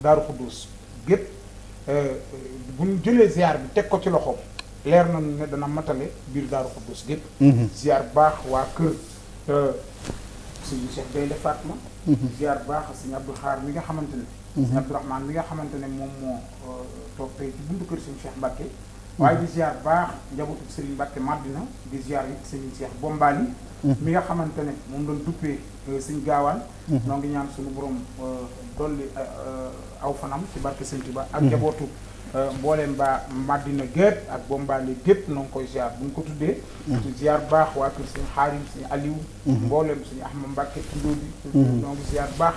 daaru xudduus gépp euh, bu ñu qui ziar bi tek ko ci leer ne dana matalé biir gep mhm. ziar baax kër ci euh, Cheikh Fatma mhm. ziar baax Abdou khar mi nga mhm. mi nga euh, ci buntu Cheikh di ziar Madina di Bombali mi nga xamante ne moom doon duppee euh, suñ gaawaan mhm. noo ngi ñaan suñu borom euh, dolli euh, aw fanam ci barke Sëñ Tuba ak mhm. njabootu mbooleem ba Madina gépp ak Bombaali gépp noo ngi koy ziar bu ñu ko tuddee su mhm. ziar baax waa kër suñu xaarim suñu Aliou mbooleem suñu Ahmad Mbàkke tundoo bi noo ngi baax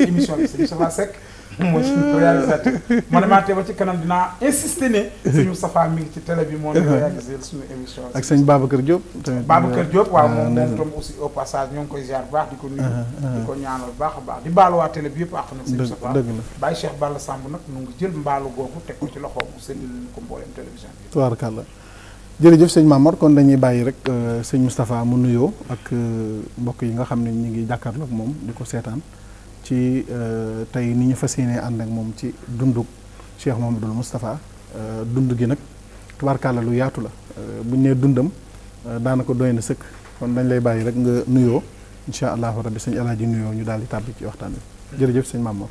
réaliser émission bi sëñ Moustapha Seck mooy suñu ci kanam dinaa insister ne sëñ Moustapha mi ngi ci télé bi moo ñu réaliser suñu émission ak sëñ Babacar Diop tamit Babacar Diop waaw ah, moom ñoo ngi koy ziar bu baax ah, ah, baax a baax di waa télé yëpp àq nag sëñ Moustapha Baye Cheikh Balla Samb nag mu ngi ko ci loxoom mu séddale ñu ko mboolem télévision jërëjëf sëñ Mamor kon dañuy bàyyi rek euh, sëñ Moustapha mu nuyoo ak euh, mbokk yi nga xam ne ñu ngi jàkkaarloog moom di ko seetaan ci euh, tey ni ñu fas yéenee ànd ak moom ci dundug Cheikh Mouhamadoul Moustapha euh, dund gi nag tubaarkàlla lu yaatu la euh, bu ñu nee dundam daanako doy na sëkk kon dañ lay bàyyi rek nga nuyoo incha allahu rabbi sëñ alaaji nuyoo ñu daal di tàbbi ci waxtaan bi jërëjëf sëñ Mamour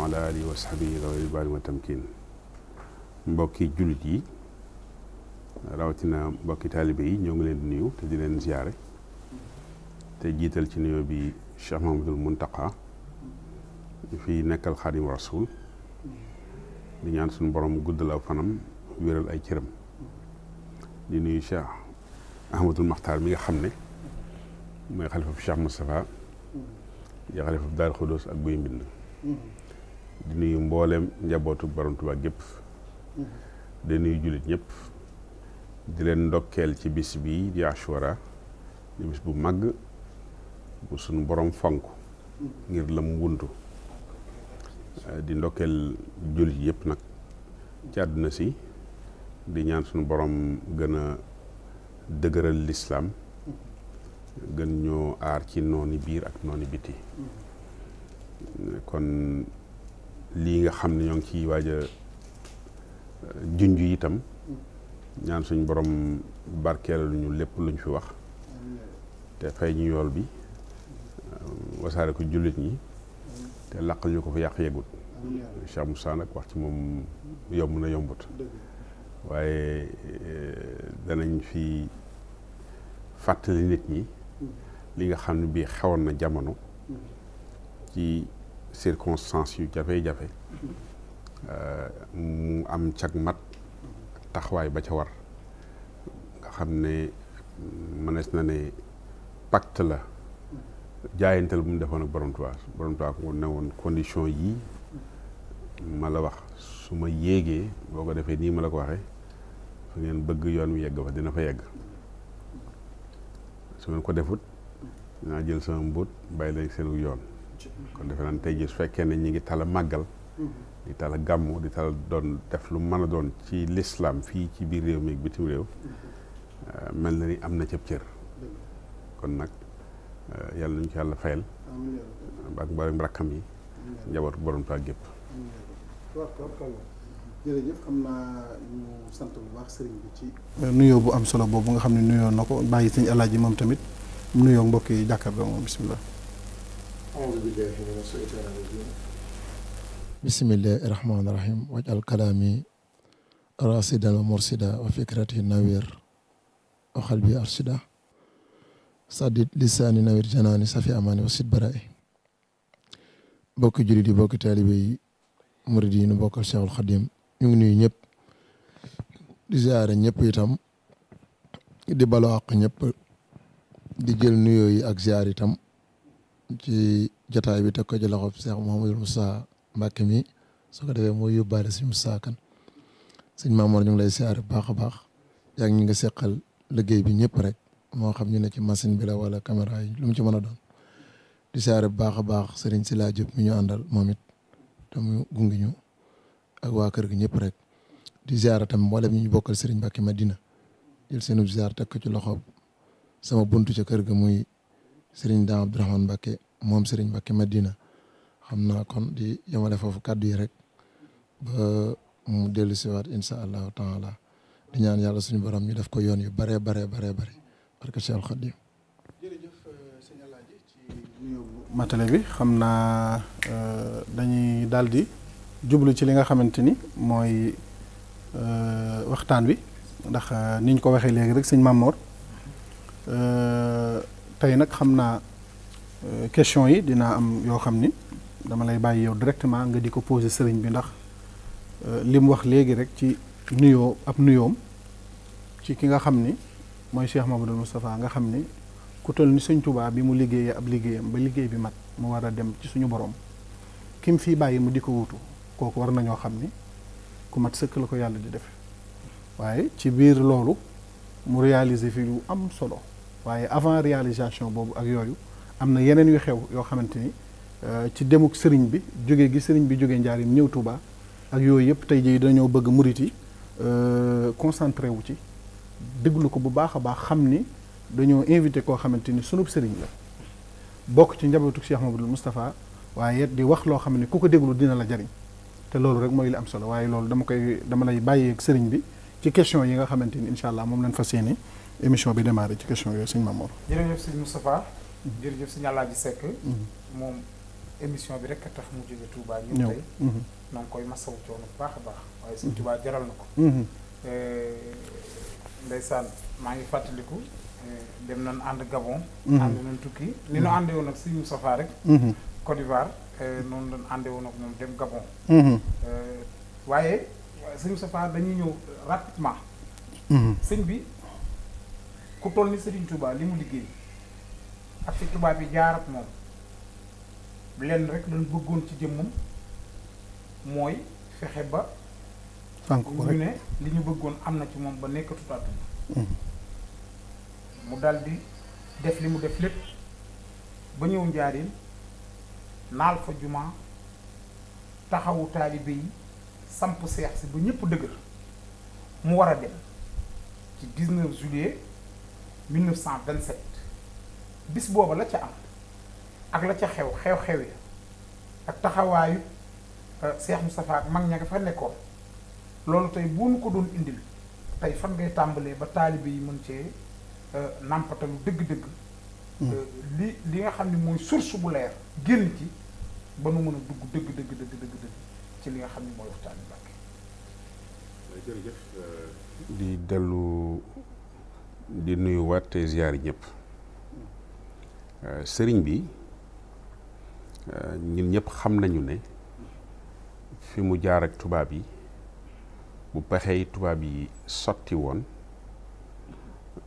وعلى آله وصحبه ذوي البال والتمكين مبوكي جلدي راوتنا مبوكي طالبي نيوغ لين نيو تدي لين زياري تجيتال سي نيو بي شيخ محمد المنتقى في نكال خادم الرسول دي نيان سون بوروم غودلا فانام ويرال اي كيرم دي نيو شيخ احمد المختار ميغا خامني ماي خلفه في شيخ مصطفى يا خلفه في دار الخدوس ak buy mbind di nuyu mboolem njabotu borom tuba gep di nuyu julit ñep di len ndokkel ci bis bi di ashura di bis bu mag bu sunu borom fonk ngir lam wuntu eh, di ndokkel jullit yep nak ci aduna si di ñaan sunu borom gëna degeural l'islam gën ñoo aar ci noni biir ak noni biti eh, kon lii nga xam ne ñoo ngi ciy waaja euh, junju itam ñaan suñ borom barkeel lu ñu lépp luñ fi wax te fay ñu yool bi euh, wasaare ko jullit ñi te laqal ñu ko fa yàq yegut Cheikh Moussa nag wax ci moom yomb na yombut waaye euh, danañ fi fàttali nit ñi li nga xam ne bii xewoon na jamono ci circonstances yu jafe-jafe euh, mu am cag mat taxawaay ba ca war nga xam ne mënees na ne pacte la jaayantal bu mu defoon ak borom Tuubaa ko ne woon condition yi ma la wax su ma yéegee boo ko defee nii ma la ko waxee fa ngeen bëgg yoon wi yegg fa dina fa yegg su ngeen ko defut naa jël sama mbóot bàyyi leen seenu yoon kon defe naan tey jii su fekkee ne ñi ngi tala màggal mm-hmm. di tala gàmmu di tala doon def lu mën a ci lislaam fii ci biir réew mi ak bitim réew mm-hmm. mel na ni am na cëb cër kon nag eh, yàlla nañu ci yàlla fayal ya ak mboolem rakkam yi ya njaboot borom taa gépp ya jërëjëf xam naa ñu sant bu baax sëriñ bi ci eh, nuyoo bu am solo boobu nga xam ne nuyoo na ko bàyyi sëñ alaaji moom tamit nuyoo mbokk yi jàkkaar ba moom bisimilah أعوذ بالله من الشيطان الرجيم بسم الله الرحمن الرحيم واجعل كلامي راسدا ومرسدا وفكرتي نوير وقلبي أرشدا سدد لساني نوير جناني سفي أماني وسد برائي bokki jullit yi bokki taalibe yi murid yi nu bokkal Cheikhul Khadim ñu ngi nuyu ñëpp di ziare ñëpp itam di baloo ak ñëpp di jël nuyoo yi ak ziar itam ci jataay bi teg ko ci loxob Cheikh Mouhamadou saa Mbacke mi su ko defee mooy yóbbaale si Moussa kan suñ Maamoor ñu ngi lay siyaare bu baax a baax yaa ngi ñu nga seqal liggéey bi ñëpp rek moo xam ñu ne ci machine bi la wala caméra yi lu mu ci mën a doon di siyaare bu baax a baax si Sylla Diop mi ñu àndal moom it te mu gungi ñu ak waa kër gi ñëpp rek di siyaare tam mboolem ñu bokkal Serigne Mbacke Madina jël seenu siyaare teg ko ci loxob sama buntu ca kër ga muy sëriñ da Abdourahmane Mbakke moom sëriñ Mbakke Madina xam naa kon di yamale fofu kaddu yi rek ba mu dellu siwaat insha allahu taala di ñaan yalla suñu borom ñu def ko yoon yu bare bare bare bare barka Cheikh Khadim jërëjëf euh, sëñ Alaaji ci nuyoo matale bi xamna euh, dañuy daldi djublu ci li nga xamanteni moy mooy euh, waxtaan bi ndax niñ ko waxe léegi rek mamour euh tey nag xam naa euh, question yi dinaa am yoo xam ni dama lay bàyyi yow directement nga di ko posé sëriñ bi ndax euh, li mu wax léegi rek ci nuyoo ab nuyoom ci ki nga xam ni mooy Cheikh Mamadou Moustapha nga xam ni ku toll ni sëñ Tuubaa bi mu liggéeyee ab liggéeyam ba liggéey bi mat mu war a dem ci suñu borom kim fii bàyyi mu di ko wutu kooku war nañoo xam ni ku mat sëkk la ko yàlla di def waaye ci biir loolu mu réaliser fi lu am solo waaye avant réalisation boobu ak yooyu am na yeneen yu xew yoo xamante ni euh, ci demuk sëriñ bi jóge gi sëriñ bi jóge njaarim ñëw Touba ak yooyu yëpp tey jii dañoo bëgg murit yi euh, concentré wu ci déglu ko bu baax a baax xam ni dañoo invité koo xamante ni sunub sëriñ la bokk ci njabootu Cheikh Mamadou Moustapha waaye di wax loo xam ne ku ko déglu dina la jariñ te loolu rek mooy li am solo waaye loolu dama koy dama lay bàyyeeg sëriñ bi ci question yi nga xamante ni incha allah moom lañ fas yéene émission bi démarré ci question yooyu sëñ Mamour. jërëjëf sëñ Moustapha. Mm-hmm. jërëjëf sëñ Alaaji Seck. Mm-hmm. moom émission bi rek tax mu jóge Touba ñëw tey. na mm-hmm. nga koy masawu coono bu baax a baax waaye sëñ Touba jaral na ko. Eh, ndeysaan maa ngi fàttaliku. Eh, dem nañ ànd Gabon. ànd nañ tukki ni ñu àndee woon ak sëñ Moustapha rek. Côte eh, noonu lañ àndee woon ak moom dem Gabon. waaye sëñ Moustapha dañuy ñëw rapidement. sëñ bi. ku toll ni Serigne Touba li mu liggéey ak fi tubaab yi jaar ak moom lenn rek dañ bëggoon ci jëmmam mooy fexe ba. sànq ko bëggoon am na ci moom ba nekkatu àdduna. Hmm. mu dal def li mu def lépp ba ñëw njaariñ naal fa juma taxawu taalibe yi samp seex si ba ñëpp dëgër mu war a dem ci 19 1927 bis booba la ca am ak la ca xew xew-xew ak taxawaayu Cheikh Moustapha ak mag ña nga fa nekkoon loolu tey bu ko doon indil tey fan ngay tàmbalee ba taalibe yi mën cee nàmpatalu dëgg-dëgg. li li nga xam ne mooy source bu leer génn ci ba nu mën a dugg dëgg dëgg dëgg dëgg dëgg ci li nga xam ne mooy waxtaan bi jërëjëf di dellu. di nuyu waat te ziar ñëpp euh, sëriñ bi euh, ñun ñëpp xam nañu ne fi mu jaar ak tubaab yi bu pexey tubaab yi sotti woon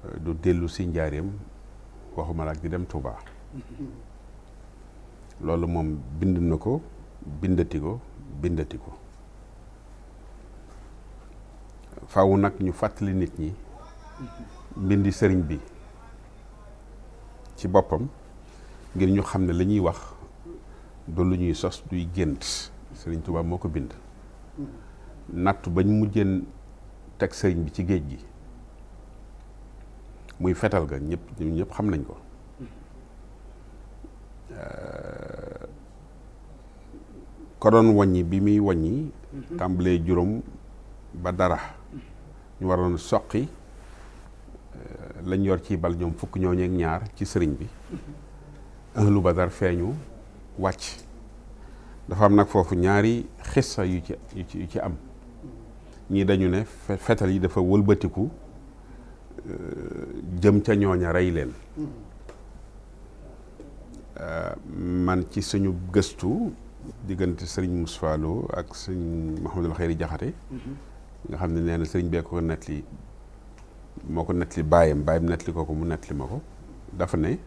euh, du dellu si njaareem waxuma laak di dem Touba loolu moom bind na ko bindati ko bindati ko faaw nag ñu fàttali nit ñi mbindi sëriñ bi ci boppam ngir ñu xam ne lañuy wax du lu ñuy sos duy gént sëriñ Tuubaa moo ko bind nattu bañ mujjeen teg sëriñ bi ci géej gi muy fetal ga ñëpp ñëpp xam nañ ko ko doon waññi bi muy waññi mhm. tàmbalee juróom ba dara ñu waroon soqi lañ yor ci bal ñoom fukk ñooñu ak ñaar ci sëriñ bi ahlu badar feeñu wàcc dafa am nag foofu ñaari xissa yu ci yu ci am ñii dañu ne fetal yi dafa wëlbatiku euh, jëm ca ñooña rey leen euh, man ci suñu gëstu diggante sëriñ Moussa Lo ak sëriñ Mouhamadul Xayri Jaxate mhm. nga xam ne nee na sëriñ bee ko nettali moo ko nettali baayam baayam nettali ko ko mu nettali ma ko dafa ne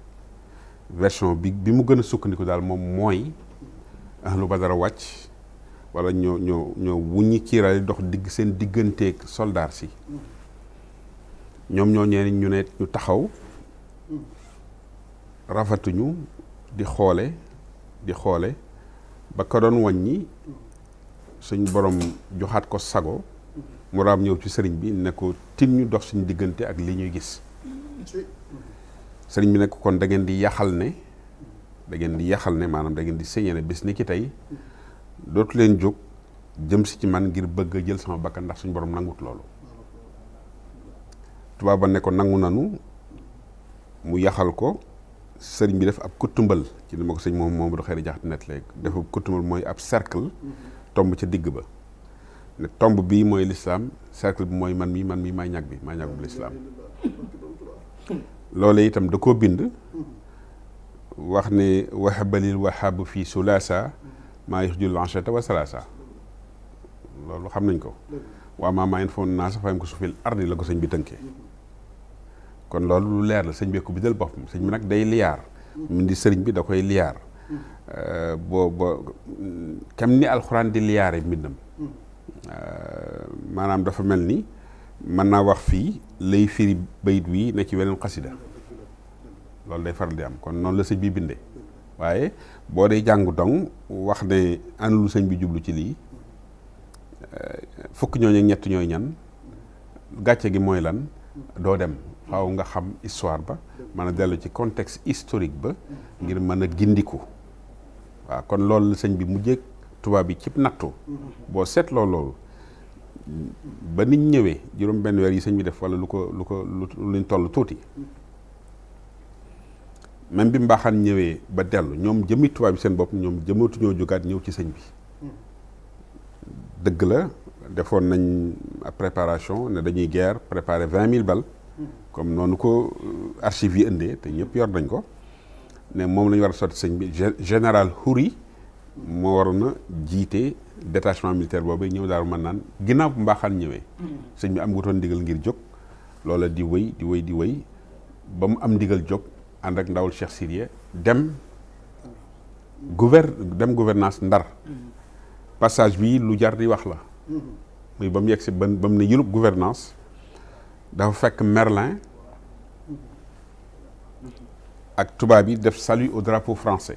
version bi bi mu gën a sukkandiku daal moom mooy ba dara wàcc walla ñoo ñoo ñoo wuññi kiiraay dox digg seen digganteek soldaar si ñoom ñoo ñee ñu ne ñu taxaw rafetuñu di xoole di xoole ba ko doon wàññi suñ borom joxaat ko sago mu raam ñëw ci sëriñ bi ne ko tin ñu dox suñu digënté ak li ñuy gis sëriñ bi ne ko kon da ngeen di yaxal ne da ngeen di yaxal ne manam da ngeen di sëñe ne bis ni ki tay dootu leen juk jëm si ci man ngir bëgg jël sama bakkan ndax suñu borom nangut loolu tuba ba ne ko nangu nanu mu yaxal ko sëriñ bi def ab kutumbal ci dama ko sëñ mom momu du xëy jaxat net léegi def ab kutumbal moy ab cercle tomb ci digg ba ne tombe bi moy l'islam cercle bi moy man mi man mi may ñag bi may ñag bu l'islam lolé itam da ko bind wax ni waxabalil wahab fi sulasa ma yahjul anchata wa salasa lolou xam nañ ko wa ma ma info na sa fam ko sufil ardi la ko sëñ bi tënkee kon lolou lu leer la sëñ bi ko bidal boppam sëñ bi nak day liar mindi señ bi da koy liar bo bo kam ni alquran di liyaare mbindam Euh, manam dafa mel ni na wax fi lay firi beyt wi ne ci weneen qasida lolou day faral di am kon non la sëñ bi bindé waaye bo day jang dong wax né ana lu bi jublu ci li euh, fuk ñooñu ak ñet ñoy ñan gatché gi moy lan do dem xaw nga xam histoire ba mën a ci contexte historique ba ngir mën gindiku wa kon lolou la bi mujjé bi yi cib bo set lo lol ba nit ñëwé juróom ben wër yi señ bi def wala luko luko luñ toll tuuti même bi mbaaxaan ñëwé ba dellu ñoom jëmi tubaab bi seen bop ñom jëmatu ñoo jógaat ñëw ci señ bi deug la defoon nañ préparation ne dañuy guerre préparer vingt mille balles comme noonu ko euh, archives yi indee te ñëpp yor nañ ko ne moom lañu war a sotti sëñ bi général Houry moo waroon a jiite détachement militaire boobu ñëw daaru mën naan ginnaaw bu mbaaxaan ñëwee. Mm. sëñ bi am wutoon ndigal ngir jóg. loola di wëy di wëy di wëy ba mu am ndigal jóg ànd ak ndawul Cheikh Sidiye dem. gouver dem gouvernance ndar. Mm. passage bi lu jar di wax la. Mm. muy ba mu yegg si ba ba mu ne yulub gouvernance dafa fekk Merlin. ak tubaab yi def salut au drapeau français.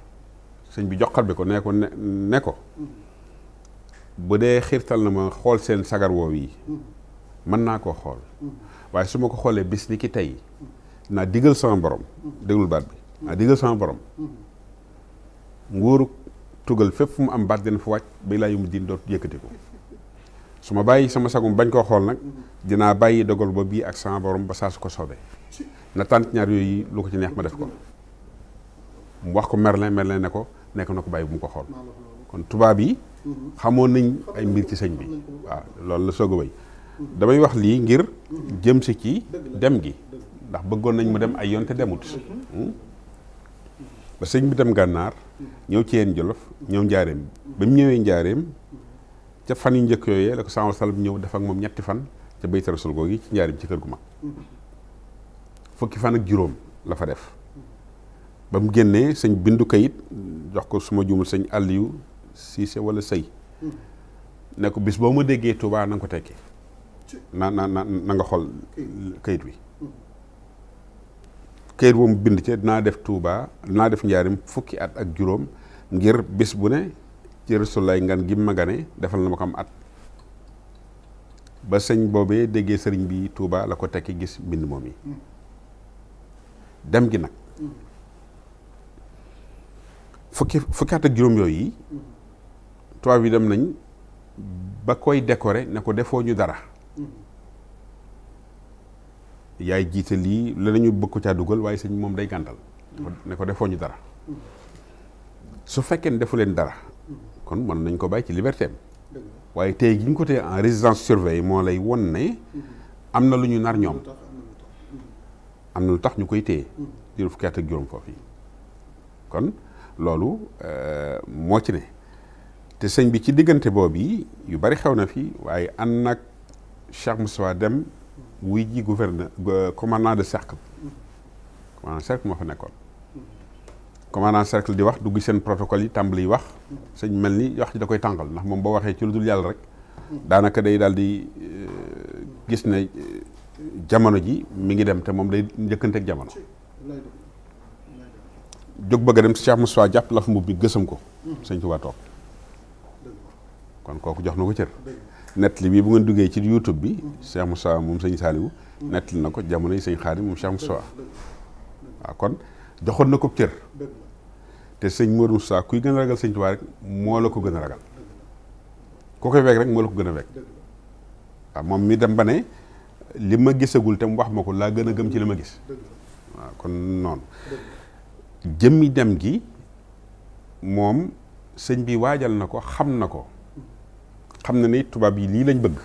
sëñ bi joxal bi ko nee ko ne ko bu dee xiirtal na ma xool seen sagar woow yi mën naa koo xool waaye su ma ko xoolee bis ni ki tey naa digal sama borom déglul baat bi naa digal sama borom nguuru tugal fépp fu mu am baat dina fa wàcc ba laa yu mu diin dootu ko su ma bàyyi sama sagum bañ koo xool nag dinaa bàyyi dogal ba bii ak sama borom ba saa su ko soobee na tànt ñaar yooyu lu ko ci neex ma def ko mu wax ko Merlin Merlin ne ko nekk na ko bàyyi bu mu ko xool kon tubaab yi xamoon nañ ay mbir ci sëñ bi waaw loolu la soog a wéy damay wax lii ngir jëm si ci dem gi ndax bëggoon nañ mu dem ay yoon te demut ba sëñ bi dem gànnaar ñëw ci yeen jolof ñëw njaareem ba mu ñëwee njaareem ca fan yu njëkk yooyee la ko sama salam ñëw def ak moom ñetti fan ca baytarasul gi ci njaareem ci kër gu mag fukki fan ak juróom la fa def ba mu génnee sëñ bindu kayit jox ko suma juumul sëñ Aliou Cissé wala sëy ne ko bis boo ma déggee Touba na ko tekkee na na na nga xool kayit wi kayit boobu bind ci dinaa def tuubaa dinaa def njaarim fukki at ak juróom ngir bis bu ne ci Rasulaay ngan gi magane defal na ma ko am at ba sëñ boobee déggee sëriñ bi Touba la ko tekki gis mbind moom yi mm. dem gi nag mm. fukki fukki faut ak juróom yooyu toi yi dem nañ ba koy ne ñu dara yaay jiite lii la nañu bëgg ko caa dugal waaye sëñ moom day gàndal ne ko ñu dara su fekkee dara kon mën nañ ko bàyyi ci liberté en résidence surveillée lay ne nar lu tax ak loolu euh, moo ci ne te sëñ bi ci diggante boobu yi yu bari xew na fii waaye ànd nag Cheikh Moussa dem wuy ji gouverneur commandant de cercle commandant cercle moo fa nekkoon commandant cercle di wax dugg seen protocole yi tàmbali wax sëñ mel ni wax ci da koy tàngal ndax moom boo waxee ci lu dul yàlla rek daanaka day daal di euh, gis na euh, jamono ji mi ngi dem te moom day njëkkante ak jamono jóg bëgg dem dem Cheikh Moussa jàpp la fa mi bi ko sëñ Tuubaa toog kon kooku jox na ko cër nettali bii bu ngeen duggee ci YouTube bi Cheikh Moussa moom sëñ Saaliwu nettali na ko jamono yi sëñ Xaadim moom Cheikh Moussa waaw kon joxoon na ko cër sëñ Modou kuy gën a ragal sëñ Tuubaa rek moo la ko gën a ragal ku koy rek moo la ko gën a weeg moom mi dem ba ne li ma gisagul te mu wax ma ko laa gën a gëm ci li ma gis waaw kon noonu jëmmi dem gi moom sëñ bi waajal na ko xam na ko xam na ni tubaab yi lii lañ bëgg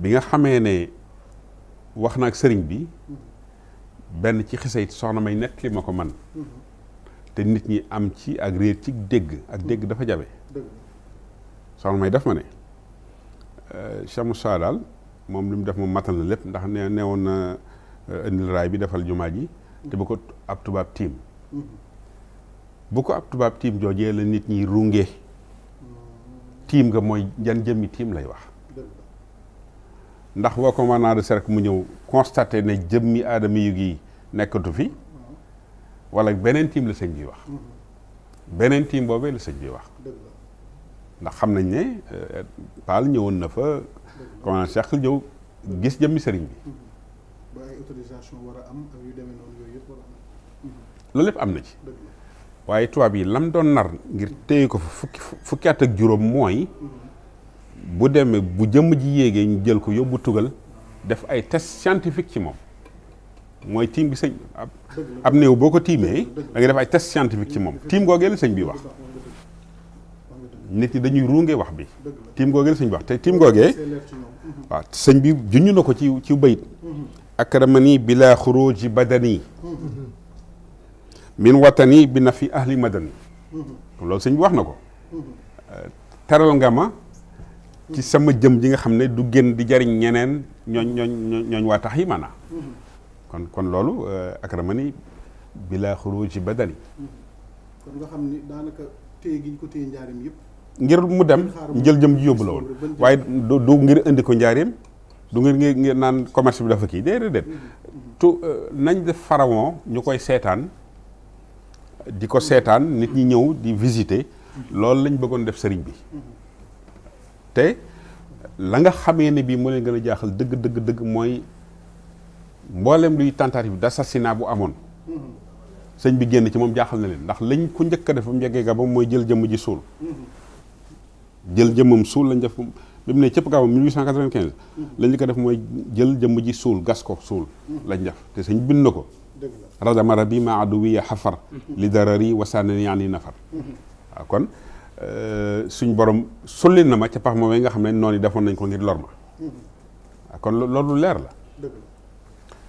bi nga xamee ne wax na ak sëriñ bi benn ci xisayit soxna may nekk li ma ko man te nit ñi am ci ak réer ci dégg ak dégg dafa jabe soxna may def ma ne euh, Cheikh Moussa daal moom li def moom matal na lépp ndax ne newoon na euh, indil raay bi defal jumaa ji te bu ko ab tubaab tiim bu ko ab tubaab tiim joojee la nit ñi runge tiim nga mooy jan jëmmi tiim lay wax ndax woo commandant de cercle mu ñëw constaté ne jëmmi aadama yu gi nekkatu fi wala beneen tiim la sëñ bi wax beneen tiim boobee la sëñ bi wax ndax xam nañ ne euh, Paal ñëwoon na fa commandant de cercle gis jëmmi sëriñ bi loolu lépp am na ci waaye tubaab yi lam doon nar ngir téye ko fa fukki fukki at ak juróom mooy bu demee bu jëmm ji yéegee ñu jël ko yóbbu tugal def ay test scientifique ci moom mooy tiim bi sëñ ab néew boo ko tiimee da nga ay test scientifique ci moom tiim googee la sëñ bi wax nit ñi dañuy ruungee wax bi tiim googee la sëñ bi wax te tiim googee waaw sëñ bi juñu na ko ci ci bayit mhm. akramani bila xuruji badani min watani bi na fi ahli madani loolu sëñ bi wax na ko teral nga ma ci sama jëm ji nga xam ne du génn di jariñ ñeneen ñooñ ñooñ ñooñ waa tax yi maanaa kon kon loolu euh, akramani bila xuruji badani kon nga xam daanaka téye ngir mu dem njël jëm ji yóbbu la woon waaye du ngir indi ko njaareem du ngir ngir naan commerce bi dafa kii déedéet déet mm-hmm. tu euh, nañ def pharaon ñu koy seetaan di ko seetaan nit ñi ñëw di visité loolu lañ bëggoon def sëriñ bi te la nga xamee ne bii moo leen gën a jaaxal dëgg dëgg dëgg mooy mboolem luy tentative d'assassinat bu amoon sëñ bi génn ci moom jaaxal na leen ndax lañ ku njëkk a def ba mu mooy jël jëmm ji suul jël jëmmam suul lañ def bi mu ne cëpp gabam 1895 lañ li ko def mooy jël jëmm ji suul gas ko suul lañ def te sëñ bind na ko radama rabi ma aduwiya xafar li darari wasaanani yaani nafar waaw kon suñ borom sullil na ma ca pax moomee nga xam ne noonu defoon nañ ko ngir lor ma kon loolu leer la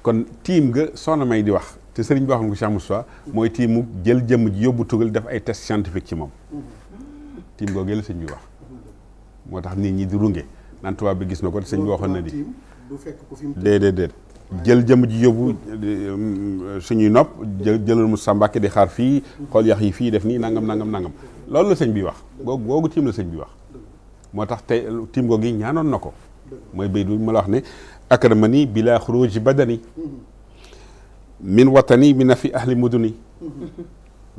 kon tiim nga soxna may di wax te sëriñ boo xam ko Cheikh Moussa mooy tiimu jël jëmm ji yóbbu tugal def ay test scientifique ci moom tiim googu la sëñ bi wax moo tax nit ñi di runge naan tubaab bi gis na ko te sëñ bi waxoon na di déedéet déedéet jël jëmm ji yóbbu mm, mm, suñuy nopp jël jëlal mu sàmbàkke di xaar fii xool yax yi fii def nii nangam nangam nangam loolu la sëñ bi wax googu googu tiim la sëñ bi wax moo tax tey tiim googu yi ñaanoon na ko mooy béy bi ma la wax ne akramani bila xuruji badani min watani mi na fi ahli muduni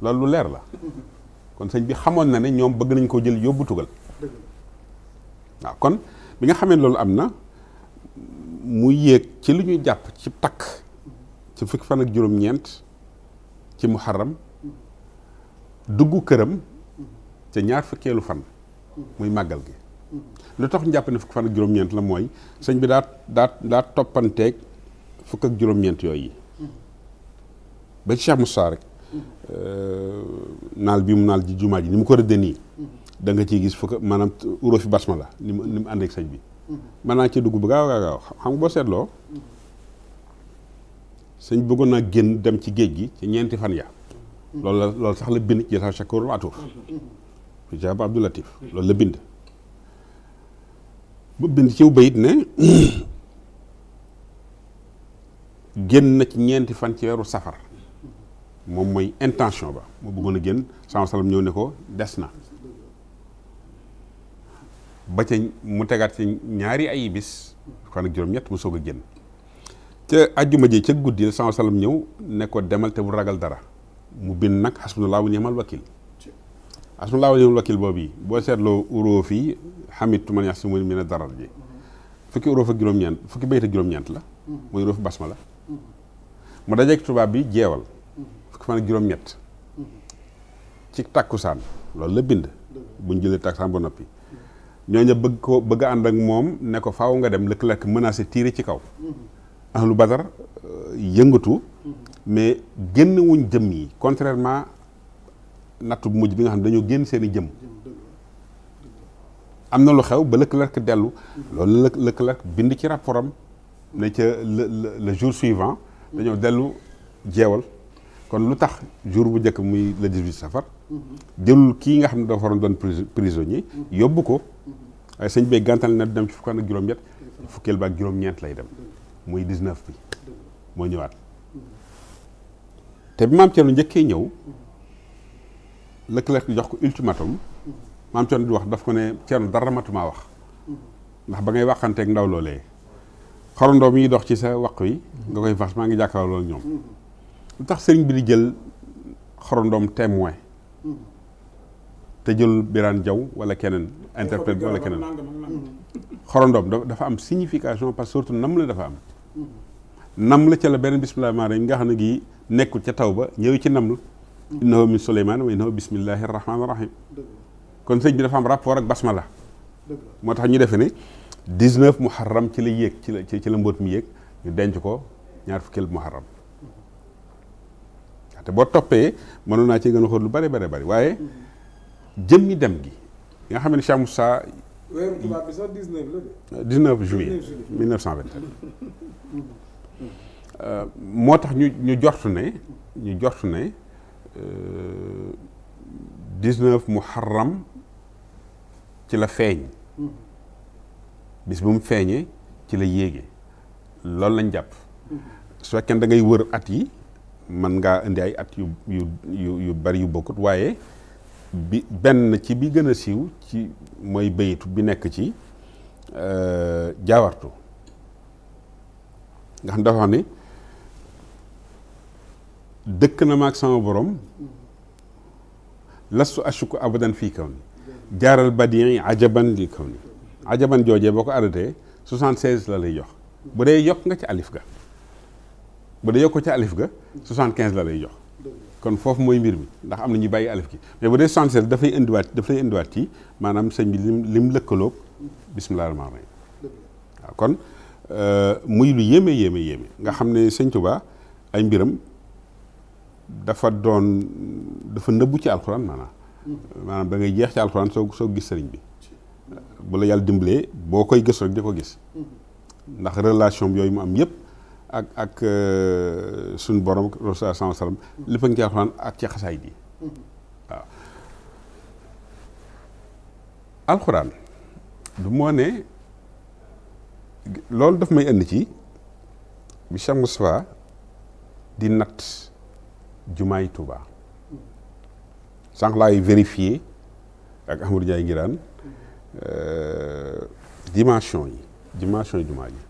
loolu lu leer la kon sëñ bi xamoon na ne ñoom bëgg nañ koo jël yóbbu tugal waaw kon bi nga xamee loolu am na mu yéeg ci li ñu jàpp ci takk ci fukki fan ak juróom-ñeent ci muharram dugg këram ca ñaar fukkeelu fan muy màggal gi lu tax ñu jàpp ne fukki fan ak juróom-ñeent la mooy sëñ bi daa daa daa toppanteeg fukk ak juróom-ñeent yooyu ba ci Cheikh Moussa rek euh, naal bi mu naal ji jumaa ji ni mu ko rëddee nii da nga ciy gis fukk maanaam uróo fi basma la ni mu ni mu ànd bi mën naa ci dugg bu gaaw gaaw xam nga boo seetloo sëñ bëggoon naa génn dem ci géej gi ci ñeenti fan ya loolu la loolu sax la bind ci sa shakur waatuur jaaba loolu la bind bu bind ci bayit ne génn na ci ñeenti fan ci weeru safar moom mooy intention ba mu bëggoon a génn sama salam ñëw ne ko des na ba ca mu tegaat ci ñaari ay bis fan ak juróom-ñett mu soog a génn ca ajjuma ji ca guddi la sama salaam ñëw ne ko demal te bu ragal dara mu bind nag xasbunallaahu wa ni'mal wakiil xasbunallaahu wa ni'mal wakiil boobu yi boo seetloo uróof yi xamitu man yax si mu ne daral ji fukki uróof ak juróom-ñeent fukki bayit ak juróom-ñeent la muy uróof basma la mu dajeek tubaab bi jeewal fukki fan ak juróom-ñett ci tàkkusaan loolu la bind buñ jëlee tàkkusaan ba noppi ñooñu bëgg ko bëgg ànd rek moom ne ko faaw nga dem Leclerc menacé tiire ci kaw. Mm-hmm. ahlu badar euh, yëngatu. Mm-hmm. mais génn wuñ jëm yi contrairement nattu bu mujj bi nga xam ne dañoo génn seen i jëm. am na lu xew ba Leclerc dellu. Mm-hmm. loolu la Leclerc bind ci rapport ne ca le le jour suivant. dañoo dellu jeewal. kon lu tax jour bu njëkk muy le 18 safar. jëlul kii nga xam ne dafa waroon doon prisonnier. yóbbu ko. waaye sëñ bi gàntal na dem ci fukk ak juróom-ñett fukkeel ba ak juróom-ñeent lay dem muy 19 bi moo ñëwaat te bi maam Thierno njëkkee ñëw lëkk-lëkk jox ko ultimatum maam Thierno di wax daf ko ne Thierno dara matumaa wax ndax ba ngay waxanteeg ndaw loolee xorondoom yi dox ci sa waq yi nga koy fas maa ngi jàkkaarloo loolu ñoom lu tax sëriñ bi di jël xorondoom témoin te jël Birane jaw wala keneen interprète bi wala keneen xorondom dafa am signification parce que surtout nam la dafa am nam la ca la benn bisimilah maa dañ nga xam ne gii nekkul ca taw ba ñëw ci nam la innahu min suleymaan wa innahu bismillahi rahmaani rahim kon sëñ bi dafa am rapport ak la moo tax ñu defe ne 19 muharram ci la yéeg ci la ci la mbóot mi yéeg ñu denc ko ñaar fukkeel muharram te boo toppee mënoon naa ci gën a xool lu bare bare bari waaye jëmmi dem gi nga xam ne Cheikh Moussa. weeru tubaab bi sax moo tax ñu ñu jortu ne ñu jortu ne 19 euh, muharram ci la feeñ. bis bu mu feeñee ci la yéege loolu lañ jàpp. su fekkee da wër at yi mën ngaa indi ay at yu bari yu bokkut waaye. bi benn ci bi gën a siiw ci mooy baytu bi nekk ci euh, jaawartu nga xam dafa xam ni dëkk na maag sama borom lastu ashuku abadan fii kaw ni jaaral badien yi ajaban li kaw ni ajaban joojee boo ko arrêté soixante seize la lay jox bu dee yokk nga ci alif ga bu dee yokk ko ci alif ga soixante quinze la lay jox kon foofu mooy mbir mi ndax am na ñu bàyyi alif ki mais bu dee sensibiliser dafay indiwaat dafay lay indiwaat ci maanaam sëñ bi lim lim lëkkaloog bisimilah rahmaani rahiim waaw kon euh, muy lu yéeme yéeme nga xam ne sëñ Tuba ay mbiram dafa doon dafa nëbbu ci alxuraan maanaam. maanaam da ngay jeex ci alxuraan soo soo gis sëriñ bi. bu la yàlla dimbalee boo koy gëstu rek di ko gis. ndax relation yooyu mu am yëpp. ak ak euh, suñu borom rasul sallallahu alayhi wasallam ci alxuraan ak ci xasaay bi waaw alxuraan du moo ne loolu daf may indi ci bi Cheikh Moustapha di natt jumaay Touba sànq laay vérifié ak Amadou Ndiaye Ngiraan euh, dimension yi dimension yi jumaa yi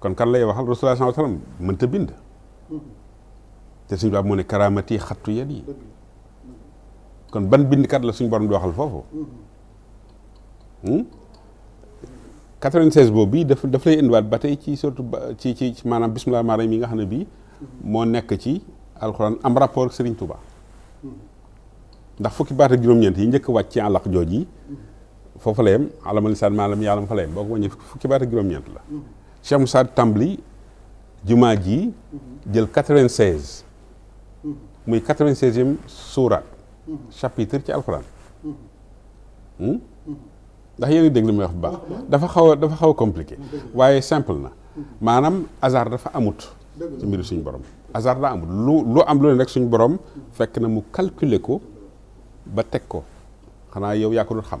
kon kan lay waxal rasulullah sallallahu alayhi wa sallam mënta bind te suñu borom moo ne karaamati xattu yet yi kon ban bindkat la suñu borom di waxal foofu 96 hmm? boobu bii daf daf lay indiwaat ba tey ci surtout ci ci maanaam bismillah maanaam mi nga xam ne bii moo nekk ci alxuraan am rapport ak Serigne Touba ndax fukki baat ak juróom-ñeent yi njëkk wàcc ci àllaq jooj yi foofu la yem alamal lisaan maalam yaalam fa la yem boo ko wàññi fukki baat ak juróom-ñeent la Cheikh Moussa Tambli jumaa ji jël 96 muy 96e sourate chapitre ci alcorane hmm ndax yene a dégg li wax bu baax dafa xaw dafa xaw compliqué waye simple na manam azar dafa amout ci mbiru suñu borom azar daa amut lu lu am lu ne rek suñu borom fekk na mu calculer ko ba tek ko xana yow yaa ko doon xam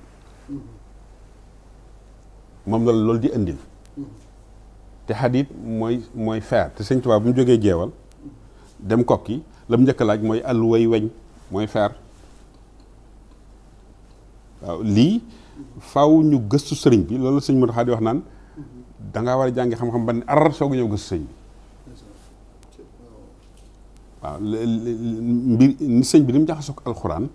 moom la loolu di indil te xadit mooy mooy fer te sëñ Tuubaa bu mu jógee jeewal dem kokki la mu njëkk laaj mooy alluway weñ mooy fer waaw lii faw ñu gëstu sëriñ bi loolu sëñ Modou Xaadi wax naan dangaa war a jàngi xam-xam ba ne ar soogu ñëw gëstu sëñ bi waaw mbir ni mu jaxasoo ak alxuraan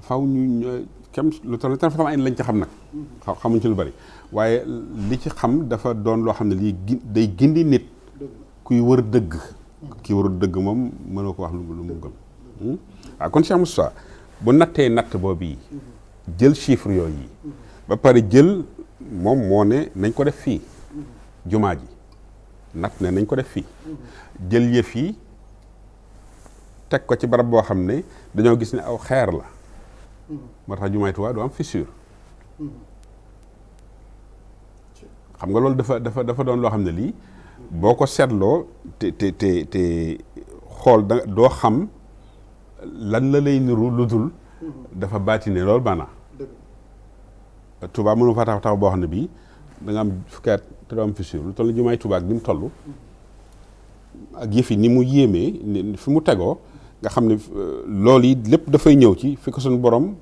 faw ñu kem lu tax lu tax lañ ca xam nag xamuñ ci lu bari waaye li ci xam dafa doon loo xam ne lii day gindi nit kuy wër dëgg kii warul dëgg moom mënoo ko wax lu mu gëm waaw hmm? ah, kon Cheikh Moustapha bu nattee natt boobu yi jël chiffre yooyu yi ba pare jël moom moo ne nañ ko def fii jumaa ji natt ne nañ ko def fii jël yëf yi teg ko ci barab boo xam ne dañoo gis ne aw xeer la moo tax jumaay Tuubaa du am fissure xam nga loolu dafa dafa dafa doon loo xam ne lii boo ko seetloo te te te te xool da doo xam lan la lay niru lu dul dafa ne loolu maanaam tubaab mënu fa tax tax boo xam ne bii da am fukki at te doo am fissure lu toll jumaay Touba ak ni mu toll ak yëf ni mu yéemee fi mu tegoo nga xam ne euh, loolu yi lépp dafay ñëw ci fi ko suñu borom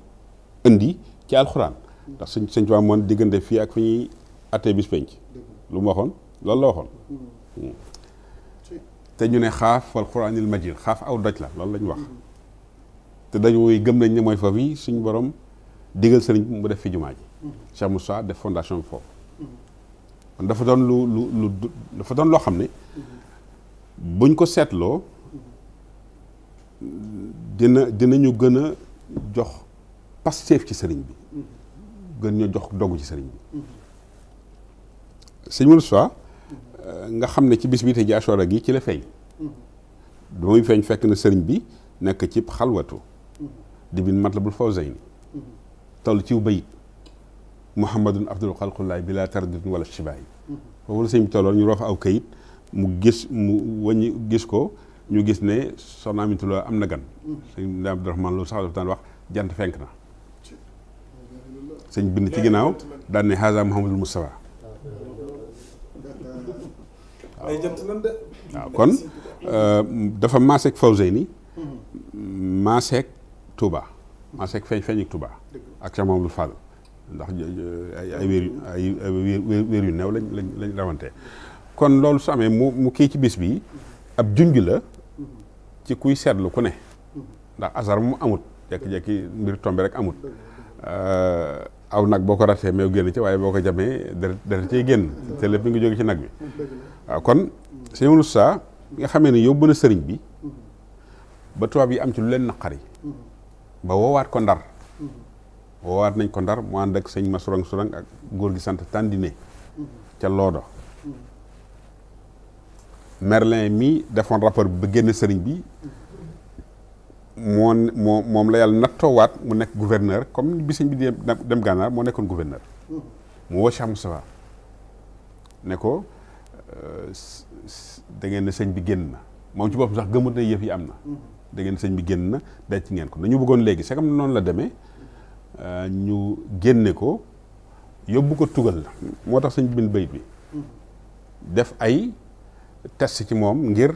indi ci alxuraan ndax suñ suñ Touba moom diggante fii ak fi ñuy até bis penc lu ma waxoon lol la waxoon te ñu ne xaaf wal quranil majid khaf aw doj la lol lañ wax te dañ woy gëm nañ ne moy foofu yi suñu borom digël sëriñ bi mu def fi juma ji Cheikh Moussa def fondation bi foofu dafa don lu lu dafa don lo xamné buñ ko sétlo dina dinañu gën a jox pasteef ci sëriñ bi gën ñu jox dogu ci sëriñ bi sëñ Moussa nga xam ne ci bis bi te ji asora gi ci la feeñ du muy feeñ fekk na sëriñ bi nekk ci xalwatu di bin matlabul fawzayni toll ciw bayit muhammadun afdalu xalqullaay bi laa tardidun wala shibaay foofu la sëñ bi tolloon ñu roof aw kayit mu gis mu waññi gis ko ñu gis ne soxna Amituloo am na gan sëñ Abdourahman loolu sax dafa daan wax jant fenk na sëñ bind ci ginnaaw daan ne haza muhammadul mustafa ay jant nan de. waaw kon euh, dafa maaseeg Fawzeyni. maaseeg Touba. maaseeg feeñ feeñig Touba. ak Cheikh Mamadou Fall ndax ay ay wéer yu new lañ lañ lañ rawante kon loolu su amee mu mu kii ci bis bi ab junj la ci kuy seetlu ku ne. ndax asar mu amut jekki-jekki mbir tombe rek amut. Euh, aw nag boo ko ratee meew génn ci waaye boo ko jamee deret deret ciy génn te lépp mi ngi jóge ci nag bi waaw kon sëñ Moussa nga xamee ne yóbbu na sëriñ bi ba tubaab yi am ci lu leen naqari ba woowaat ko ndar woowaat nañ ko ndar mu ànd sëñ ma surang surang ak góor gi sant Tandine ca Loodo Merlin mi defoon rapport bi ba génn sëriñ bi moo moo moom la yàlla nattoowaat mu nekk gouverneur comme bi sëñ bi di dem gànnaar moo nekkoon gouverneur mu woo Cheikh Moustapha ne ko euh, da ngeen ne sëñ bi génn na moom ci boppam sax gëmut na yëf yi am na da ngeen sëñ bi génn na denc ngeen ko nañu bëggoon léegi c'est comme noonu la demee euh, ñu génne ko yóbbu ko tugal moo tax sëñ bi bind bayit bi def ay test ci moom ngir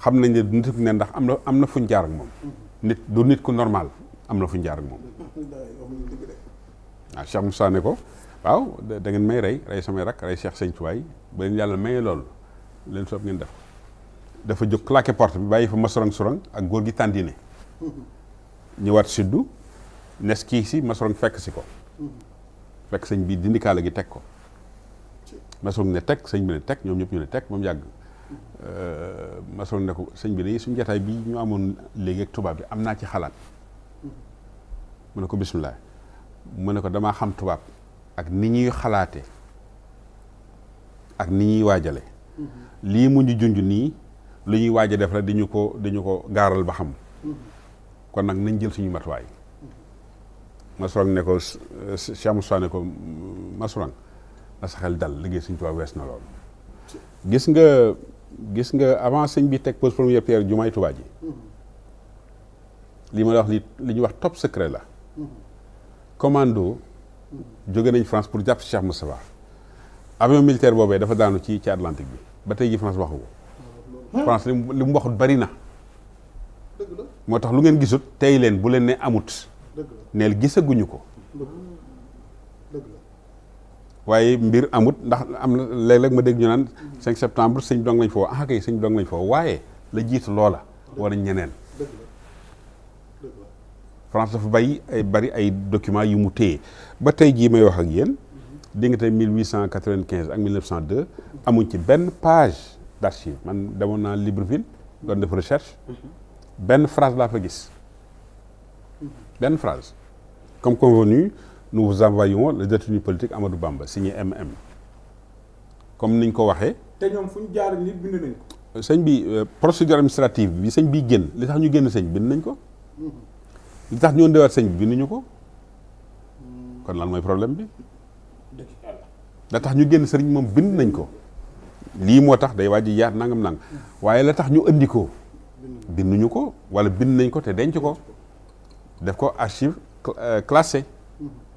xam nañ ne nit ne ndax am na am na fuñ jaar moom nit du nit ku normal am na fu ñu jaar ak moom waaw ah, Cheikh Moussa ne ko waaw da ngeen may rey rey samay rak rey Cheikh Sëñ ba leen yàlla mayee loolu leen soob ngeen def dafa jóg claqué porte bi bàyyi fa ma sorong sorong ak góor gi tàndine ñëwaat suddu nes kii si ma fekk si ko fekk sëñ bii dindi kaala gi teg ko ma sorong ne teg sëñ bi ne teg ñoom ñëpp ñu ne teg moom yàgg Euh, masoon ne ko sëñ bi de suñ jataay bi ñu amoon léegi ak tubaab bi am naa ci xalaat mu ne ko bisimilah mu ne ko damaa xam tubaab ak ni ñuy xalaatee ak ni ñuy waajale lii mu ñu junj nii lu ñuy waaj a def rek dañu ko dañu ko gaaral ba xam kon nag nañ jël suñu matuwaay masurang ne ko Cheikh Moussa ne ko masurang na sa xel dal liggéey suñu tubaab wees na loolu gis nga gis nga avant sëñ bi teg pose première pierre jumaay Tuubaa ji li ma la wax li li ñuy wax top secret la commando jóge nañ France pour jàpp Cheikh Moustapha avion militaire boobee dafa daanu ci ci Atlantique bi ba tey ji France waxu ko France li mu li mu waxut bari na moo tax lu ngeen gisut tey leen bu leen ne amut neel gisaguñu ko waaye mbir amut ndax am na léeg ma dégg ñu naan septembre sëñ dong lañ foo ah kay sëñ dong lañ foo waaye la jiitu loola war a ñeneen France dafa bàyyi ay bari ay documents yu mu téye ba tey jii may wax ak yéen diggante 1895 ak 1902 amuñ ci benn page d'archive man demoon naa Libreville doon def recherche benn phrase laa fa gis benn phrase comme convenu nous vous envoyons le détenu politique Amadou Bamba signé MM comme niñ ko dit. Et euh, procédure administrative bi sëñ bi génn li tax ñu c'est sëñ nañ ko. Mhm. li tax ñu une bi C'est ko. kon lan le problème bi. la tax ñu une nañ ko. C'est tax day a nangam nang c'est la tax ñu ko wala bind nañ ko denc ko. def euh, classé.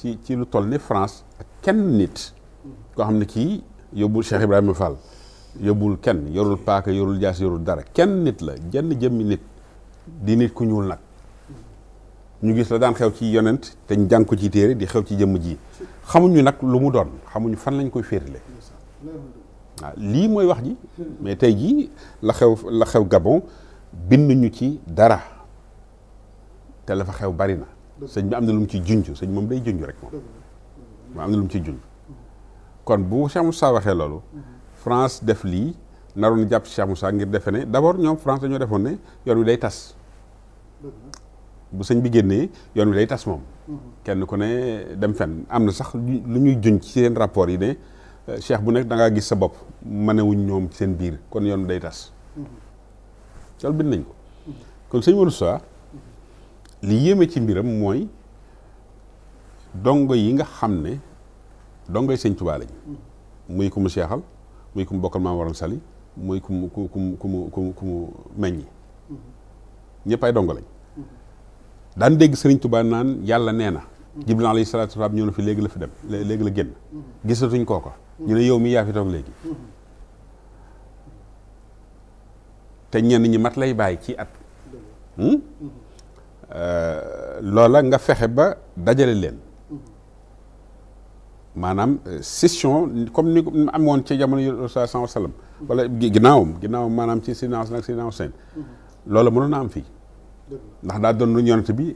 ci ci lu toll ni France ak kenn nit koo xam ne kii yóbbul Cheikh Ibrahima Fall yóbbul kenn yorul paaka yorul jaas yorul dara kenn nit la jenn jëmmi nit di nit ku ñuul nag ñu gis la daan xew ci yonent te ñu jàng ko ci téere di xew ci jëmm ji xamuñu nag lu mu doon xamuñu fan lañ koy féetale waaw lii mooy wax ji mais tey jii la xew la xew Gabon bind ñu ci dara te la fa xew bari na sëñ bi amna na lu ci junj sëñ mom day junj rek mom ma am lu ci junj kon bu Cheikh Moussa waxe lolu France def li narone jàpp Cheikh Moussa ngir defene d'abord ñom France dañoo defone ne yoon wi day tas bu sëñ bi génnee yoon wi day tas moom kenn ku ne dem fenn amna sax lu ñuy junj ci sen rapport yi ne euh, cheikh bu nek da nga gis sa bop mané wuñ ñom ci sen biir kon yoon day tass loolu bin nañ ko kon sëñ Moussa li yéeme ci mbiram mooy dongo yi nga xam ne dongo yi sëñ Tuubaa lañ muy ku mu seexal muy ku mu bokkal maam waroon sali muy ku mu ku mu ku mu ñëpp ay dongo lañ daan dégg sëriñ Tuubaa naan yàlla nee na Jibril alayhi salaatu wa salaam ñëw fi léegi la fi dem léegi la génn gisatuñ kooko ñu ne yow mi yaa fi toog léegi te ñenn ñi mat lay bàyyi ci at hmm? Euh, loola nga fexe ba dajale leen maanaam euh, session comme ni mu amoon ci jamono yu sallallahu alayhi wasallam wala ginnaawam ginnaawam maanaam ci séance nag séance seen loola mënoon na am fii ndax daa doon lu yonent bi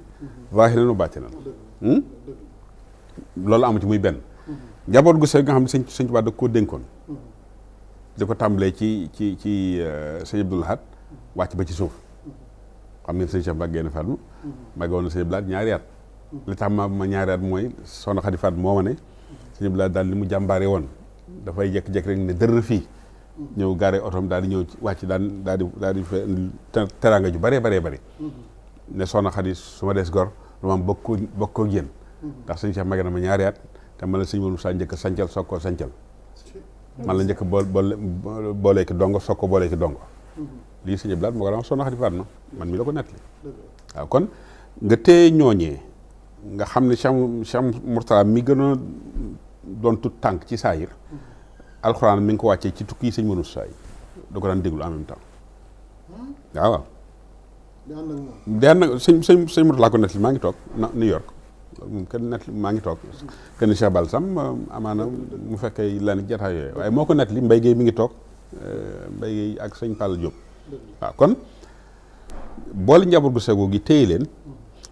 zaahiran wa baatinan hmm? loolu amu ci muy benn njaboot gu sew nga xam ne sëñ sëñ Tuubaa da koo dénkoon di ko tàmbalee ci ci ci euh, sëñ Abdul Ahad wàcc ba ci suuf xam ngeen sëñ Cheikh Mbacke Gaïndé Fatma màggoon na sëñ Blaat ñaari at li tax ma ma ñaari at mooy soxna Xadi Faat moo ma ne sëñ Blaat daal li mu jàmbaare woon dafay jekk-jekk rek ne dërër fii ñëw gaare otom daal di ñëw wàcc daan daal di daal di teranga ju bare bare bare ne soxna Xadi su ma des gor lu ma am bokkoo bokkoo yéen ndax sëñ Cheikh màgg ma ñaari at te man la sëñ njëkk a sancal sancal man la njëkk a boole dongo dongo lii sëñ moo ko soxna man mi la ko nettali kon nga téye ñooñee nga xam ne Cheikh Cheikh Mourtala mi gën a doon tut tànk ci saayir alxuraan mi ngi ko wàccee ci tukki sëñ Manouche Saay da ko daan déglu en même temps hmm? waaw waaw. daan nag sëñ sëñ sëñ Mourtala ko nettali maa ngi toog New York moom kenn nettali maa ngi toog kenn Cheikh Balsam amaana mu fekkee lenn jataay yooyu waaye moo ko nettali Mbaye Guèye mi ngi toog eh, Mbaye Guèye ak sëñ Pall Diop boole njaboot gu sago gi téye leen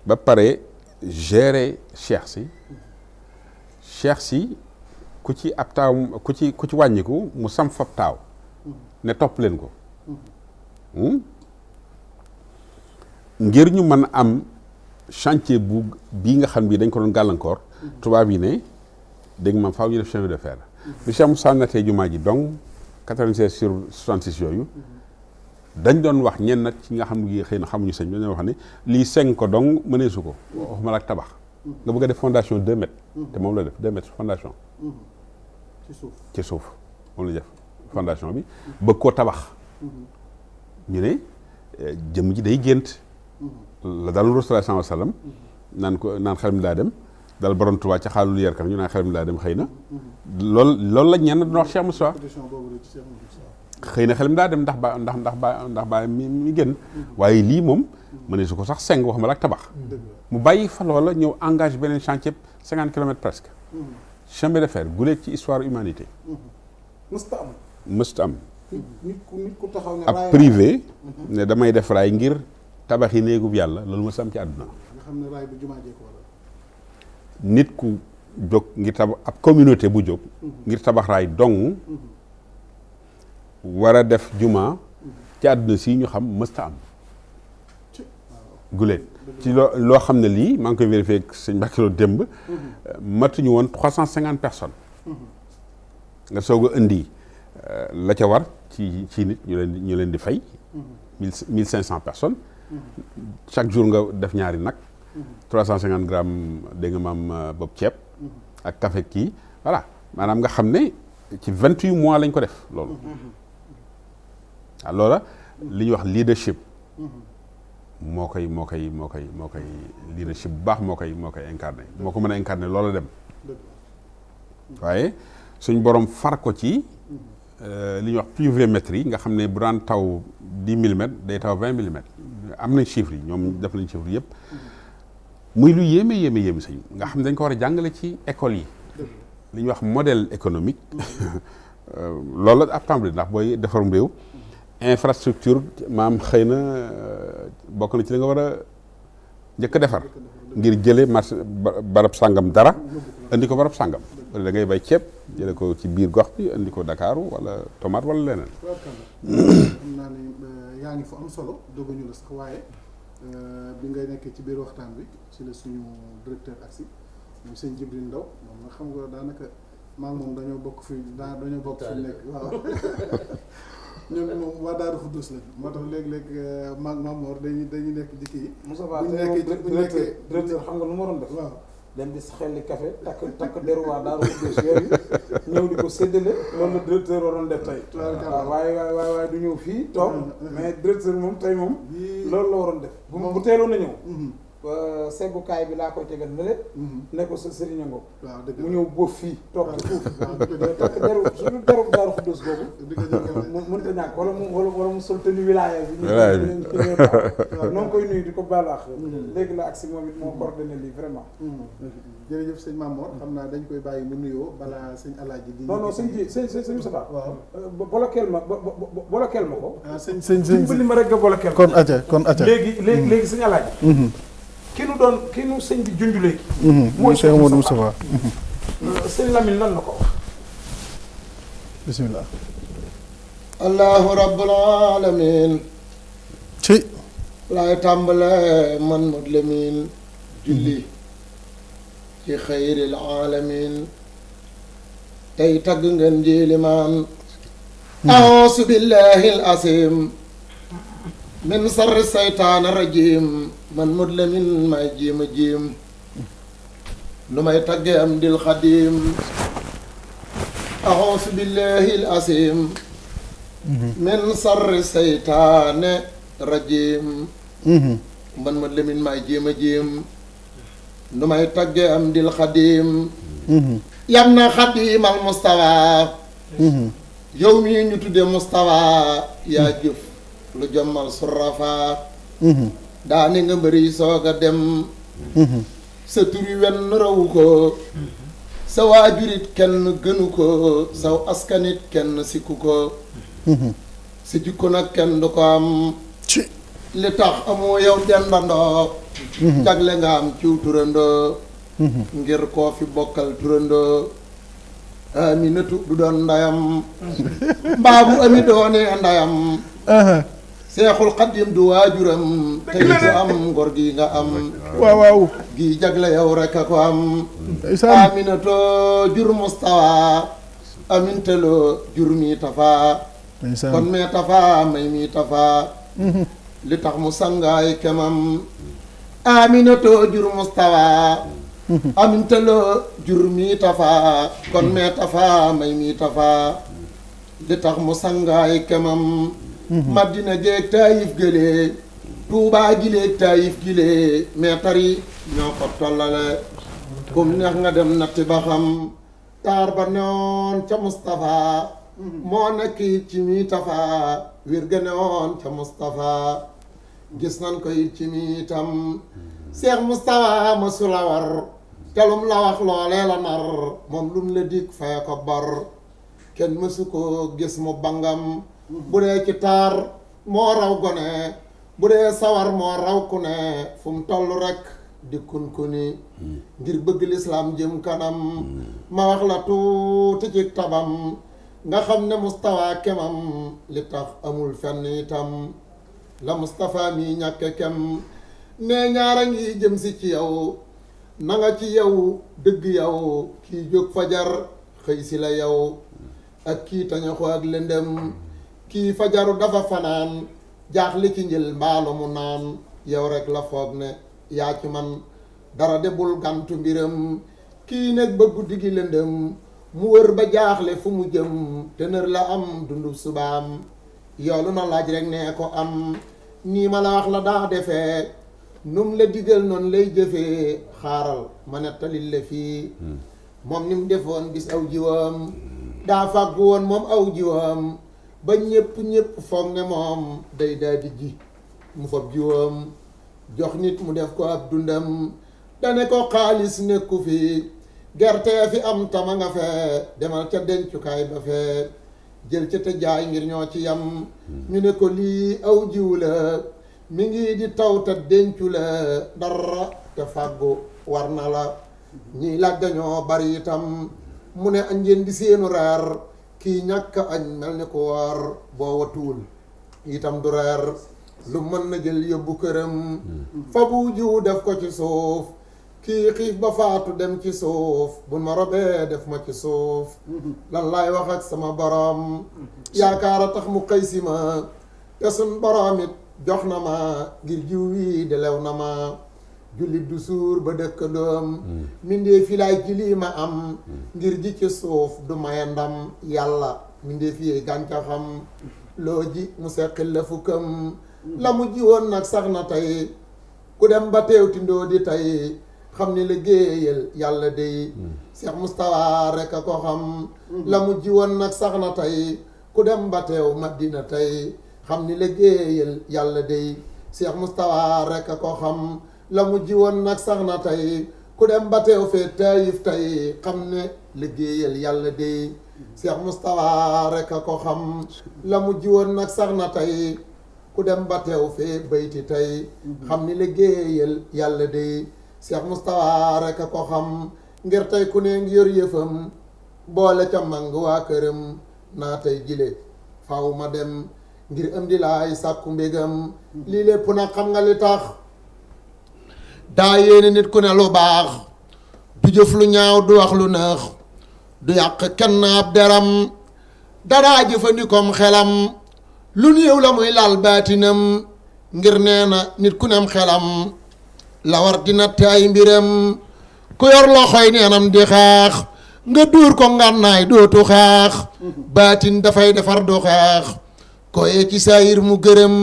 ba pare gere cheikh si cheikh si ku ci ab taaw ku ci ku ci wàññiku mu sam fab taaw ne topp leen ko hmm? ngir ñu mën a am chantier bu bii nga xam bii dañ ko doon gàllankoor tubaab yi ne dégg nga maam faaw ñu def chemin de fer bi Cheikh Moussa natee jumaa ji donc 96 sur 66 yooyu dañ doon wax ñenn nag ci nga xam ne xëy na xamuñu sëñ bi dañoo wax ni lii seng ko dong mëneesu ko waxuma la ak tabax nga bëgg a def fondation de mètres te moom la def deux mètres fondation ci suuf ci def fondation bi bëgg koo tabax ñu ne jëm ji day gént la daal rasulullah sallallahu alayhi wasallam naan ko naan xelam daa dem dal borom Tuubaa ca xaalul yerkam ñu naan xelam daa dem xëy na lool loolu la ñenn doon wax Cheikh Moussa xëy na xelam daa dem ndax ba ndax baa ba ndax ba mi mi gën waaye lii moom ma ne su ko sax seng wax ma la ak tabax mu bàyyi fa loola ñëw engage beneen chantier cinquante kilomètres presque chemin de fer guleet ci histoire humanité mësta am mësta am nit ne ab privé ne damay def raay ngir tabax yi néegub yàlla loolu mësta am ci àdduna xam ne raay bu jumaa nit ku jóg ngir tabax ab communauté bu jóg mhm. ngir tabax raay dong mhm. wara def juma ci aduna si ñu xam musta am guléet ci loo loo xam ne lii maa ngi koy vérifié ak sëñ Bakilo démb matuñu woon trois cent personnes nga sogo indi euh, la ca war ci ci nit ñu leen ñu leen di fay 1500 personnes chaque jour nga def ñaari nak 350 cent cinquante grammes dégg nga maam euh, bopp ceeb ak café ki voilà manam nga xamne ci 28 mois lañ ko def lolu loola li ñuy wax leadership. moo koy moo koy moo koy moo koy leadership bu baax moo koy moo koy incarné moo ko a incarné loola dem. waaye suñ borom far ko ci li ñuy wax pluviométrie nga xam ne bu daan taw dix millimètres day taw vingt millimètres. am nañ chiffres yi ñoom def nañ chiffres yëpp. muy lu yéeme yéeme yéeme sañ nga xam dañ ko war a jàngale ci école yi. li ñuy wax modèle économique. loolu la ab tàmbali ndax booy defarum réew. infrastructure maam xëy na euh, bokk na ci li nga war a njëkk defar ngir jële marché barab sàngam dara indi ko barab sàngam wala da ngay bay ceeb jële ko ci biir gox bi indi ko Dakaaru wala tomate wala leneen xam naa ne yaa ngi fu am solo dogañu la sax waaye euh, bi nga nekkee ci biir waxtaan bi ci la aksi moom sëñ Jibril xam nga daanaka maa dañoo bokk fi dañoo bokk fi ñoom moom waa Daaru Xuddus la moo tax léeg-léeg maag Mamor dañuy dañuy nekk ci kii. Moussa Ba tey moom directeur directeur xam nga lu mu waroon def. waaw dem di xelli café takk takk deru waa Daaru Xuddus yooyu ñëw di ko séddale loolu la directeur waroon def tey. waaw waaye waaye waaye du ñëw fii toog. mais directeur moom tey moom. loolu la waroon def bu bu teeloon na ñëw. Euh, seggukaay bi laa koy tegal nële. Mhm. ne ko sa sëriñ Ngo. waaw dëgg mu ñëw boof fii toog ci suuf. waaw dëgg la takk deru suñu boobu. mu mënta ñàkk wala mu mu sol tenue bi. wilaya koy nuyu di ko baalaax. Mhm. léegi la ak si moom it moo coordonné lii vraiment. Mhm. jërëjëf sëñ Mamor xam naa dañ koy bàyyi mu nuyoo balaa sëñ Alaaji di. non non sëñ ji sëñ sëñ Moustapha. waaw euh, bolokeel ma bolokeel ma ko. ah sëñ sëñ sëñ dimbali ma rek nga bolokeel. kon aca kon aca léegi ki nu doon ki nu sëñ bi junj léegi. mooy Cheikh Modou Moustapha. sëñ Lamine lan la ko wax. bisimilah. allahu rabbul alamin. ci. laay tàmbale man Modou Lamine. julli ci xayril alamin. tey tagg ngeen ji limaan. auzu billahi al asim. min sarri saytaan rajim. man modlamin may jima jim numay tagge am dil khadim ahos billahi من سر سيطان رجيم من مدلمين ماي جيم جيم نماي تاجي ام ديل خديم خديم المستوى يومي ني تودي مستوى يا جوف لو جمال daane nga mbëri soog a dem mhm. sa turi wenn rawu ko sa waajurit kenn gënu ko saw askanit kenn sikku ko mhm. sa jikko nag kenn du ko am li tax amoo yow dendandoo mhm. jagle nga am ciw turandoo ngir koo fi bokkal turandoo aminatu du doon ndayam mbaabu ami doone ndayam seexul xaddim du waajuram tey ku am ngor gi nga am waaw waaw gi jagle yow rek a ko am aminatoo jur mustawa amintaloo jur mi tafaa kon mee tafaa may mi tafaa mhm. li tax mu sangaay kemam aminatoo jur mustawa mhm. amintaloo jur mi tafaa kon mhm. mee tafaa may mi tafaa li tax mu sangaay kemam Mm-hmm. Madina géeg Taayif gëlee Tuubaa gileeg Taayif gilee meetar yi ñoo ko tollale kum neex nga dem natti ba xam taar ba newoon ca Moustapha mm-hmm. moo nekk it ci mi tafa wir ga newoon ca gis nan ko it ci mi mm-hmm. Seex Moustapha ma la war telum la wax loolee la nar moom lum la dig faye ko bor kenn mësu ko gis mu bangam bu dee ci moo raw gone bu dee sawar moo raw ku ne fu mu toll rek di kun ngir bëgg lislaam jëm kanam ma wax la tuuti ci tabam nga xam ne Moustapha kemam li tax amul fenn itam la Moustapha mi ñàkk kem nee ñaara yi jëm si ci yow na nga ci yow dëgg yow kii jóg fajar xëy si la yow ak kii tañaxu ak lëndëm kii fajaru dafa fanaan jaaxle ci njël mbaalu mu naan yow rekk la foog ne yaa ci man dara de bul gàntu mbiram kii nekk ba guddi gi lëndëm mu wër ba jaaxle fu mu jëm tënër la am dundu subaam yow lu na laaj rek nee ko am nii ma la wax la daa defee num la digal noon lay jëfe xaaral ma nettalil la fii hmm. moom ni defoon bis aw jiwam daa fàggu woon moom aw jiwam ba ñépp ñépp foog ne moom day daldi ji mu fab jiwam jox nit mu def ko ak dundam dane ko xaalis nekku fi gerte fi am tama nga fee demal ca dencukaay ba fee jël ca te jaay ngir ñoo ci yam ñu ne ko lii aw jiw la mi ngi di taw te dencu la dara te fàggu war na la ñiy làgg ñoo bari itam mu ne añ ngeen di seenu reer kii ñàkk añ mel ni ko waar boo watuwul itam du reer lu mën na jël yóbbu këram hmm. fa bu jiw def ko ci suuf kii xiif ba faatu dem ci suuf bu ma robee def ma ci suuf lan laay wax ak sama borom yaakaar a tax mu xëy si ma te suñ borom it jox na ma ngir jiw wii delew na ma jullit du suur ba dëkkandoom mindee fi laay lii ma am ngir ji ci suuf du maye ndam yàlla mindee fi yee gàncaxam loo ji mu seqil la fukkam la mu ji woon nag sax na tey ku dem ba teewti di tey xam ni liggéeyal yàlla day Cheikh Moustapha rek la mu nag sax na tey ku dem xam ni liggéeyal yàlla day Cheikh Moustapha rek a ko xam la mu ji nag sax na tey ku dem ba teew fee taayif tey xam ne liggéeyal yàlla de Cheikh Moustapha rek a ko xam la mu ji nag sax na tey ku dem ba teew fee bayti tey xam ni liggéeyal yàlla de Cheikh Moustapha rek a ko xam ngir tey ku ne ngi yor boole ca mang waa këram naa tey jile faw ma dem ngir am sàkku mbégam lii lépp nag xam nga li tax daa yéene nit ku ne lu baax du jëf lu ñaaw du wax lu neex du yàq kenn ab deram daraa jëfandikoom xelam lu néew la muy laal baatinam ngir nee na nit ku nem am xelam la war di natt ay mbiram ku yor loxoy neenam di xaax nga duur ko ngànnaay dootu xaax baatin dafay defar du xaax koye ci saayir mu gërëm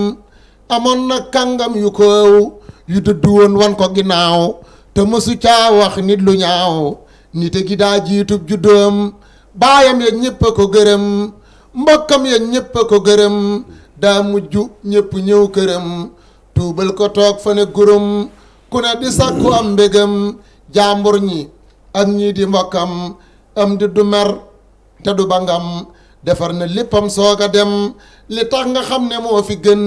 amoon na kàngam yu ko yu dëdd woon wan ko ginnaaw te mësu caa wax nit lu ñaaw nite gi daa jiitub juddoom baayam ya ñépp a ko gërëm mbokkam ya ñépp a ko gërëm daa mujj ñépp ñëw këram tuubal ko toog fa ne gurum ku ne di sàkku am mbégam jaambur ñi ak ñii di mbokkam am di du mer te du bangam defar na léppam soog a dem li tax nga xam ne moo fi gën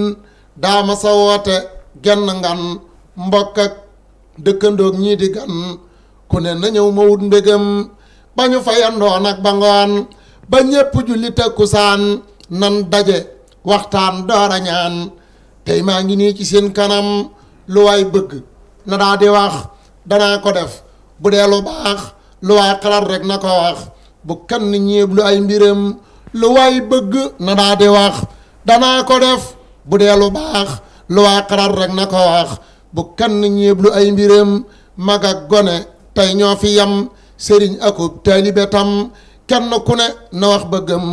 daama sa woote genn ngan mbokk ak dëkkandoog ñii di gan ku ne na ñëw ma wut mbégam ba ñu fayandoo nag ba ngoon ba ñépp julli tëkkusaan nan daje waxtaan doora ñaan tey maa ngi nii ci seen kanam lu waay bëgg na daa di wax danaa ko def bu dee lu baax lu waay xalaat rek na ko wax bu kenn ñéeb lu ay mbiram lu waay bëgg na daa di wax danaa ko def bu dee lu baax lu waay xalaat rek na ko wax bu kenn ñeeblu ay mbiram mag gone tey ñoo fi yam sëriñ akub taalibe tam kenn ku ne na wax bëggam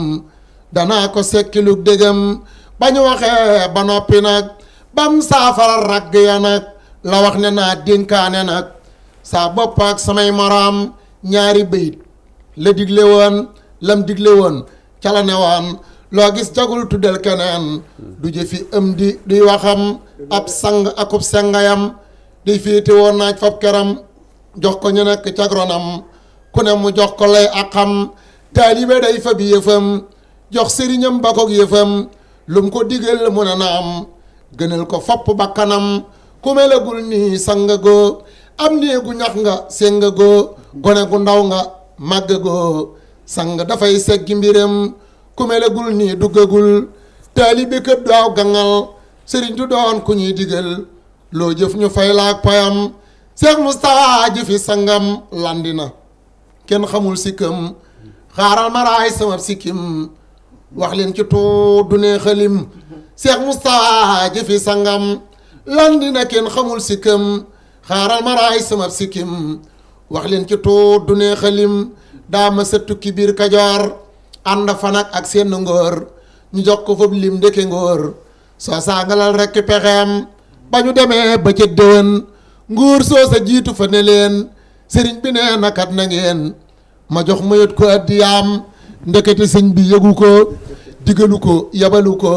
danaa ko sekkilug dégam ba ñu waxee ba noppi nag bam saafara ragg ya nag la wax ne naa dénkaane nag saa bopp samay maraam ñaari bayit la digle woon lam digle woon ca la ne woon loo gis jagul tuddel keneen du jëfi ëm di duy waxam ab sang akub sengayam di fiiti woon naaj fab keram jox ko ñu nekk cagronam ku ne mu jox ko lay akam taalibe day fa yëfam jox sëriñam ba koog yëfam lum ko digal mu ne na am gënal ko fopp bakkanam ku melagul nii sang goo am néegu ñax nga sénga goo gone gu ndaw nga màgg goo sang dafay seggi mbiram ku melagul nii duggagul taalibe këpp daaw gangal sëriñ du doon ku ñuy digal loo jëf ñu fay laak payam Seex Mustafaa jëfi sangam landi kenn xamul sikkam xaaral ma raay sama sikkim wax leen ci tuut du ne xalim Seex Mustafaa jëfi sangam landi na kenn sa tukki biir kajaar ànd fa ak seen ngóor ñu jox ko fab lim ndeke ngóor soo saangalal rekk pexeem ba ñu demee ba ca nguur soo sa jiitu fa ne leen sëriñ bi nee nakat na ma jox mayot ko addiyaam ndekete sëñ bi yëgu ko digalu ko yabalu ko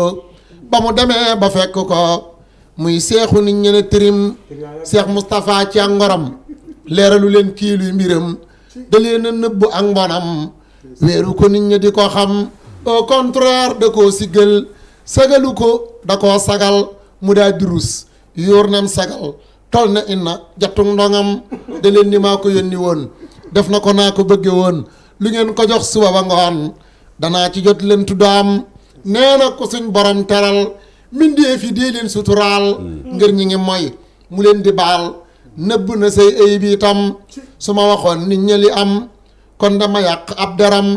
ba mu demee ba fekk ko muy seexu nit ñe ne tirim seex Moustapha ci ak ngoram leeralu leen kii luy mbiram da leen nëbbu ak mbonam weeru ko nit ñi di ko xam au contraire da koo siggal sagalu ko da koo sagal mu daa durus yóor nam sagal tol na inna jattu ndongam da leen ni maa ko na ko naa ko bëgge woon lu ngeen ko jox ba ngoon danaa ci jot leen tuddaam nee na borom teral mbindeef yi dee leen suturaal mm. ngir ñi ngi moy mu leen di baal nëbb na say ayib itam su ma waxoon nit ñi li am kon dama yàq ab daram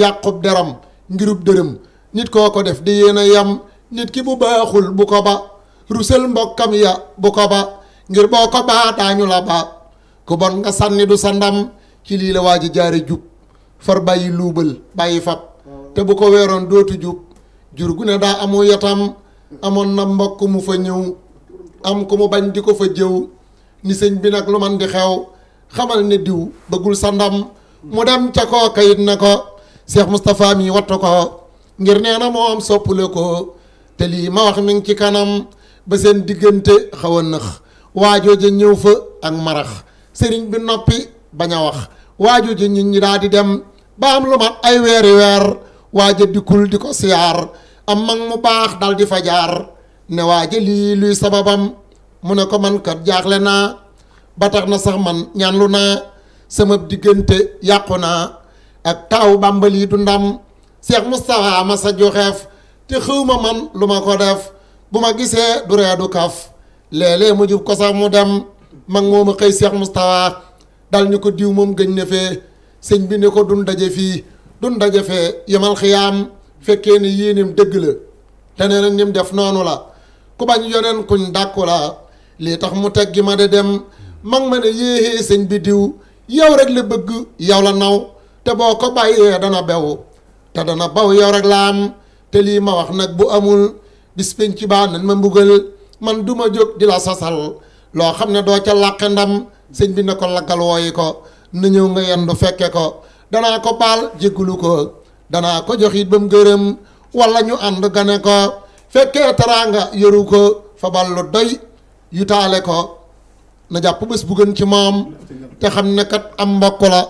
yàqub daram ngirub dërëm nit koo ko def di yéen yam nit ki bu baaxul bu ko ba rusel mbokkam ya bu ko ba ngir boo ko baa daañu la ba ku bon nga sànni du sa ndam ci lii la waa jaare jub far bàyyi luubal bàyyi fab te bu ko weeroon dootu jub jur gu ne daa amu yatam amoon na mbokk mu fa ñëw am ko mu bañ di ko fa jëw ni sëñ bi nag lu man di xew xamal ne diw bëggul sa mu dem ca kooka it ne ko Cheikh Moustapha mi wattu ko ngir nee na moom soppule ko te lii ma wax mi ngi ci kanam ba seen diggante xawa a nëx waajooja ñëw fa ak marax sëriñ bi noppi bañ a wax waajooja nit ñi daal di dem ba am lu mat ay weeri weer waaja dikkul di ko siyaar am mag mu baax dal di fa jaar ne waaja lii luy sababam mu ne ko man kat jaaxle naa ba tax na sax man ñaanlu naa sama diggante yàqu naa ak taaw bàmbal yi du ndam Cheikh Moustapha ma sa joxeef te xëw ma man lu ma ko def bu ma gisee du ree du kaf léeg-léeg mu jub ko sax mu dem mag mooma xëy Cheikh Moustapha dal ñu ko diw moom gëñ ne fee sëñ bi ne ko dun daje fii dun daje fee yemal xiyaam fekkee ne yéeneem dëgg la te nee nim def noonu la ku bañ yoneen kuñ dàkku la lii tax mu teg ma de dem mag ma ne yéexee sëñ bi diw yow rek la bëgg yow la naw te boo ko bàyyee dana bew te dana baw yow rek la am te lii ma wax nag bu amul bis penc baa nan ma mbugal man du ma jóg di la sasal loo xam ne doo ca làqe ndam sëñ bi ne ko laggal wooyi ko na ñëw nga du fekke ko danaa ko baal jéggulu ko danaa ko jox it ba mu gërëm wala ñu ànd gane ko fekkee teraanga yoru ko fa ballu doy yu taale ko na jàpp bés bu ci moom te xam ne am mbokk la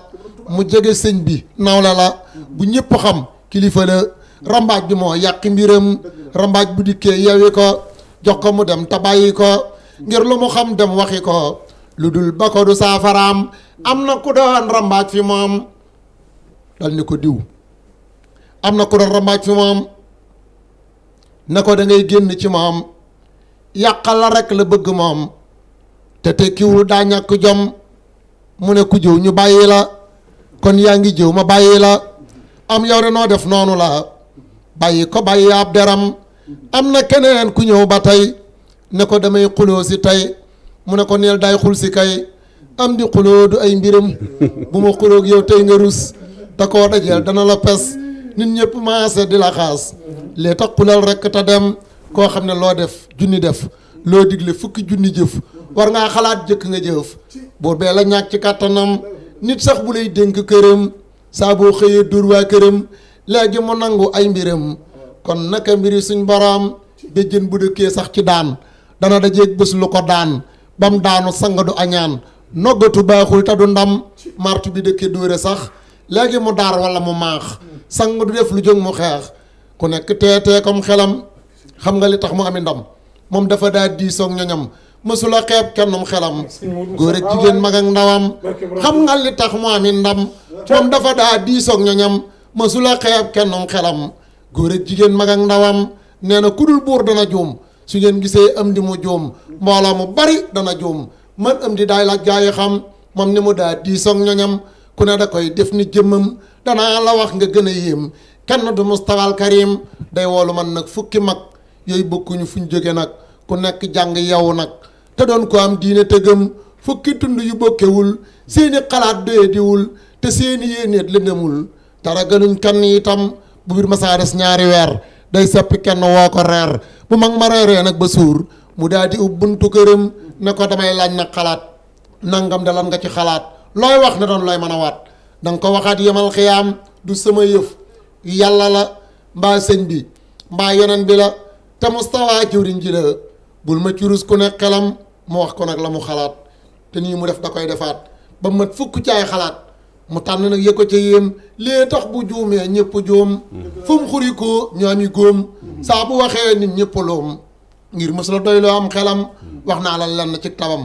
mu jege sëñ bi nawle la bu ñëpp xam kilifa la rambaaj bi moo yàqi mbiram rambaaj bu dikkee yewi ko jox ko mu dem te bàyyi ko ngir lu mu xam dem waxi ko lu dul ba ko du saafaraam am na ku doon rambaaj fi moom dal ni ko diw am na ku doon rambaaj fi moom ne ko da génn ci moom yàqal la rek la bëgg moom te tekkiwul daa ñàkk jom mu ne ku jëw ñu bàyyi la kon yaa ngi jëw ma bàyyi la am yow de noo def noonu la bàyyi ko bàyyi ab deram am na keneen ku ñëw ba tey ne ko damay xuloo si tey mu ne ko neel day xul si kay am di xuloo du ay mbiram bu ma xuloog yow tey nga rus te koo dajeel dana la pes nit ñëpp maase di la xaas lee tax xulal rek te dem koo xam ne loo def junni def loo digle fukki junni jëf war ngaa xalaat jëkk nga jëf buur bee la ñàkk ci kàttanam nit sax bu lay dénk këram saa xëyee dur waa këram léegi mu nangu ay mbiram kon mbir mbiri suñ boroom béjjën bu dëkkee sax ci daan dana dajeeg bés lu ko daan bam daanu sang du añaan noggatu baaxul te du ndam martu bi dëkke dóore sax léegi mu daar wala mu maax sang du def lu jóg mu xeex ku nekk teetee comme xelam xam nga li tax mu ami ndam moom dafa daa diisoog ñoñam mësula xeeb mu xelam góor ak jigéen mag ak ndawam xam nga li tax mu ami ndam moom dafa daa diisoog ñoñam mësula xeeb kennum xelam góor ak jigéen mag ak ndawam nee na ku dul buur dana juum su ngeen gisee am di mu juum mbooloo mu bari dana juum man am di daay la gaa yi xam moom ni mu daa diisoog ñoñam ku ne da koy def ni jëmmam danaa la wax nga gën a yéem kenn du mustawal karim day woolu man nag fukki mag yooyu bokkuñu ñu jóge nag ku nekk jàng yow nag te doon ko am diine te gëm fukki tund yu bokkewul seeni xalaat doyadiwul te seeni yéeneet lëndëmul dara gënuñ kenn itam bu biir masaa des ñaari weer day seppi kenn woo ko reer bu mag ma reeree nag ba suur mu daal di ub buntu këram ne ko damay laaj nag xalaat nangam dalan nga ci xalaat looy wax ne doon looy mën a wat danga ko waxaat yemal xiyaam du sama yëf yàlla la mbaa sëñ bi mbaa yeneen bi la te mustawaa jëwriñ ji la bul ma curus ku ne xelam mu wax ko nag la mu xalaat te nii mu def da koy defaat ba mat fukk caay xalaat mu tànn nag yëg ko ca yéem lii tax bu juumee ñëpp joom fu mu xuri ko ñaami góom saa bu waxee nit ñëpp loom ngir mës la doy loo am xelam wax naa la lenn ci tabam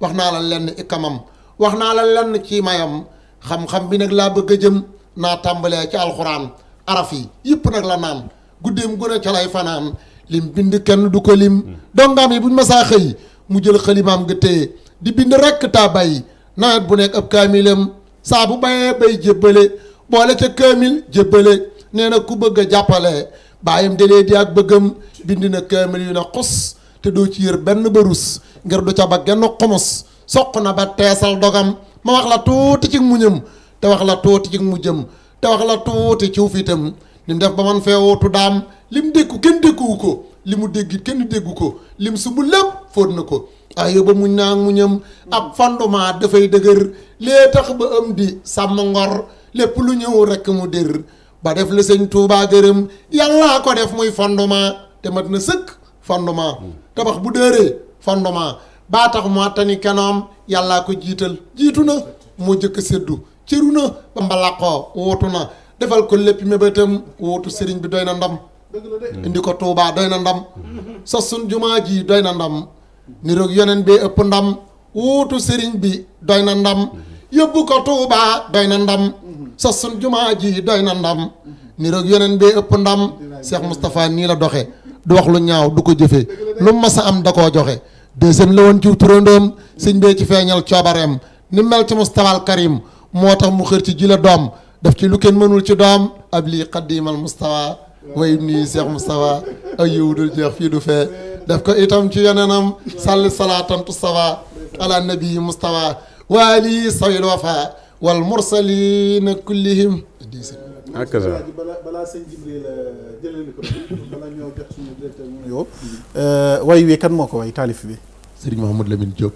wax naa la lenn ikamam wax naa la lenn ci mayam xam-xam bi nag laa bëgg a jëm naa tàmbalee ci alxuraan araf yi yëpp nag la naan guddeem gën a ca lay fanaan lim bind kenn du ko lim dongaam yi buñ masaa xëy mu jël xalimaam nga téye di bind rekk taa bàyyi nawet bu nekk ab kaamilam saa bu bayee bay jébbale boole ca kaamil jébbale nee na ku bëgg a jàppale bàyyam dalee di ak bëggam bind na kaamil yu ne xos te doo ci yër benn barus ngir du ca ba genn xomus soq na ba teesal dogam ma wax la tuuti ci muñam te wax la tuuti te wax la tuuti ci fitam li mu def ba man feewootu daam li mu déggu kenn dégguwu ko li mu déggit kenn déggu ko lim sumb lépp fóot na ko ayo ba muñ naa muñam ab fondement dafay dëgër lee tax ba am di sàmm ngor lépp lu ñëw rekk mu dér ba def la sëñ Tuubaa gërëm yàllaa ko def muy fondement te mat na sëkk fondement tabax bu dëree fondement baa tax mu àttani kenoom yàllaa ko jiital jiitu na mu jëkk séddu cëru na ba mbalaqoo wuutu na defal ko lépp mébétam wuutu sëriñ bi doy na ndam indi ko Tuubaa doy na ndam mm-hmm. sos jumaa ji doy na ndam niroog yeneen bee ëpp ndam wuutu sëriñ bi doy na ndam yóbbu ko Tuubaa doy na ndam sos sun jumaa ji doy na ndam niroog yeneen bee ëpp ndam Cheikh Moustapha nii la doxe du wax lu ñaaw du ko jëfee lu mas a am da koo joxe deuxième la woon ci turandoom sëñ bee ci feeñal coobareem ni mel ci Moustapha Karim moo tax mu xër ci jila doom daf ci lu kenn mënul ci doom ab lii xaddiimal Moustapha way nii Cheikh Moustapha ay yiw jeex fii du fee دافكو ايتام تي يننام صلي صلاتن تصفا على النبي مصطفى والي سوي الوفاء والمرسلين كلهم هكذا بلا موكو واي تاليف بي سيرن محمد لامين جوب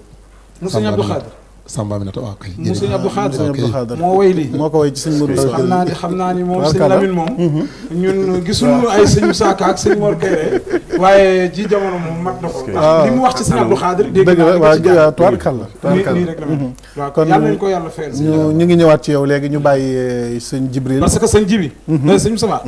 مو عبد الخادر Samba Aminata waaw kay. mu sëñ Abdou Khadre moo way lii. moo ko way ci sëñ Modou xam naa ni xam naa ni moom sëñ Lamine moom. Mhm. ñun gisuñu ay sëñ Saaka ak sëñ Mor waaye ji jamono moom mag na ko. waaw ah. li mu wax ci sëñ Abdou Khadre. dégg naa waaw dëgg la tubaarkàlla. nii rek la mel. Mhm. waaw kon yàlla nañu ko yàlla fayal. ñu ñu ngi ñëwaat ci yow léegi ñu bàyyi eh, sëñ Jibril. parce que sëñ Jibi. Mhm. Euh, sëñ Sama.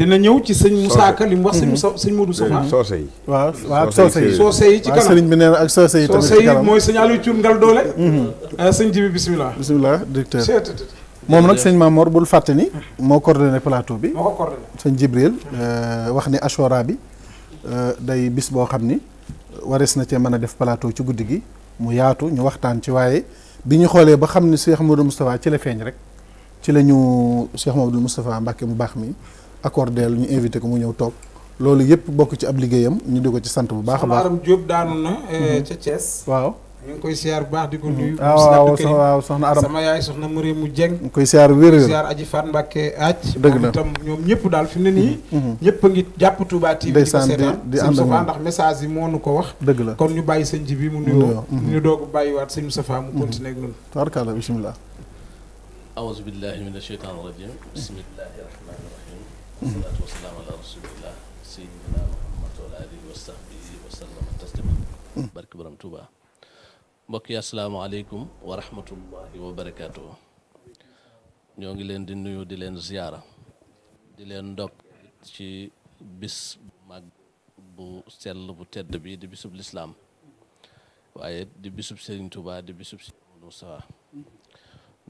dina ñëw ci sëñ Moussa Ka wax sëñ mhm. Moussa sëñ Modou Sofa mhm. soose yi waaw waaw soose yi soose yi ci kanam ak soose yi tamit soose mooy sëñ Aliou Thioune ngal doole mhm. euh, sëñ Jibi bisimilah moom nag sëñ Mamor bul fàtte ni moo coordonné plateau bi moo ko sëñ Jibril euh, wax ni Ashura bi euh, day bis boo xam ni warees na cee mën a def plateau ci guddi gi mu yaatu ñu waxtaan ci waaye bi ñu xoolee ba xam ni Cheikh Modou Moustapha ci la feeñ rek ci lañu ñu Cheikh Modou Moustapha Mbacke mu baax mii accordé ñu invité ko mu ñëw toog loolu yëpp bokk ci ab liggéeyam ñu di ko ci sant bu baax a baax. Aram Diop daanu na. Eh, mhm. ca Thiès. waaw ñu ngi koy siyaar bu baax di ko mhm. nuyu. Ah, waaw waaw soxna Aram sama yaay soxna Mariamu Dieng. ñu koy siyaar wér wér aji Fan Mbàkke aaj. dëgg la itam ñoom ñëpp daal fi mu ne nii. Mhm. ñëpp a ngi jàpp Touba TV. di ko seetaan di ànd ak ndax message yi moo nu ko wax. dëgg la kon ñu bàyyi sëñ ji bi mu nuyoo. ñu doog a bàyyiwaat sëñ Moustapha mu continuer ak ñun. tabarkalla bisimilah. والصلاه والسلام على رسول الله سيدنا محمد وعلى اله وصحبه وسلم تسليما بارك برم توبا بكي السلام عليكم ورحمه الله وبركاته نيوغي لين دي نيو دي لين زياره دي لين دوك شي بس ماغ بو سيل بو تيد بي دي بيسوب الاسلام واي دي بيسوب سيرن توبا دي بيسوب سيرن موسى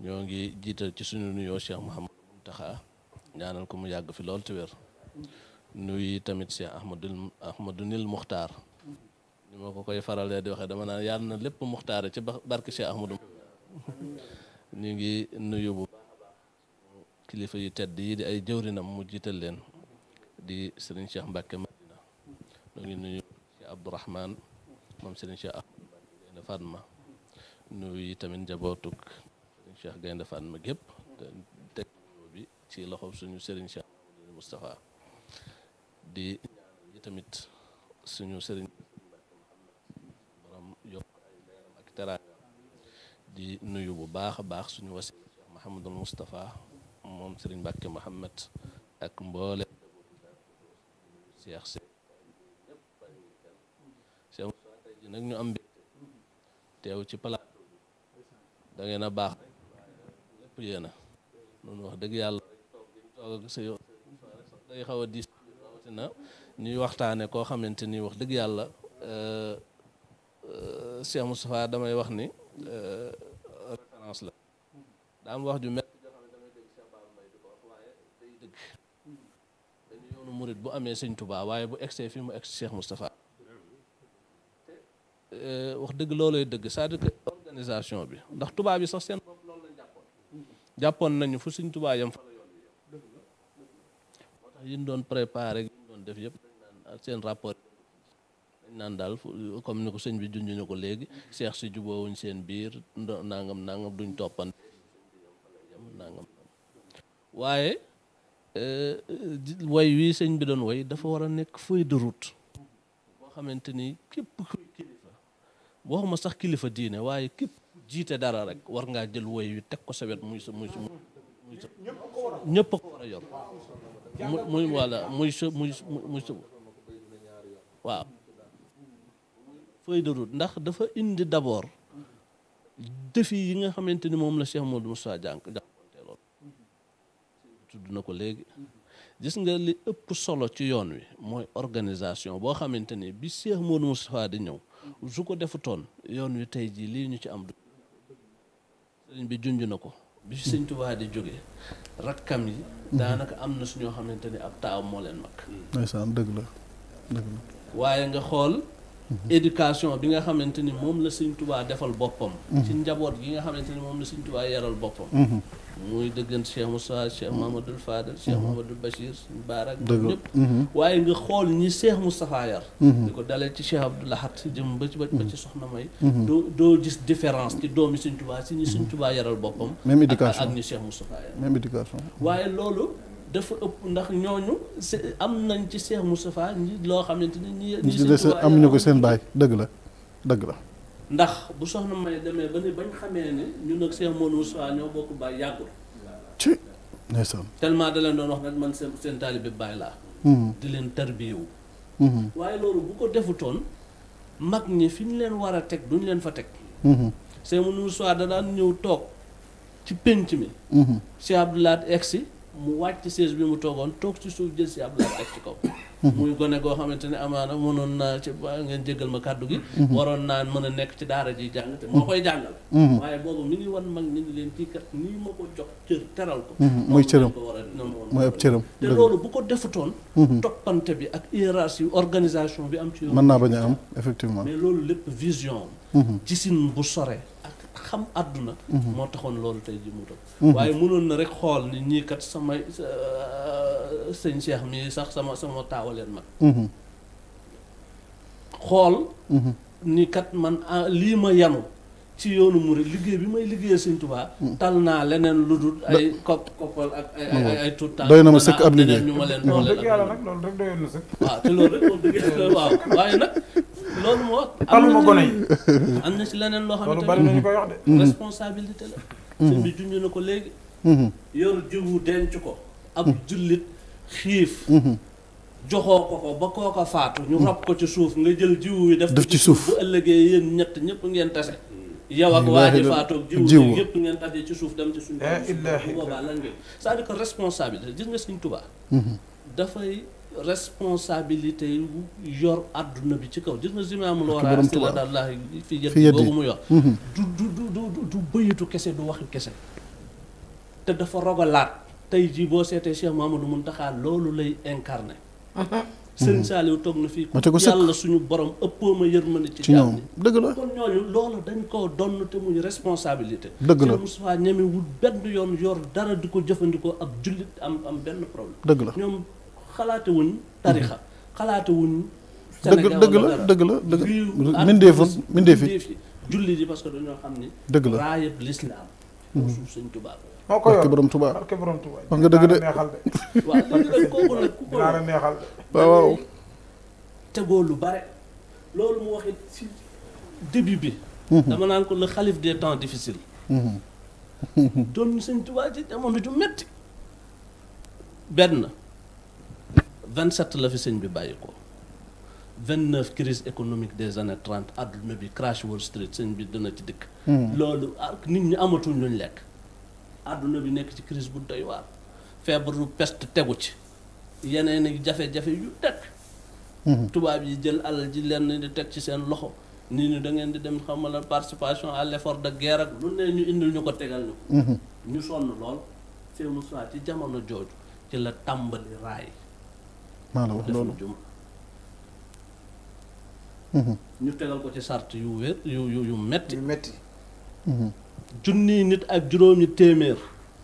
نيوغي جيتال شي سونو نيو شيخ محمد منتخب ñaanal ko mu yàgg fi lool ci wér nuyu tamit Cheikh Ahmadul Ahmadunil di waxee dama naan yàlla na lépp muxtaare ci barke Cheikh ñu ngi nuyu bu kilifa yu tedd yi di ay jëwrinam mu jiital leen di Serigne Cheikh Mbacke Madina ñu ngi nuyu Cheikh Abdourahman moom Serigne Cheikh Gaynde Fatma nuyu tamit njabootuk Serigne Cheikh Gaynde Fatma gépp ci loxoom suñu sëriñ Cheikh Moustapha di ñaan yi tamit suñu sëriñ borom yokk ay leeram ak teraanga di nuyu bu baax a baax suñu wasi Cheikh Mouhamadul Moustapha moom sëriñ Mbàkke Mohammed ak mboole Cheikh si Cheikh tey ji nag ñu am mbégte teew ci plateau da ngeen a baax lépp yéena noonu wax dëgg yàlla day xaw a diis rawatina ñuy waxtaane koo xamante ni wax dëgg yàlla Cheikh Moustapha damay wax ni référence la daa am wax ju mett joo xam ne damay dégg Cheikh Bara Mbaye di ko wax waaye day dëgg dañu yoonu murit bu amee sëñ Touba waaye bu egsee fii mu egsi Cheikh Moustapha wax dëgg loolooy dëgg c'est-à-dire que organisation bi ndax Touba bi sax seen bopp loolu lañ jàppoon jàppoon nañu fu sëñ Touba yam fa yi doon préparé yi ñu doon def yëpp seen rapport dañ naan daal comme ni ko sëñ bi junj ñu ko léegi seex si jubóowuñ seen biir nangam nangam duñ toppan nangam waaye euh, euh, way wi sëñ bi doon woy dafa war a nekk feuille de route xamante ni képp kuy waxuma sax kilifa diine waaye képp jiite dara rek war ngaa jël way wi teg ko sa wet muy sa ko war a yor muy voilà muy sa muy muy sa waaw feuille de route ndax dafa indi d'abord defi yi nga xamante ni moom la moo Modou Moussa jànk jànkoonteeloon tudd na ko léegi gis nga li ëpp solo ci yoon wi mooy organisation boo xamante ni bi Cheikh Modou Moussa di ñëw su ko defutoon yoon wi tey jii lii ñu ci am du sëriñ bi junj na ko bi fi sëñ di jóge rakkam yi mhm. daanaka am na su ñoo xamante ni ab taaw moo leen mag mm. ndeysaan dëgg la dëgg la waaye nga xool mhm. éducation bi nga xamante ni moom la sëñ Tuubaa defal boppam mhm. ci njaboot gi nga xamante ni moom la sëñ Tuubaa yaral boppam موي دغن شيخ موسى شيخ محمد الفاضل شيخ محمد البشير مبارك ñëpp واي nga xol ñi Cheikh Moustapha yar diko ko ci Cheikh Abdou Lahad jëm ba ci ba ci soxna May do do gis différence ci domi seigne touba ci ñi seigne touba yaral bopam même éducation ak ñi Cheikh Moustapha yar même éducation waye lolu dafa ëpp ndax ñooñu am nañ ci Cheikh Moustapha ñi lo xamanteni ni ñi ñi am ñu ko seen bay deug la deug la ndax bu soxna may demee ba ni bañ xamee ne ñu ak Cheikh Modou Moussa ñoo bokk baay yàggul. ci ndeysaan. tellement da leen doon wax nag man seen seen taalibe baay laa. Hmm. di leen tarbiyewu. Hmm. waaye loolu bu ko defutoon mag ñi fi ñu leen war a teg duñ leen fa teg. Hmm. Cheikh Modou Moussa da daan ñëw toog ci pénc mi. Cheikh Abdoulaye egsi mu wàcc siège bi mu toogoon toog ci suuf jël si Abdoulaye egg ci kaw. muy gone koo xamante ne amaana mënoon naa ci ba ngeen jéggal ma kàddu gi mhm. waroon naa mën a nekk ci daara ji jàng te moo koy jàngal mhm. mag ni ngi leen kii kat nii ma cër ko muy mhm. cëram mooy ab cëram te loolu bu ko defutoon toppante bi ak hiérarchie organisation bi am ci yoon mën naa bañ a am effectivement mais loolu lépp vision ci gisin bu sore xam àdduna mhm. moo taxoon loolu tey jii mu toog mhm. waaye mënoon na rek xool ni ñii kat samay euh, sëñ Cheikh mii sax sama sama taawaleen mag mhm. xool ni kat man ah, lii ma yenu ci yoonu murid liggéey bi may liggéeyal Sëñ Tuubaa tal naa leneen lu dul ay kopp koppal ak ay ay tuut tànk doy na ma sëkk ab liggéey ñu ma leen dooleel ak yàlla nag loolu rek doyoon na sëkk ah, loolu waaye nag loolu moo. paluma gone yi am na ci leneen loo xamante ne bari nañu koy wax de. responsabilité la. sëñ bi junj na ko léegi. yor jiwu denc ko. ab jullit xiif. joxoo ko ko ba kooka faatu. ñu rob ko ci suuf nga jël jiwu wi def ci suuf bu ëllëgee yéen ñett ñëpp ngeen tase. yow ak waa ji faatoog jiw bi yëpp ngeen tase ci suuf dem ci suñu boobaa lan ngeen c'est-à-dire que responsabilité gis nga Sëñ Tuubaa dafay responsabilité yu yor àdduna bi ci kaw gis nga zimaamul wara si la daal fi yëg boobu mu yor mm-hmm. du du du du bëyitu kese du waxi kese te dafa rogalaat tey jii boo seetee Cheikh Mamadou Muntaxa loolu lay incarné uh-huh. Sëriñ mm-hmm. Saaliw toog na fii ko yàlla suñu borom ëppoo ma yërmande ci ñoom dëgg la loolu dañ koo donn te muy responsabilité dëgg la Moussa ñemewul benn yoon yor dara di ko jëfandikoo ak jullit am am benn problème dëgg la ñoom xalaatuwuñ tarixa xalaatuwuñ dëgg dëgg la dëgg la dëgg mindeefu mindeefi julli di parce que dañoo xam ni dëgg la raayab lislaam suuf sëñ Tuubaa moo ko yor borom Tuubaa barke borom Tuubaa wax nga dëgg de waaw dañ kooku nag ku ko yor neexal waaw waaw tegoo lu bare loolu mu waxit ci début bi dama naan ko le xalif des temps difficiles doon sëñ Tuubaa ci jamono ju metti benn 27 la fi sëñ bi bàyyi ko 29 crise économique des années 30 àdduna bi crash Wall Street sëñ bi dana ci dëkk. Hmm. loolu nit ñu amatul luñ lekk. àdduna bi nekk ci crise bu doy waar. feebaru peste tegu ci. yeneen i jafe-jafe yu teg hmm. tubaab yi jël alal ji lenn di teg ci seen loxo. nii ni da ngeen di dem xam la participation à l'effort de guerre ak lu ne ñu indil ñu ko tegal ñu ko. Hmm. ñu sonn lool. Seydou Moussa ci jamono jooju ci la tàmbali raay. maa loolu mhm. ñu tegal ko ci sart yu wér yu yu yu metti yu metti mhm. junni nit ak juróomi téeméer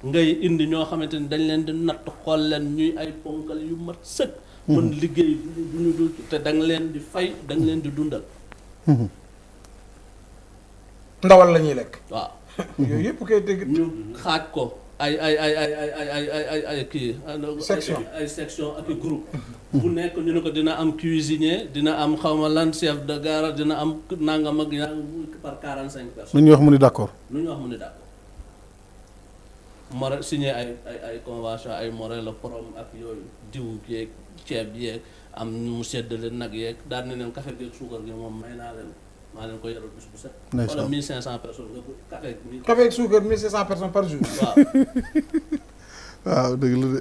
ngay indi ñoo xamante ni dañ leen di natt xool leen ñuy ay ponkal yu mat sëkk mën mhm. liggéey du ñu dul te da leen di fay da leen di dundal ndawal lañuy lekk waaw yooyu yëpp koy dégg ñu xaaj ko ay ay ay ay ay ay ay ay ay kii. section ay section ak groupe. bu nekk ñu ne ko dina am cuisinier dina am xawma lan chef de gare dina am nangam mag yaa par quarante cinq personnes. nu ñu wax mu ne d' accord. nu ñu wax mu ni d' accord. Morel ay ay ay convention ay Morel la Prom ak yooyu diw yeeg ceeb yeeg am mu leen nag yeeg daan na leen café gi ak suukar gi moom may naa leen. maa leen ko yaral bis bu set. wala 1500 personnes nga bëgg café ak mille. café ak suukar 1500 personnes par jour. waaw. waaw dëgg la de.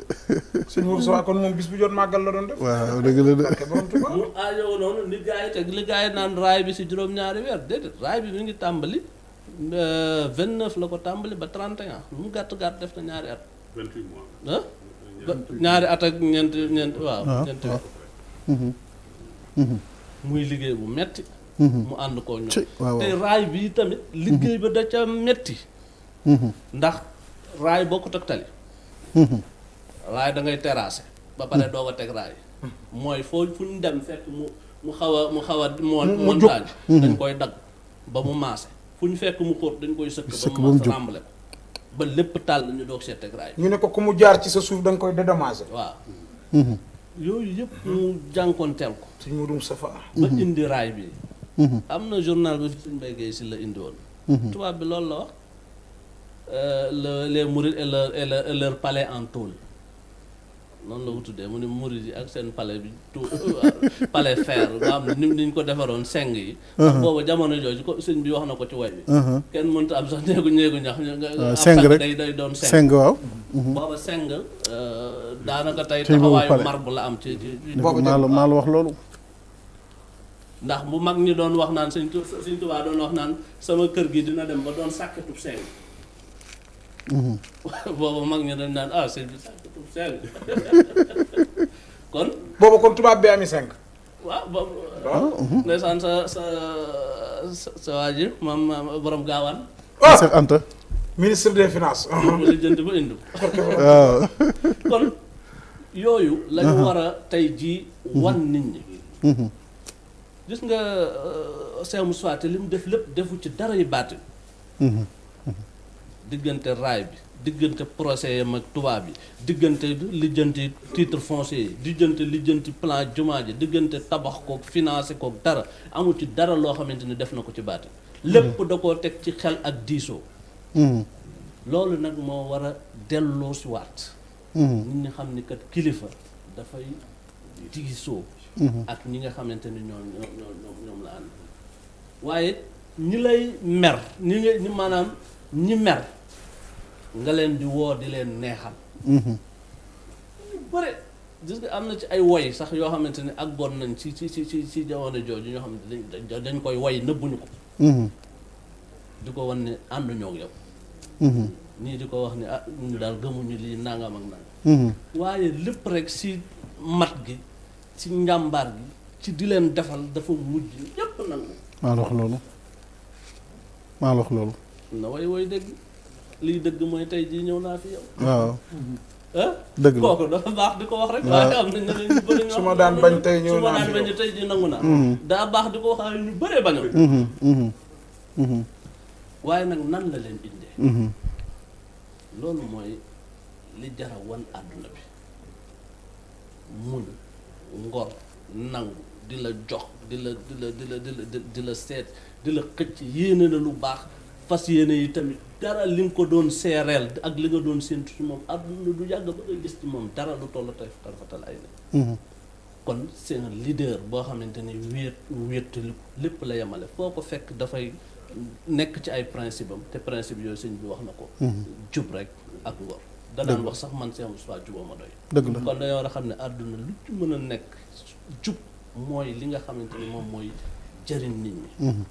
suñu Moussa kon moom bis bu jot màggal la doon def. waaw dëgg la de. parce que borom tubaab mu aajoo noonu li gars yi teg li gars yi naan raay bi si juróom-ñaari weer déedéet raay bi mi ngi tàmbali. 29 la ko tàmbali ba 31 lu mu gàtt gàtt def na ñaari at. 28 mois. ñaari at ak ñeenti ñeenti waaw. ñeenti weer. muy liggéey bu metti Mm-hmm. mu ànd koo ñoom te raay bi tamit liggéey ba da ca metti mm-hmm. ndax raay bokkut ak tali raay dangay ngay ba pare mm-hmm. doo a teg raay mooy foo fu ñu dem fekk mu mu xaw a mu xaw a montagne dañ koy dagg ba mu maase fu ñu fekk mu xóot dañ koy sëkk ba mu ràmbale ba lépp tàll ñu doog seet teg raay ñu ne ko ku mu jaar ci sa suuf da nga koy dédommager waaw yooyu yëpp mu jànkoonteel ko suñ mu dum safa ba indi raay bi am na journal bi suñ béykee si la indi woon mhm. tubaab bi loolu la wax euh, le les mourides et leur et palais en tôle noonu la ko tuddee mu ne mouride yi ak seen palais bi tout euh, palais fer nga xam ne ni ñu ko defaroon seng yi mhm. booba jamono jooju ko sëñ bi wax na ko ci way bi mhm. kenn mënta am sax néegu néegu ñax ah, seng rek day day doon seng waaw booba seng euh, daanaka tey taxawaayu mar bu la am ci boobu maa la wax loolu ndax bu mag ñi doon wax naan sëñ sëñ tubaa doon wax naan sama kër gi dina dem ba doon sàkkatub seen mhm. boobu mag ñi dañ naan ah sëñ bi sàkkatub seen kon boobu kon tubaab bi ami cinq waaw boobu ah, oh, mhm. ndeysaan sa sa sa waaji maam borom gaawaan ah Cheikh Anta ministre des finances li jënd ba indu kon yooyu lañu mhm. war a tey jii wan nit ñi gis nga euh, Cheikh Moussa li mu def lépp defu ci dara yi baat baatu. Mhm. diggante raay bi diggante procès yam ak tubaab bi diggante lijjanti titre foncier yi diggante lijjanti plan jumaa ji diggante tabax kook financé kook dara amul ci dara loo xamante ni def na ko ci baatu. Mhm. lépp da koo teg ci xel ak diisoo. Mhm. loolu nag moo war a delloo si nit ñi xam ni kat kilifa dafay diisoo. Mm-hmm. ak ñi nga xamante ni ñoom ñoom ñoom la ànd waaye ñi lay mer ñi nga ñi maanaam ñi mer nga leen di woo di leen neexal mm-hmm. bëre gis nga am na ci ay woy sax yoo xamante ni ak bon nañ ci ci ci ci ci jamono jooju ñoo xam ne dañ koy woy nëbbuñu ko mm-hmm. di ko wan ne ànduñoo ak yow ñii di ko wax ni ah ñu daal gëmuñu lii nangam ak nangam waaye lépp rek si mat gi ci njàmbaar gi ci di leen defal dafa mujj yépp nangu maa wax loolu maa wax loolu na way way dëgg lii dëgg mooy tey jii ñëw naa fi yow waaw dëgg la kooku dafa baax di ko wax rek waaye am na ñeneen suma daan bañ tey ñëw naa suma daan bañ tey jii nangu naa mm-hmm. daa baax di ko wax ñu bëree bañal mm-hmm. mm-hmm. waaye nag nan la leen bindee loolu mooy li jara wan àdduna bi muñ ngor nangu di la jox di la di la di la di la di la seet di la xëcc yéene na lu baax fas yéene yi tamit dara li nga ko doon seereel ak li nga doon séentu ci moom àdduna du yàgg ba nga gis ci moom dara lu toll tey tarfatal ay na mhm. kon c'est un leader la yemale foo ko fekk dafay nekk ci ay principe am te principe yooyu sëñ bi wax na ko mhm. jub rek ak ngor danaan wax sax man seen soit juba ma doy dëgg la kon dañoo war a xam ne àdduna lu ci mën a nekk jub mooy li nga xamante ni moom mooy jëriñ nit ñi. Mhm.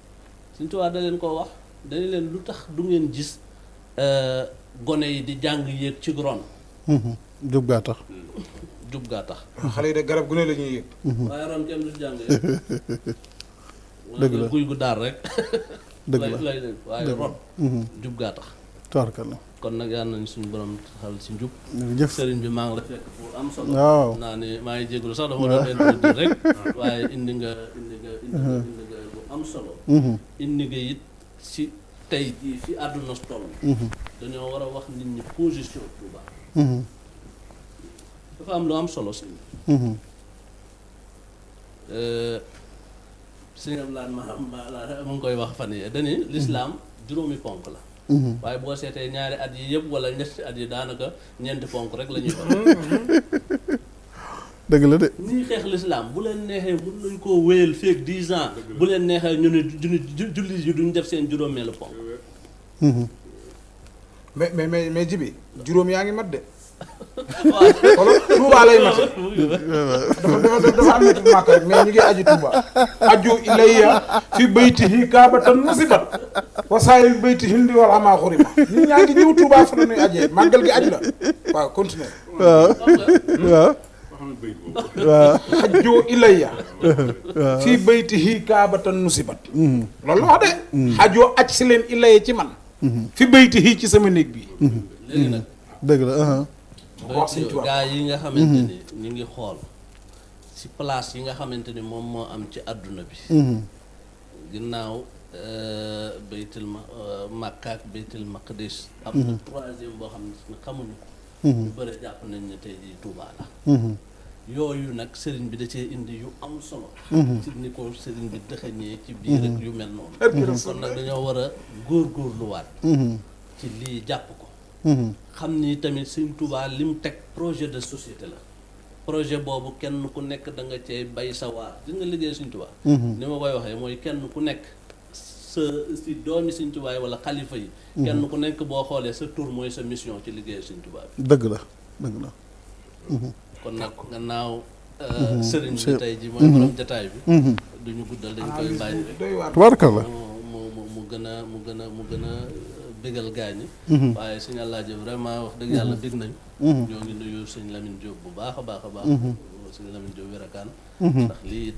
Sëñ Tuubaa da leen koo wax dañu leen lu tax du ngeen gis euh, gone yi di jàng yéeg ci ron. Mhm. jub gaa tax. jub gaa tax. Ah, garab gu ne la ñuy yéeg. Mhm. waaye ron dëgg guy gu daar rek. dëgg la waaye ron. jub gaa tax. kon nag yal nañu suñu borom xal si njub. jërëjëf sëriñ bi maa ngi la fekk pour am solo. waaw naa ne maa ngi jégalu sax dafa doon waaye indi uh-huh. am solo. Uh-huh. indi nga it si uh-huh. dañoo war a wax nit ñi am lu am solo si. sëñ am koy wax fan yii dañuy l'islam juróomi ponk la. Mm-hmm. waaye boo seetee ñaari at yi yëpp wala ñetti at yi daanaka ñeenti ponk rek la ñuy wax. dëgg la de. ñuy xeex lislaam bu leen neexee mën nañ koo wéyal feeg dix ans bu leen neexee ñu ne jullit yi duñu def seen juróomeelu ponk. Mm-hmm. mais mais mais jibi juróom yaa ngi mat de. xoolal Touba lay mate. dafa dafa dafa am na ci Màkka mais ñu ngi aju Touba. aju ilayya fi baytihi kaabatan musibat wa saayil bayti hindi wal ama xurima. nit ñaa ngi ñëw Touba fan la ñuy ajee màggal gi musibat. loolu la wax de. ajoo aj si leen ilayya ci man. fi baytihi ci sama néeg bi. dëgg la. Uh-huh. bu ko gaa yi nga xamante mhm. ni ñu ngi xool ci place yi nga xamante ni moom moo am ci àdduna bi mhm. ginnaaw euh, baytul euh, makka ak baytul maqdis am na mhm. troisième boo xam ne su xamuñu ko ñu bëri jàpp nañ ne tey jii Tuubaa la yooyu nag sëriñ bi da cee indi yu am solo ci ni ko sëriñ bi dëxëñee ci biir ak yu mel noonu kon nag dañoo war a góorgóorluwaat ci lii jàpp ko xam ni tamit Sëriñ Tuubaa li mu teg projet de société la projet boobu kenn ku nekk danga nga cee bay sa waar di nga liggéey Sëriñ Tuubaa mhm. ni ma koy waxee mooy kenn ku nekk sa si doomi Sëriñ Tuubaa wala xalifa yi mhm. kenn ku nekk boo xoolee sa tour mooy sa mission ci liggéey Sëriñ Tuubaa bi dëgg la dëgg la mhm. kon nag gannaaw euh, sëriñ bi tey ji mooy borom jataay bi duñu guddal dañ koy bàyyi rek tubaarkalla mu mu mu gën a mu gën mu gën a bégal gaañi mhm. waaye suñu àllaaji vraiment wax dëgg yàlla bég mhm. nañ mhm. ñoo ngi nuyu sëñ Lamine Diop bu baax a baax a baax sëñ Lamine Diop wérakaan ndax lii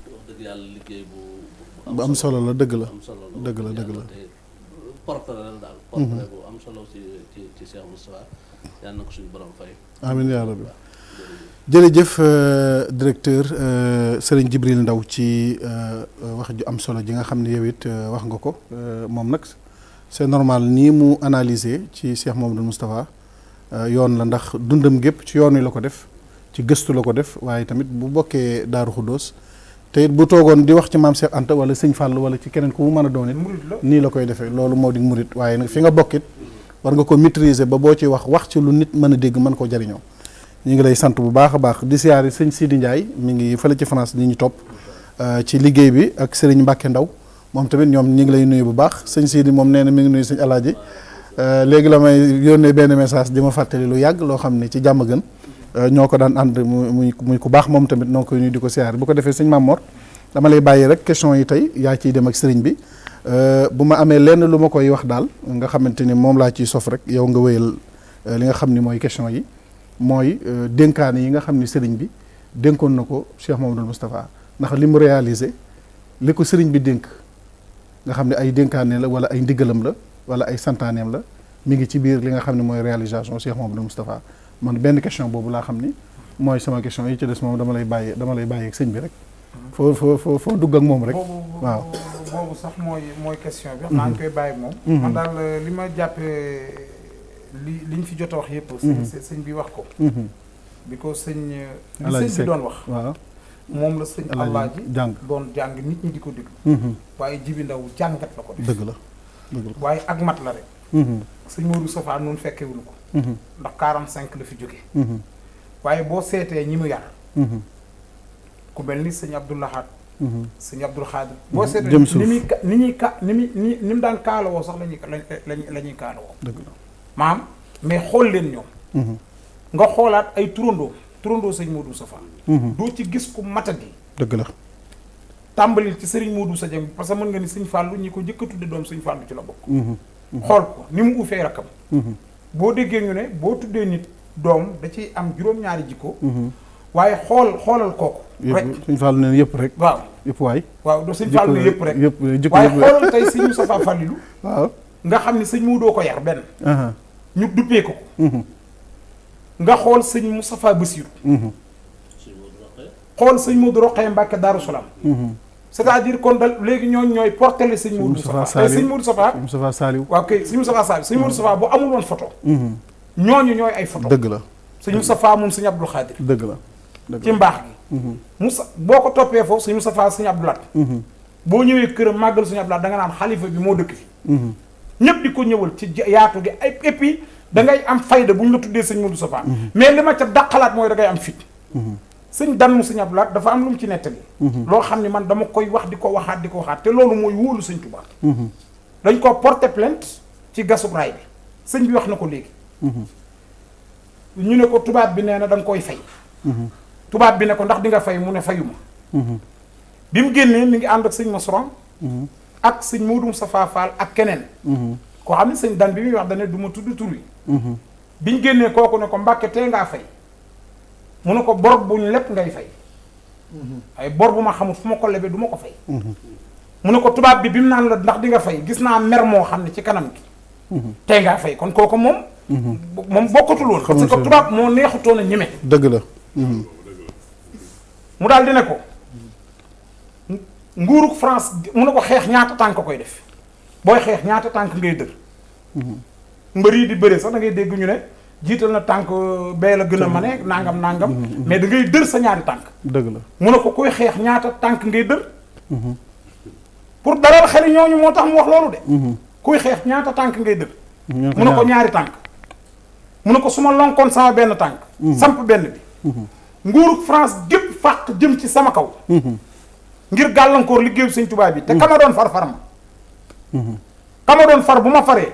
am solo la dëgg la am solo la dëgg la dëgg la portrait la daal portrait bu am solo ci ci ci Cheikh Moustapha yàlla na ko suñu borom fay amiin yaa rabbi jërëjëf euh, directeur euh, Serigne Djibril Ndaw ci euh, wax ju am solo ji nga xam ne yow wax nga ko moom nag c'est normal nii mu analyser ci Cheikh Mouhamadou Moustapha euh, yoon la ndax dundam gépp ci yoon wi la ko def ci gëstu la ko def waaye tamit bu bokkee Daaru Xuddoos te it bu toogoon di wax ci maam Cheikh Anta wala sëñ Fall wala ci keneen ku mu mën a doon it nii la koy defee loolu moo di murit waaye nag fi nga bokkit war nga ko maîtriser ba boo ci wax wax ci lu nit mën a dégg mën koo jariñoo ñu ngi lay sant bu baax a baax di siyaari sëñ Sidi Ndiaye mi ngi fële ci France ni ñu topp euh, ci liggéey bi ak Serigne Mbacke Ndaw moom tamit ñoom ñu ngi lay nuyu bu baax sëñ Sidi moom nee na mi ngi nuyu sëñ Alaaji euh, léegi la may yónnee benn message di ma fàttali lu yàgg loo xam ni ci jàmm gën euh, ñoo ko daan ànd muy muy ku baax moom tamit noo koy di ko siyaar bu ko defee sëñ Mamor dama lay bàyyi rek question yi tey yaa ciy dem ak sëriñ bi euh, bu ma amee lenn lu ma koy wax daal nga xamante ni moom laa ciy sof rek yow nga wéyal li nga xam ni mooy question yi mooy dénkaan yi nga xam ni sëriñ bi dénkoon na ko Cheikh Mamadou Moustapha ndax li mu réalisé li ko sëriñ bi dénk nga xam ne ay dénkaane la wala ay ndigalam la wala ay santaaneem la mu ngi ci biir li nga xam ne mooy réalisation Cheikh Mamadou Moustapha man benn question boobu laa xam ni mooy sama question yi ci des moom dama lay bàyyi dama lay bàyyi ak bi rek. foo foo foo foo dugg ak moom rek. waaw boobu sax mooy mooy question bi. Mhm. maa ngi koy bàyyi moom. Mhm. man daal euh, li ma jàppee li liñ fi jot wax yëpp. Mhm. sëñ bi wax ko. bi ko sëñ. Euh, li sëñ bi doon wax waaw. moom la sëñ Alaaji jàng doon jàng nit ñi di ko dégg mm-hmm. waaye jibi ndaw jàngat la ko def dëgg la dëgg waaye ak mat la rek mm-hmm. sëñ Modou Safa noonu fekkewuñu ko mm-hmm. ndax quarante cinq la fi jóge waaye boo seetee ñi mu yar ku mel ni sëñ Abdou laxaat sëñ Abdou Khadre boo seetee ni muy ka ni ñuy ka ni muy ni mu daan kaalawoo sax lañuy lañ la ñuy kaalawoo dëgg la maam mais xool leen ñoom nga xoolaat ay turandoom turandoo sëñ Modou Safa mhm. doo ci gis ku matadi dëgg la tàmbalil ci sëriñ Modou sa jëm parce que mën nga ni sëñ Fallou ñi ko njëkk a tudde doom sëñ Fallou ci la bokk mhm. Mhm. xool ko ni mu uufee rakkam boo déggee ñu ne boo tuddee nit doom da ciy am juróom-ñaari jikko waaye xool xoolal kooku rek sëñ Fallou neen yëpp rek waaw yëpp waay waaw do sëñ Fallou yëpp rek yëpp eh, waaye xoolal tey sëñ Moustapha Fallilou waaw nga xam ne sëñ Modou ko yar benn ñu duppee ko nga xool sëñ Moustapha Bassirou mhm. xool sëñ Modou Rokhaya Mbacke Darou Salam mhm. c'est-à-dire kon dal léegi ñooñu ñooy portele sëñ Modou eh, Moustapha sëñ Modou Moustapha Saliou waaw kay sëñ Moustapha Saliou sëñ Modou mhm. Moustapha bu amul woon photo ñooñu ñooy ay photo dëgg la sëñ Moustapha moom sëñ Abdou Khadir dëgg la ci mbaax gi Moussa boo ko toppee foofu sëñ Moustapha sëñ Abdou Lat boo ñëwee këram màggal sëñ Abdou Lat da naan xalifa bi moo dëkk fi ñëpp di ko ñëwal ci yaatu gi ay et dangay am fayda bu ñu la tuddee sëñ Modou Safaan mhm. mais li ma ca daqalaat mooy da ngay am fit mhm. sëñ danmu sëñ Abdou Lahad dafa am lu mu ci nettali mhm. loo xam ne man dama koy wax di ko waxaat di ko waxaat te loolu mooy wóolu sëñ Tuubaa dañ koo porte plant ci gasub raay bi sëñ bi wax na ko léegi ñu ne ko tubaab bi nee na da koy fay tubaab bi ne ko ndax di nga fay mu ne fayuma bi mu génnee mi ngi ànd ak sëñ Masron ak sëñ Modou Safa Fall ak keneen koo xam ne sëñ dan bi muy wax dane du ma tudd tur Mm-hmm. bi ñu génnee kooku ne ko mbàkke tee ngaa fay mu ne ko bor buñ lépp ngay fay mm-hmm. ay bor bu ma xamul fu ma ko lebe du ma ko fay mm-hmm. mu ne ko tubaab bi bi mu naan la ndax di nga fay gis naa mer moo xam ne ci kanam gi fay kon kooku moom moom bokkatul woon parce que tubaab moo neexutoon ñeme dëgg la mu daal di ne ko nguurug France mu ne ko xeex ñaata tànk koy def booy xeex ñaata tànk ngay dër mbër di bëre sax da ngay dégg ñu ne jital na tank be la gëna mané mane nangam nangam. Mm-hmm, mm-hmm. mais da ngay dër sa ñaari tank deug la mu na ko koy xex ñaata tank ngay dër. Mm-hmm. pour dalal xel ñooñu moo tax mu wax lolu de. koy xex ñaata tank ngay deur mu na ko ñaari tank mu na ko suma lonkon sa sama benn tank samp ben bi. nguur France gep faq jëm ci sama kaw. ngir galankor liggéeyu seigne touba bi. te kama doon far farma ma. kama doon far buma faré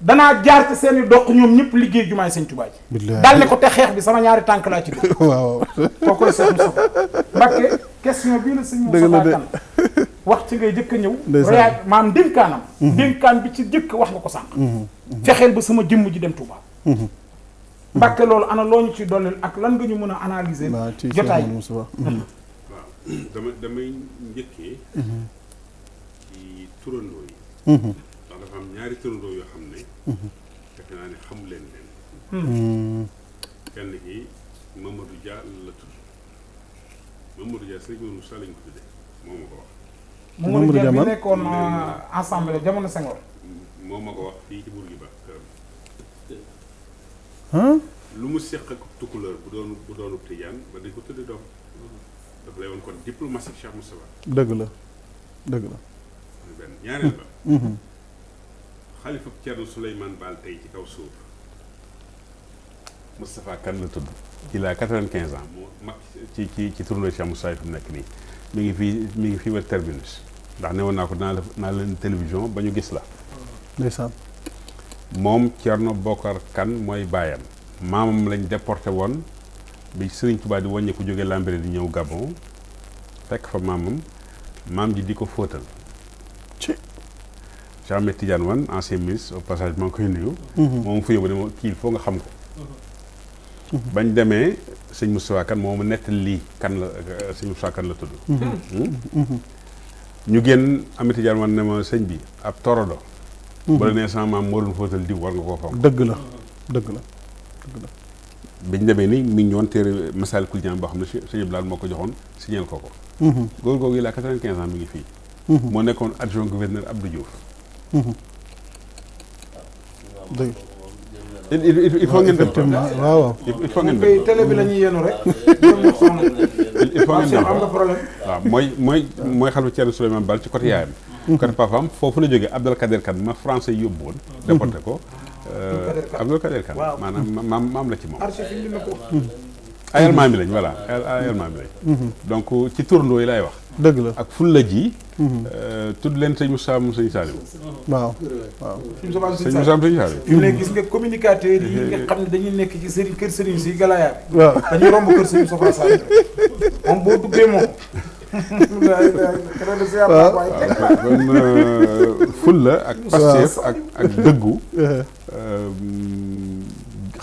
danaa jaar ci seen i doq ñoom ñëpp liggéey jumaay sëñ Tuubaa ji dal ne ko te xeex bi sama ñaari tànk laa ci dugg waaw kookoy question bii la sëñ Moussa Kan wax ci ngay jëkk a ñëw royaat maam dénkaanam mhm. dénkaan bi ci jëkk wax nga ko sànq mhm. Mhm. fexeel ba sama jëmm ji dem Tuubaa Mbakke loolu ana loo ñu ci dolleel ak lan nga ñu mën a analyser jotaay waaw dama damay ci turandoo yi ndax dafa am ñaari turandoo yoo xam ne defe naa ne xamu leen gi hmm. Mamadou Dia la tudd Mamadou ma ko wax. Mamadou Dia bi nekkoon euh, assemblée jamono Senghor. lu mu seq ak tukkuleur bu doon bu doonu tijaan ba dañ ko tuddee doom daf lay woon kon diplomatie Cheikh Moustapha. dëgg la dëgg la. xalifa Thierno Souleymane Baal tey ci kaw suuf Moustapha Kane la tudd il a quinze ans ci ci ci tournée Cheikh fi mu nekk nii mi ngi fii mi ngi fii wër terminus ndax ne woon naa ko naa la naa leen télévision ba ñu gis la ndeysaan moom Thierno Bokar Kane mooy baayam maamam lañ déporté woon bi sëriñ Touba di wàññeeku jóge Lambéré di ñëw Gabon fekk fa maamam maam ji di ko fóotal Cheikh Ahmed Tidiane Wane ancien ministre au passage maa ngi koy nuyu. Mhm. moom fu yóbbu ne kii foo nga xam ko. Mhm. Mhm. bañ demee sëñ Moustapha kan moo ma nettali lii kan la euh, sëñ Moustapha la tudd. Hmm? ñu génn Ahmed Tidiane Wane ne ma sëñ bi ab torodo. ba la nee sama maam moo doon fóotal diw war nga koo fonk. dëgg la dëgg la dëgg la. biñ demee ni mu ngi ñëwoon téere masal kul jaan boo xam ne sëñ Blaat moo ko joxoon signal ko ko. góor googu yi la quatre-vingt-quinze ans mi ngi fii. moo nekkoon adjoint gouverneur Abdou Diouf. dëgg il faut ngeen def waaw waaw la ñuy yenu rek. il waaw mooy mooy mooy xalu Thierno Souleymane Bal ci côté yaayam. Hmm. côté papaam foofu la jógee Abdel Kader Kane ma français yóbbu woon. Hmm. ko. Abdel Kader Kane euh, maanaam maam maam la ci moom. ay allemand bi lañ voilà ay allemand bi lañ mhm. donc ci tournoi yi laay wax dëgg la ak fulla ji mhm. euh, tudd leen sëñ Moussa mu sëñ Saliou waaw waaw sëñ Moussa mu sëñ Saliou ñu ne gis nga communicateurs yi nga xam ne dañuy nekk ci seri kër sëriñ si galaayaat waaw dañuy romb kër sëriñ Sofa Saliou moom boo duggee moom kon euh, fulla ak pasteef ak ak dëggu eh. euh,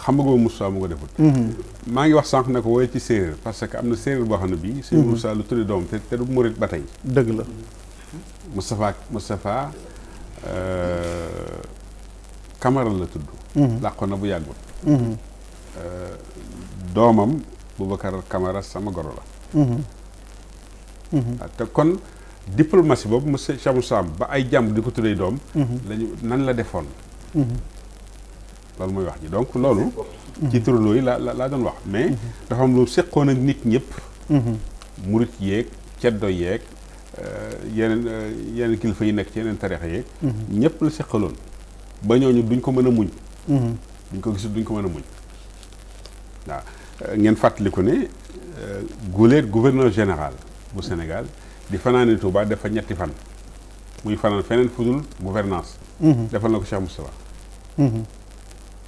xam nga Moussa mu ko defut mhm. maa ngi wax sànq ne ko wooye ci séeréer parce que am na séeréer boo xam ne bii sëñ mhm. Moussa lu tuddi doom te te du murit ba tey dëgg la Moustapha Moustapha euh, Camara la tudd mhm. làqoon na bu yàggut euh, doomam Boubacar Camara sama goro la ah, te kon diplomatie boobu monsieur Cheikh Moussa ba ay jàmm di ko tuddee doom lañu nan la defoon loolu moy wax ni donc loolu. ci turlo yi la la laa doon wax mais. dafa am lu seqoon ak nit ñëpp. murit yeeg ceddo yeeg euh, yenen euh, yenen kilfa yi nek ci yenen tarixa yeeg. ñepp la seqaloon ba ñooñu duñ ko mën a muñ. duñ ko gisul duñ ko mëna a muñ waaw euh, ngeen fàttaliku ne guleet gouverneur général bu Sénégal di fanane Touba dafa ñetti fan muy fanaan fenen fudul gouvernance mhm. defal na ko Cheikh Moustapha mhm.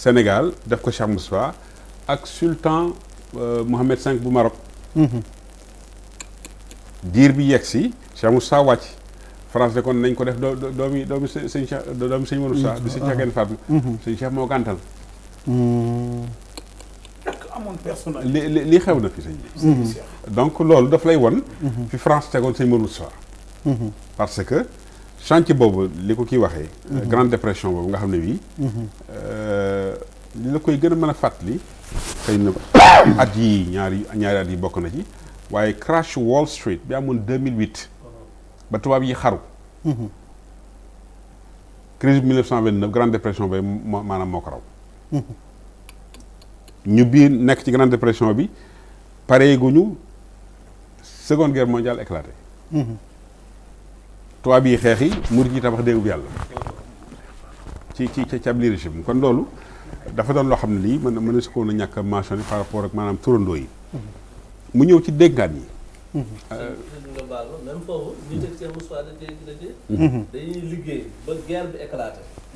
Sénégal def ko Cheikh Moussa ak sultan euh, Mohamed V bu Maroc. Mhm. Dir bi yegg Cheikh Moussa wàcc France de kon nañ ko def doo doomi doomi sëñ Cheikh doomi sëñ Moussa mhm. du sëñ Cheikh Fatma. Mhm. sëñ Cheikh moo gàntal. amoon personnalité li li xew na fi sëñ donc loolu daf lay won fi France tegoon sëñ Moussa. parce que. chantier boobu li ko kii waxee. Mhm. grande dépression boobu nga xam ne bii. Mhm. Euh, li la koy gën a mën a fàttali. xëy na at yi ñaari ñaari at yi bokk na ci waaye crash Wall Street bi amoon 2008 ba tubaab yi xaru. Mhm. crise 1929 grande dépression ba maanaam moo ko raw. ñu biir nekk ci grande dépression bi pareeguñu seconde guerre mondiale éclaté. tubaab yi xeex yi murid yi tabax déggu yàlla ci ci ci ab leadership kon loolu dafa doon loo xam ne lii mën na mën na si ko woon a ñàkk a mentionné par rapport maanaam turandoo yi. mu ñëw ci déggaat yi. même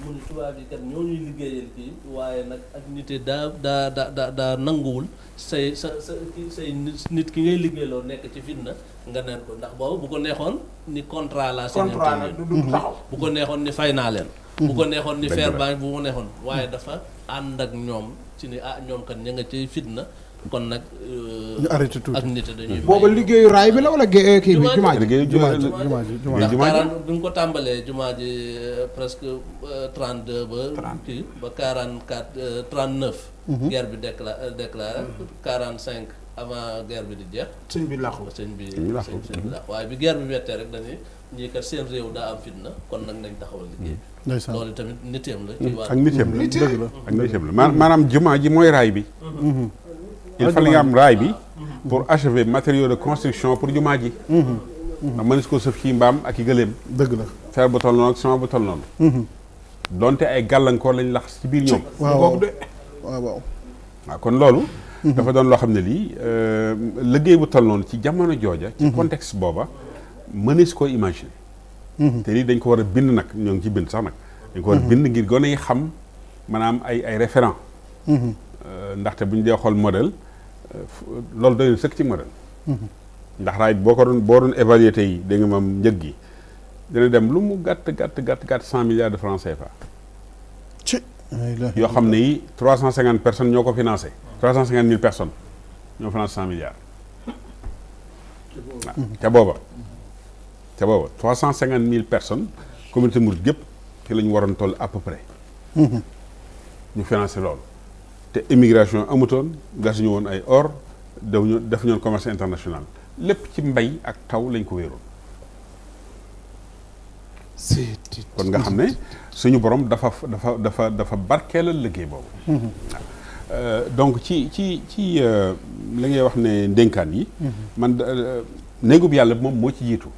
mun tubaab yi kat ñoo ñuy liggéeyal kii waaye nag ak nite daa daa daa da nanguwul say sa sa say nit ki ngay liggéeyloo nekk ci fitna nga neen ko ndax boobu bu ko neexoon ni contrat la seen mm-hmm. bu ko neexoon ni fay naa leen mm-hmm. bu ko neexoon ni fair bank bu ko neexoon waaye dafa ànd ak ñoom ci ne ah ñoom kat ña ci fitna kon nag. Euh, ñu arrêté tuuti ak nit dañuy. booba liggéeyu raay bi la wala eh, kii bi jumaa ji liggéeyu jumaa ji jumaa ji jumaa ji ndax quarante bi nga ko tàmbalee jumaa ji euh, presque euh, trente deux ba. trente kii ba quarante quatre trente neuf. Mhm. guerre bi décla déclaré mhm. quarante cinq avant guerre bi di jeex. sëñ bi làqu sëñ bi làqu sëñ bi làqu waaye bi guerre bi wettee rek dañuy ñii kat seen réew daa am fitna kon nag nañ taxawal liggéey bi. Mhm. ndeysaan loolu tamit niteem la. ci waa ak niteem la dëgg la ak niteem la maanaam jumaa ji mooy raay bi. il fallait nga am raay pour achever les matériaux de construction pour jumaa ji ndax mënees ko sëf ci mbaam ak i gëléem dëgg la fer bu toll noonu ak ciment bu toll noonu donte ay gàllankoor lañ lax ci biir ñoom waaw waaw waaw kon loolu dafa doon loo xam ne lii liggéey bu toll noonu ci jamono jooja ci contexte booba mënees koo imaginer te lii dañ ko war a bind nag ñoo ngi ci bind sax nag dañ ko war a bind ngir gone yi ay ay referan, ndaxte bu ñu dee xool lol doyul sekk ci modèle ndax raay boko ko doon boo doon évaluer tey da nga mam njëg gi dina dem lu mu gatt gatt gatt gatt 100 milliards de francs CFA ci yo xam ne yi trois personnes ñoko financer financé trois personnes ñoo financer 100 milliards waaw ah, ca booba ca booba trois cent personnes communauté mourid gep ci la waron toll à peu près mm-hmm. ñu financer loolu te immigration amutoon gasuñu woon ay or dawñu def ñoon commerce international lépp ci mbay ak taw lañ ko wéeroon kon nga xam ne suñu borom dafa dafa dafa dafa barkeelal liggéey boobu euh, donc ci ci ci euh, li ngay wax ne ndénkaan yi man euh, néegub yàlla moom moo ci jiitu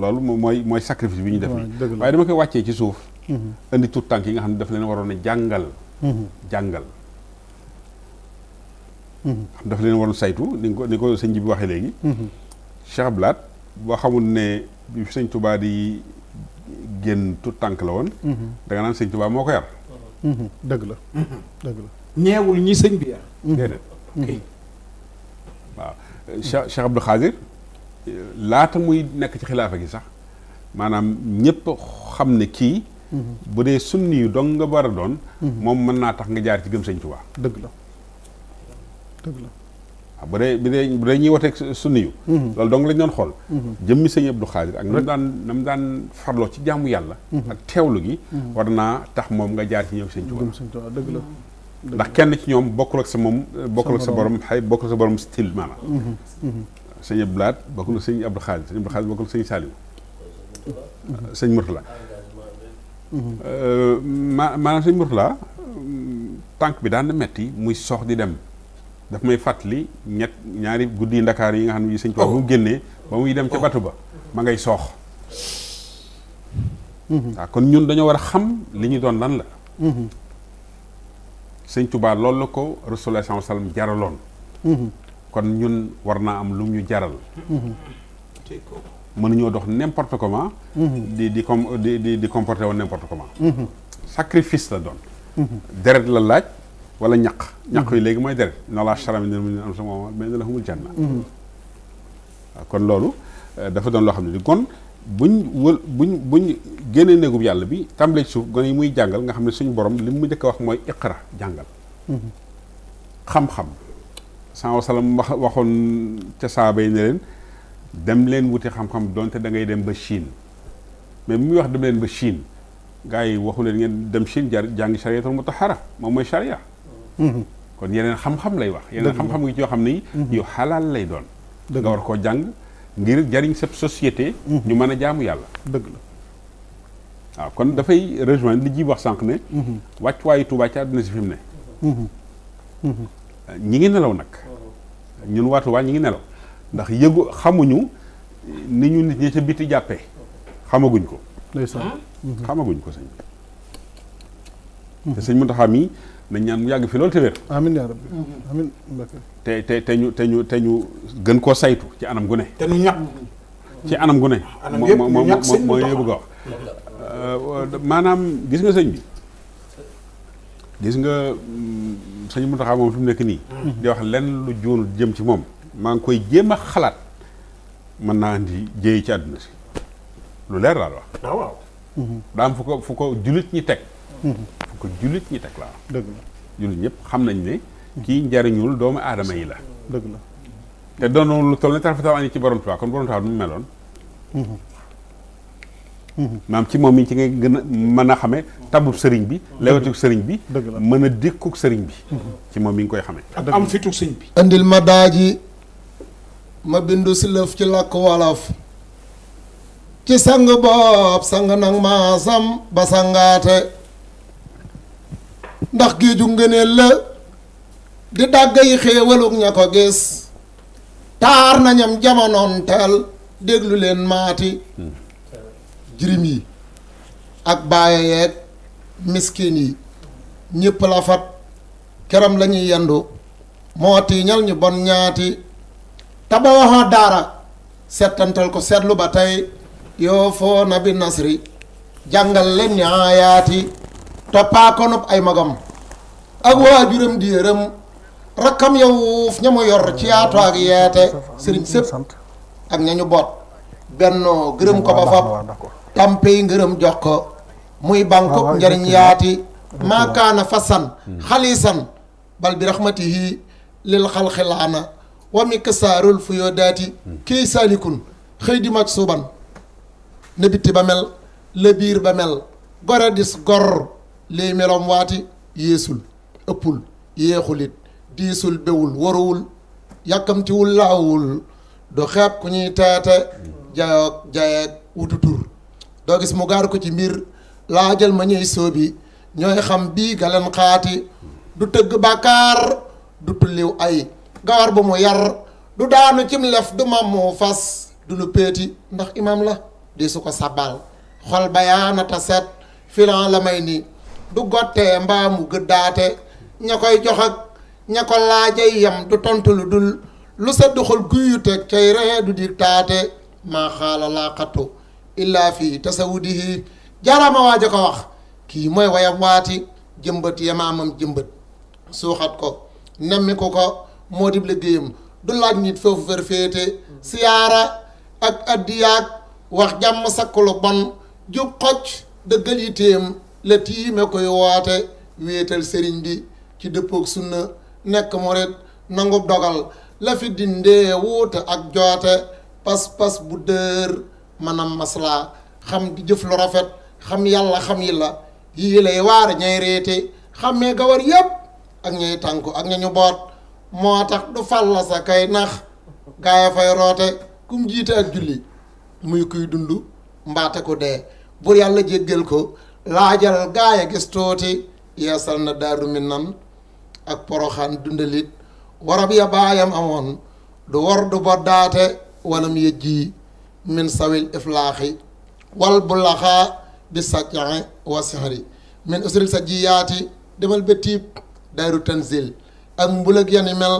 loolu mooy mooy sacrifice bi ñu def nii waaye dama koy wàccee ci suuf mhm. indi tuut tànk yi nga xam ne daf leen waroon a jàngal mhm. jàngal dafa leen waroon saytu ni ko ni ko sëñ bi waxee léegi. Cheikh Abdou boo xamul ne bi sëñ Touba di génn tout tànk la woon. da nga naan sëñ Touba moo ko yar. dëgg la dëgg la. ñeewul ñi sëñ bi yar. Hmm. déedéet. Hmm. waaw Cheikh Cheikh laata muy nekk ci xilaafa gi sax maanaam ñëpp xam ne kii. Hmm. bu dee sunni yu dong nga war a doon. moom mën naa tax nga jaar ci gëm sëñ Touba. dëgg la. Ah, bu dee bu dee bu dee ñuy woteeg sunni yu mhm. loolu dong lañ doon xool mhm. jëmmi sëñ Abdou Xaadir ak nam daan nam daan farloo ci jaamu yàlla mhm. ak teewlu gi war naa tax moom nga jaar ci ñëw sëñ Tuubaa dëgg la ndax kenn ci ñoom bokkul ak sa moom bokkul ak sa borom xay bokkul ak sa borom style maanaam sëñ bokkul ak sëñ Abdou sëñ Abdou bokkul ak sëñ sëñ euh, maanaam sëñ mm, tànk bi daan na metti muy sox di dem daf may fatli ñet ñaari guddi dakar yi nga xamni ne sëñ bu génné ba muy dem ci oh. batuba ma ngay sox waaw kon ñun dañu war xam li ñu doon lan la mm-hmm. sëñ touba loolu ko Rasulullah sallam jaraloon mm-hmm. kon ñun warna am lu ñu jaral mm-hmm. mënuñoo dox n'importe comment di di com di di comporter woon n'importe comment sacrifice la doon deret la laaj wala ñak ñak mhm. yi legi moy deret na la sharam ni mu am sama ben la humul janna kon lolu eh, dafa don lo xamni di kon buñ buñ buñ gene néegub yalla bi tàmbalee ci suuf gon yi muy jangal nga xamni suñu borom limu mu wax moy iqra jangal mhm. xam-xam saa salam wax waxoon ca saaba ne len dem len wuti xam-xam donte da ngay dem ba Chine mais muy wax dem len ba Chine gaay waxu len ngeen dem Chine jang shariatul mutahhara mutahara moy mooy Mm-hmm. kon yeneen xam-xam lay wax yeneen xam-xam ngi yoo xam ne ni mm-hmm. yu xalaal lay doon nga war koo jàng ngir jariñ sa société mm-hmm. ñu mën a jaamu yàlla dëgg la waaw kon dafay rejoindre li ji wax sànq ne wàccuwaayu wàcc ci àdduna si fi mu ne ñi ngi nelaw nag ñun waa Tuubaa ñi ngi nelaw ndax yëgu xamuñu ni ñu nit ñi ca biti jàppee xamaguñ ko xamaguñ ko sëñ te sëñ Muntaxa mi nañ ñaan mu yàgg fi loolu te wér. amiin yaa rabbi te te te ñu te ñu gën koo saytu ci anam gune ne. te ci anam gu ne. anam yëpp ñu ñàkk seen moo bëgg a euh, gis nga sëñ bi gis nga mm, sëñ Mountakha mu nekk nii. Mm-hmm. di wax lenn lu joonu jëm ci moom. maa ngi koy jéem a xalaat mën naa andi jéey ci àdduna si lu leer daal wax. Ah, waaw mm-hmm. fu ko fu ko jullit ñi teg. Mm-hmm. ko jullit ñi teg laa dëgg la jullit ñëpp xam nañ ne kii njariñul doomu aadama yi la dëgg la te doonoon lu toll ne tarafetal ani ci borom Tuubaa kon borom Tuubaa nu mu meloon mhm. Mhm. maam ci moom mi ci ngay gën a mën a xamee tabub sëriñ bi lewetuk sëriñ bi mën a dékkuk sëriñ bi mhm. ci moom mi ngi koy xamee ak am fitu sëriñ bi indil ma daaji ma bindu si lëf ci làkk wolof ci sang boob sang nag maasam ba sangaate ndax géeju ngëneel la di dàggay xéewalug ña ko gis taar nañam jamonoon teel déglu leen maati hmm. jirim yi ak baaya yeeg miskin yi ñëpp la fat lañuy yendu moo tiiñal ñu bon ñaati taba waxoo daara settantal ko seetlu ba tey yoo foo na bi nasri jàngal leen ñaayaati te nop ay magam ak wajuram di yërëm rakam yow ya ña mu yor ci yaatu ak yete serign sepp ak ñañu bot benno gërem ko ba fab tampé gërem jox ko muy bànkub njariñ yaati kana fasan khalisan bal bi rahmatihi lil lana wa miksaarul fuyoodaati kii saalikun xëy di mag suuban ne ba mel gora dis gor lii melom waati yéesul ëppul yéexulit diisul bewul waruwul yàkkamtiwul laawul du xeeb ku ñuy teete jayoog jayeeg wututur doo gis mu gaar ko ci mbir laa jël ma ñëy sóobi ñooy xam bii galeen xaati du tëgg bàkkaar du tulliw ay gawar bu mu yar du daanu cim lef du mam mu fas du nu péeti ndax imam la di su ko sabal xol bayaanata set filan la may nii du gottee mbaa mu gëddaate ña koy jox ak ña ko laajay yam du tontu lu dul lu sa duxul guyuteeg cay ree du diktaate maa xaala xattu illaa fii tasawudihi jaaraama waaja ko wax kii mooy wayam waati jëmbat yamaamam jëmbat suuxat ko nemmiku ko moo dib liggéeyam du laaj nit foofu fër féete siyaara ak addiyaag wax jàmm sakku lu bon jub xocc dëggal yitteem la tiime koy woote wéetal sëriñ bi ci dëppoog sunna nekk murit nangu dogal la fi dindee wuute ak joote pas-pas bu dër manam masla xam di jëf lu rafet xam yàlla xam yi la yii lay waar ñay réete xammee gawar yépp ak ñay tànku ak ñañu boot moo tax du fàlla sa kay nax gaaya fay roote kum jiite ak julli muy kuy dund mbaate ko dee bur yàlla jéggal ko laajal gaay a gis tuuti yeesal na daaru minan ak poroxaan dundalit warab ya baayam amoon du wor du boddaate walam yëjji min sawil iflaaxi wal bu laxaa bi saccaxe wa sixri min usril sa jiyaati demal ba tiib daaru tanzil ak mbulëg yani mel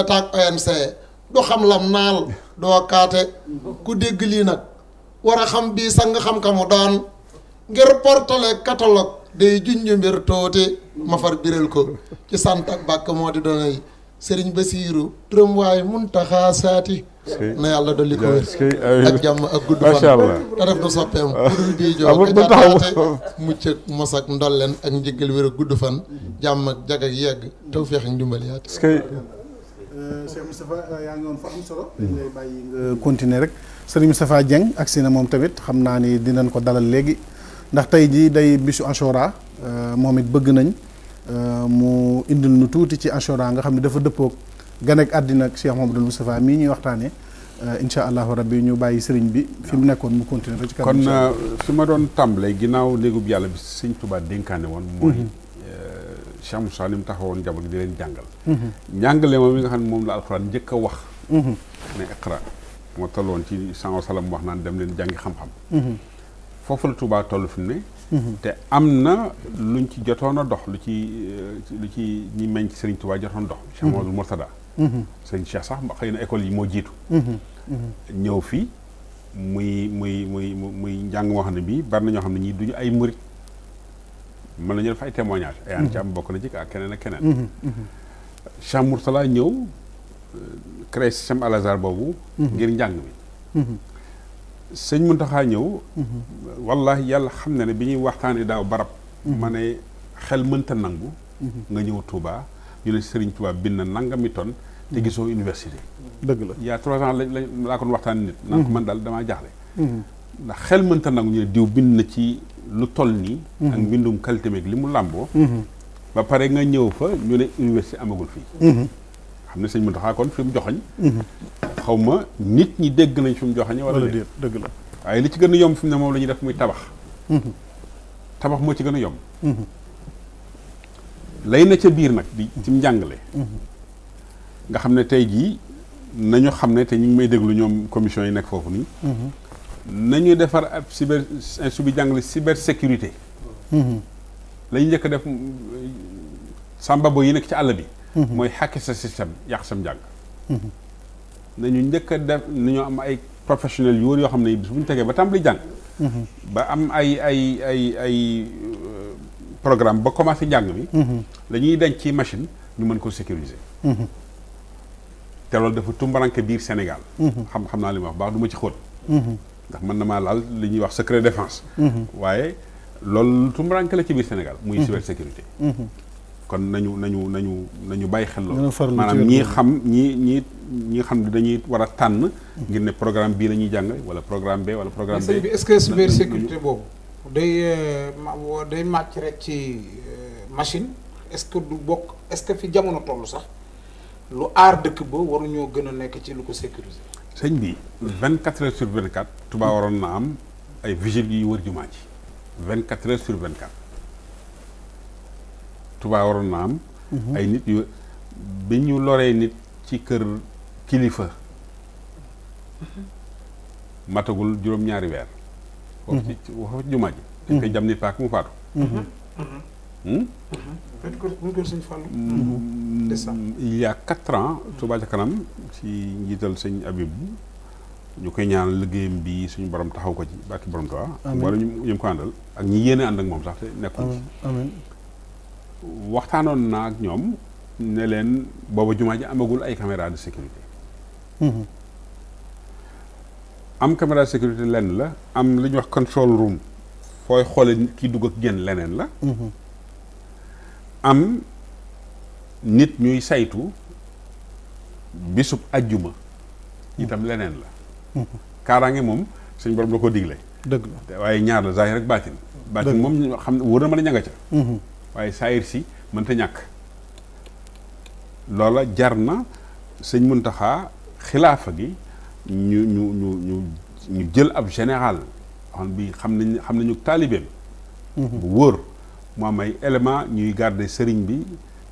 état ONC du xam lam naal doo kaate ku dégg lii nag war a xam bii sang xam-xamu doon ngir portale catalogue day junj mbir tuuti ko ci sant ak bàkk moo di doon ay sëriñ Basiiru turam waaye Muntaxa Saati na yàlla dolli ko ak jàmm ak gudd fan te def du soppeem ah. ak mos ak ndolleen ak njëggal wér ak gudd fan jàmm ak jag ak euh, euh, am solo dañ lay bàyyi nga continuer rek sëriñ Moustapha Dieng agsi na moom tamit xam naa ni dinañ ko dalal léegi ndax tey jii day bisu Ashura euh, moom it bëgg nañ euh, mu indi nu tuuti ci Ashura nga xam ne dafa dëppoog ganek àddina ak Cheikh Mouhamadoul Moustapha mii ñuy waxtaanee euh, incha allahu rabbi ñu bàyyi sëriñ bi fi mu nekkoon mu continuer ba ci kon ma doon tàmbalee ginnaaw néegub yàlla bi sëñ Tuubaa dénkaane woon mooy mhm. Cheikh Moussa ni mu taxawoon njaboot gi di leen jàngal mhm. njàngale moom mi nga xam ne moom la alxuraan njëkk a wax mhm. ne iqra moo tolloon ci sànq salaam wax naan dem leen jàngi xam-xam foofu la tubaa toll fi mu ne. Mhm. te am na luñ ci jotoon a dox lu ci euh, lu ci ñi meñ ci Serigne Touba jotoon dox. Cheikh mhm. Mamadou Mourtada. Mhm. sëñ Cheikh sax xëy na école yi moo jiitu. ñëw fii muy muy muy muy njàng moo xam ne bii bari na ñoo xam ne ñii duñu ay murit mën nañu def ay témoignage ay an ci bokk na ci ak keneen ak keneen. Cheikh Mourtada ñëw euh, créé système Al boobu. ngir njàng mi. sëñ Muntaxa ñew mhm. wallahi yalla xam na ne bi ñuy daaw barab. Mhm. mané xel mënta nangu. Mhm. nga ñew Touba ñu ne señ Touba bind nangam mi ton te giso université. deug la ya 3 ans la ko waxtaan nit. naan man dal dama jaxlé ndax xel mënta nangu ñu diw bind na ci lu toll ni ak bindum qualité meeg limu lambo ba pare nga ñew fa ñu ne université amagul fi xam ne sëñ Muntaxa kon fi mu joxoñ mhm. xaw ma nit ñi dégg nañ fi mu joxoñ wala déet dëgg la waaye li ci gën a yomb fi mu ne moom la ñuy def muy tabax mhm. tabax moo ci gën a yomb mhm. lay na ca biir nag di ci njàngale nga xam ne tey jii nañu xam ne te ñu ngi may déglu ñoom commission yi nekk foofu nii nañu defar ab cyber institut bi jàngale cybersécurité la njëkk def euh, sàmbabo yi nekk ci àll bi Mhm. mooy xàkki sa système yàq sam njàng. Mhm. nañu njëkk a def nañu am ay professionnels yu wër yoo xam ne bis bu ñu tegee ba tàmbali jàng. Mhm. ba am ay ay ay ay euh, programme ba commencé njàng mi. la ñuy denc ci machine ñu mën ko sécuriser. te loolu dafa tumbaranke biir Sénégal. xam xam naa li ma wax baax du ma ci xóot. ndax mën na maa laal lu ñuy wax secret défense. waaye lool tumbaranke la ci biir Sénégal. muy cybersécurité. kon nañu nañu nañu nañu bàyyi xel loolu maanaam ñii xam ñii ñii ñi xam ne dañuy war a tànn ngir ne programme bii la ñuy jàng wala programme B wala programme B est-ce que cybersécurité boobu day euh, day màcc ci euh, machine est-ce que du bokk est-ce que fi jamono toll sax lu aar dëkk ba ñoo gën a nekk ci lu ko sécuriser sëñ bi vingt quatre heures sur vingt quatre waroon na am ay vigile yuy wër jumaa ji vingt quatre heures sur vingt quatre Touba waroon na am. Mhm. ay nit yu bi ñu loree nit ci kër kilifa. Mhm. matagul juróom-ñaari weer. wax ci wax mhm. ci jumaa ji. dañ koy jam nit paak mu faatu. Hmm? Hmm. il y a quatre ans kanam ci njiital sëñ Abib ñu koy ñaanal liggéeyam bi suñu borom taxaw ko ci barki borom Touba wala ñu ñu ko àndal ak ñi yéene ànd ak moom sax te nekkuñ ci waxtaanoon naa ak ñoom ne leen booba jumaa ji amagul ay caméra de sécurité mhm. am caméra de sécurité lenn la am lu ñuy wax control room fooy xoole kii dugg ak génn leneen la mhm. am nit ñuy saytu bisub ajjuma tam mhm. leneen la kaaraange moom suñ borom la ko digle dëgg la waaye ñaar la zahir rek baatin baatin moom xam ne wóor a ñanga ca waaye saayir si mënta ñàkk loola jar na sëñ Muntaxa xilaafa gi ñu ñu ñu ñu ñu jël ab général xam bi xam nañ xam nañu taalibeem mhm. bu wóor mu am ay élément ñuy garder sëriñ bi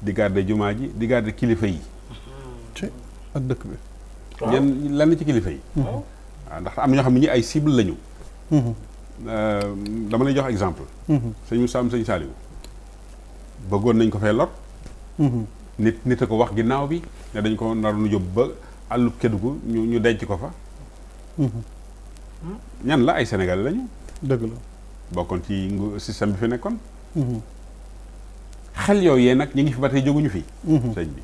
di garder jumaa ji di garder kilifa yi ak dëkk bi ñenn lan ci kilifa yi mhm. waaw ndax am ñoo xam ne ñi ay sible lañu mhm. euh, dama lay jox exemple sëñ Moussa am sëñ Saliou bëggoon nañ ko fay lor. Mhm. nit nit a ko wax ginnaaw bi ne dañ ko naroon yóbbu ba àllu Kédougou ñu ñu denc ko fa. Mhm. ñan la ay sénégalais lañu. dëgg la bokkoon ci système bi fi nekkoon. Mhm. xel yooyee nag ñu ngi fi ba tey jóguñu fi. sëñ bi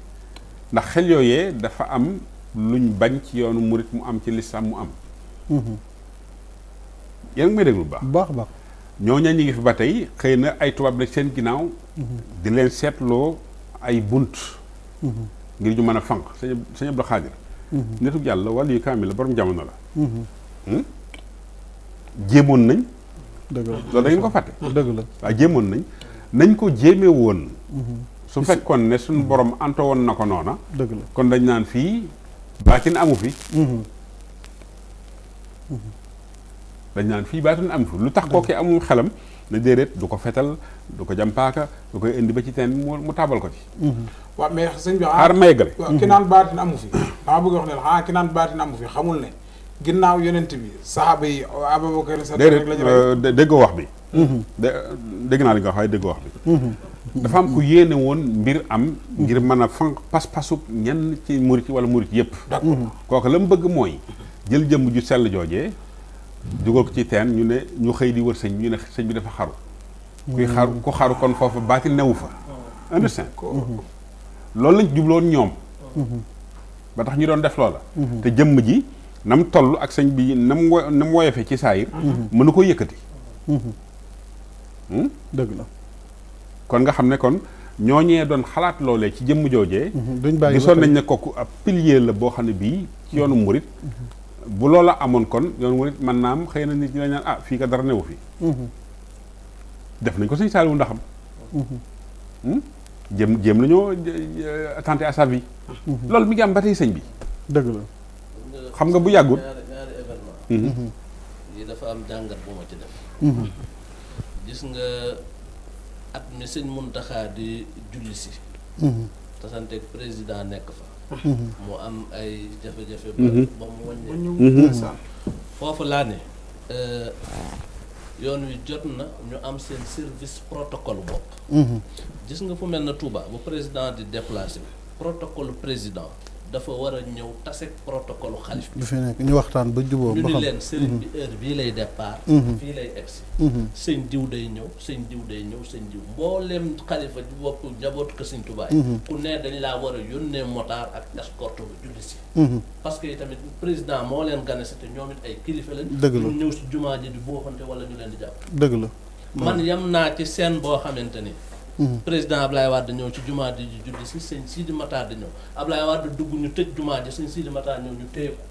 ndax xel yooyee dafa am luñ bañ ci yoonu murit mu am ci lislam mu am. yéen a ngi may lu bu baax baax baax. ñooñu ñi ngi fi ba tey xëy na ay tubaab la seen ginnaaw. di leen seetloo ay bunt. ngir ñu mën a fànq sëñ sëñ Abdou Khadir. netug yàlla wàllu yu kaamil la borom jamono la. Hmm? jéemoon nañ. dëgg la loolu da ko fàtte. dëgg la waaw jéemoon nañ nañ ko jéeme woon. su fekkoon ne suñu borom anto woon na ko noona. dëgg kon dañ naan fii baatin amu fi. Hmm. Hmm. dañ nan fi batun am fi lutax ko kooki amul xalam na déedéet du ko fetal du ko paka du koy indi ba ci ten mu tabal ko ci wa mais seigne bi xaar ma yeggale ki nan batun amu fi ba bëgg wax ne ha ki nan batun amu fi xamul ne ginnaw yonent bi sahaba yi Abubakar sa rek la ñu wax bi dégg na li nga wax waaye wax bi dafa am ku yene won mbir am ngir meuna a fanq pas-pasu ci murit wala murit yep d'accord kooku bëgg mooy jël jëmm ju sell joojee dugal ko ci teen ñu ne ñu xëy di wër sëñ bi ñu ne sëñ bi dafa xaru kuy xaru ku kon foofu baatil newu fa understand loolu lañ jubloon ñoom ba tax ñu doon def loola te jëmm ji nam toll ak sëñ bi nam wo nam woyofe ci saayir mënu ko yëkkati hmm? dëgg la kon nga xam ne kon ñoo ñooñee doon xalaat loolee ci jëmm joojee gisoon nañ ne kooku ab pilier la boo xam ne bii ci yoonu murit bu loola amoon kon yoon wu nit man naam xëy na nit ñi ñaan ah fii ka dara newu fi mhm. def nañ ko sëñ Saliou ndaxam mhm. hmm? jëm jéem nañoo attenté euh, à sa vie mhm. loolu mi ngi am ba tey sëñ bi dëgg la xam nga bu yàggul ñaari événement yi dafa am jàngat bu ma ci def gis nga at mi sëñ Muntaxa di julli si tasanteeg président nekk fa mu am ay jafe-jafe. ba mhm. mu wàññeeku. Mhm. foofu laa ne euh, yoon wi jot na ñu am seen service protocol bopp. Mhm. gis nga fu mel na Touba bu président di déplacé protocole président. dafa war a ñëw tase protocole xalif bi fi nekk ñu waxtaan ba juboo ba xam ñu leen sëriñ bi mhm. heure bii lay départ mhm. fii lay egsi mhm. sëñ diw day ñëw sëñ diw day ñëw sëñ diw mbooleem xalifa di bokk njaboot ko sëñ Tuubaa ku ne dañ laa war a yónnee motard ak escorte bu julli si parce que tamit président moo leen gane si te ñoom it ay kilifa lañ dëgg la ñëw si jumaa ji di booxante wala ñu leen di jàpp dëgg la man yam naa ci seen boo xamante ni Mhm. président Ablaye Wade ñëw ci jumaa ji julli si sëñ Sidi di ñëw Ablaye Wade dugg ñu tëj jumaa ji sëñ Sidi Matar ñëw ñu téye ko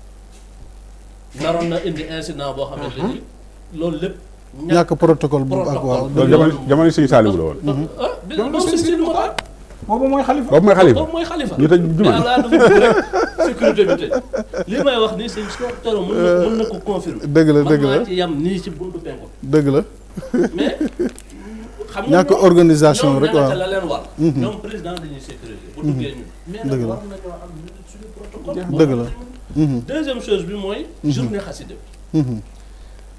naroon na indi incident boo xamante mhm. loolu lépp ñàkk protocole bu ak waaw loolu jamono sëñ Saliou la woon ah, mhm. ah, jamono sëñ Sidi boobu mooy xalifa boobu mooy xalifa ñu tëj jumaa bi tëj li may wax nii sëñ soo toro mën na mën na ko confirmer dëgg la dëgg la ci yam dëgg la não nga ñàkk organisation rek waaw la leen war. não président dañuy sécuriser. bu duggee ñun. dëgg la mais nag war nañoo am ñun suñu protocole. não la mhm. deuxième chose bi mooy. Mhm. journée xasida bi. Mhm.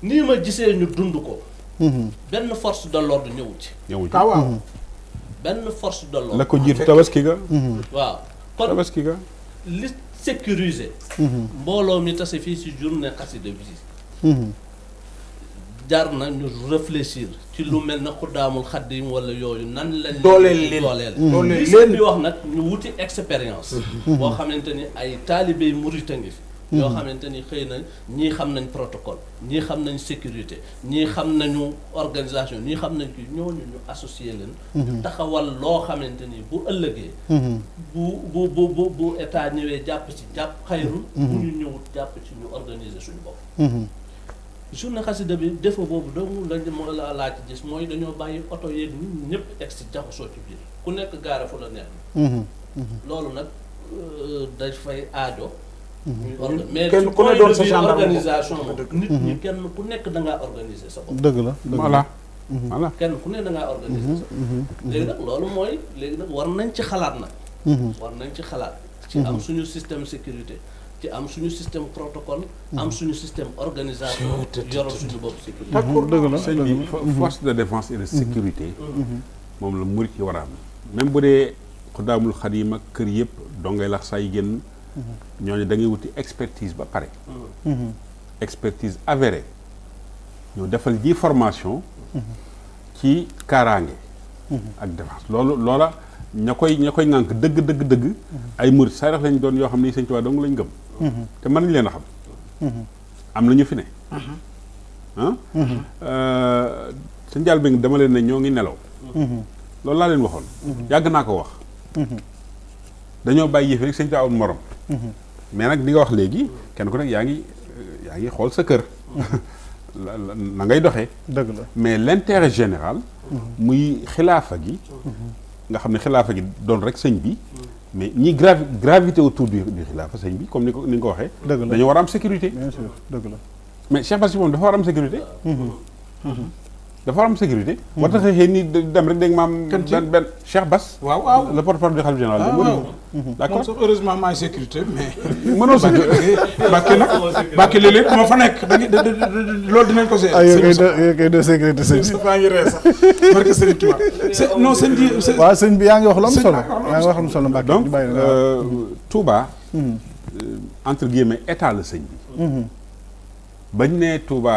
nii ma gisee ñu dund ko. benn force de l'ordre ñëwu ci. ñëwu ci ah, waaw. benn force de l'ordre. la ko não ah, tabaski ga. waaw kon tabaski ga. li sécuriser. mbooloo mi tase fii si journée xasida bi. jar na ñu réfléchir ci lu mel na xuddaamul xaddim wala yooyu nan lañ dooleel leen dooleel leen bi wax nag ñu wuti expérience boo xamante ni ay taalibe yi murit a ngi fi yoo xamante ni xëy na ñii xam nañ protocole ñii xam nañ sécurité ñii xam nañu organisation ñii xam nañ ki ñooñu ñu associé leen taxawal loo xamante ni bu ëllëgee bu bu bu bu bu état ñëwee jàpp ci jàpp xayrul bu ñu ñëwut jàpp ci ñu organiser suñu bopp journée xasida bi défaut boobu dong lañ moo la laaj gis mooy dañoo bàyyi oto yeeg ñëpp teg si jaxasoo ci biir ku nekk gaara fu la neex. Mhm, mhm. loolu nag euh, day fay aajo. ñuy mhm. mais kenn ku ne doon sa gendarme organisation nit ñi kenn ku nekk da ngaa organiser sa bopp. dëgg la voilà. voilà kenn ku ne da ngaa organiser léegi nag loolu mooy léegi nag war nañ ci xalaat nag. war nañ ci xalaat. ci am suñu système sécurité. ci am suñu système protocole am mhm. suñu système organisation yoro suñu bop sécurité d'accord mhm. deug la sëñ mhm. force de défense et de sécurité mom la mourid yi war même boudé dee khadim ak keur yépp do ngay lax say genn ñooñu da ngay wuti expertise ba paré expertise avérée ñu defal ji formation ci karangé ak défense lolu lola ñakoy ñakoy ngank deug deug deug ay mourid sa rax lañ doon yoo xam ne sëñ Tuubaa dong lañ gëm te mën nañ leen a xam. am na fi ne. ah. sa njaal bi dama leen ne ñoo ngi nelaw. loolu laa leen waxoon. yàgg naa ko wax. dañoo bàyyi yëf rek sëñ taawul morom. mais nag li nga wax léegi kenn ku nekk yaa ngi yaa ngi xool sa kër. na ngay doxee. dëgg la mais l'intérêt général. muy xilaafa gi. nga xam ne xilaafa gi doon rek sëñ bi. mais ni gravi gravité autour du du xilaafa sëñ bi comme ni ko waxé dañu ko am sécurité. bien sûr deug la mais Cheikh Bass moom dafa war a am sécurité. Mhm. Mhm. dafa am sécurité. war mhm. na xëy ni dem rek dégg maam. benn benn Cheikh Bass. waaw waaw le porte-parole du khalife général. Ah, waaw mhm. d'accord moom heureusement maa ngi sécurité mais. mënoo sécurité Mbacke nag Mbacke fa nekk da loolu dinañ ko seet. sëñ bi ah yow kay sécurité bi. waaw sëñ bi yaa ngi wax lu am solo. yaa ngi wax lu am solo Mbacke donc euh, mhm. Touba. Euh, entre guillemets état la sëñ bi. bañ ne Touba.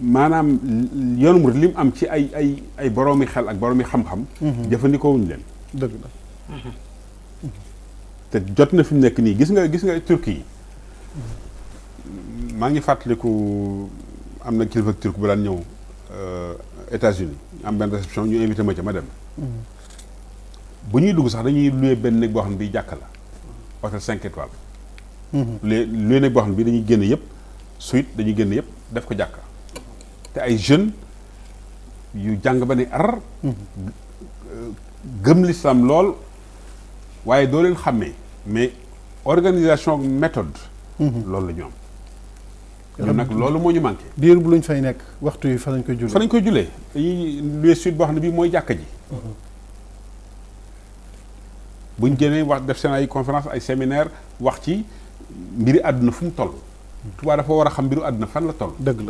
manam yonum lim am ci ay ay ay boromi xel ak boromi xam-xam. jëfandikoo wuñ len deug la. te jot na fim nek ni gis nga gis nga turki ma ngi fatlikou amna kilfa turk bu daan ñëw euh États-Unis am ben réception ñu invité ma ci ma dem. bu ñuy dugg sax dañuy loué ben nek bo xam bi bii jàkka la hôtel 5 étoiles. loué nek bo xam bi dañuy génn yëpp suite dañuy génn yëpp def ko jàkka. te ay jeunes yu jàng ba ne ar gëm l'islam lool waaye doo leen xàmmee mais organisation méthode mhm. loolu la ñu nag loolu moo ñu manqué diir bu luñ fay nekk waxtu yi fa lañ koy julee fa lañ koy julee dañuy luwe suite boo xam ne bii mooy jàkka ji mhm. buñ génnee wax def seen ay conférence ay séminaire wax ci mbiri àdduna fu mu toll mhm. tubaab dafa war a xam mbiru àdduna fan la toll dëgg dëgg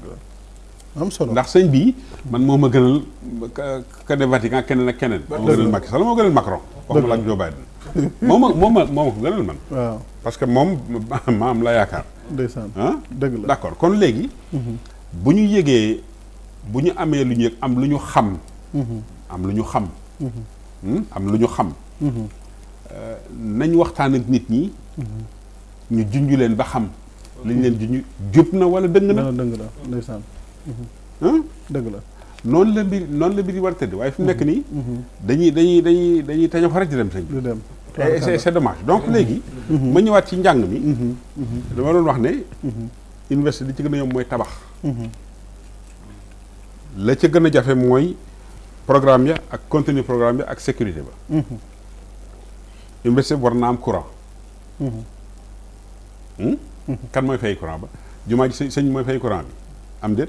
la am solo ndax sëñ bii man moo ma gënal ka ne Vatican keneen ak keneen. moo ma gënal Macky Sall moo gënal Macron. wax ma la ak Joe Biden. moo ma moo ma moo ma ko gënal man. waaw parce que moom ma am la yaakaar. ndeysaan ah? dëgg la d'accord kon léegi. Mhm. bu ñu yëgee bu ñu amee lu ñu yëg am lu ñu xam. Mhm. am lu ñu xam. Mhm. Hmm? am lu ñu xam. Euh, nañ waxtaan ak nit ñi. ñu junj leen ba xam. liñ leen junj jub na wala dëng na. dëng na ndeysaan dëgg la noonu la mbir noonu la mbir yi war a tëdd waaye fi mu nekk mhm. nii. Mhm. dañuy dañuy dañuy dañuy tañu xarit di dem sëñ bi. dem c'est c'est dommage donc mhm. léegi. ma ñëwaat ci njàng mi. dama doon wax ne. université li ci gën a yomb mooy tabax. la ca gën a jafe mooy programme ya ak contenu programme ya ak sécurité ba. université war naa am courant. Hmm? kan mooy fay courant ba jumaa ji sëñ mooy fay courant bi am déet.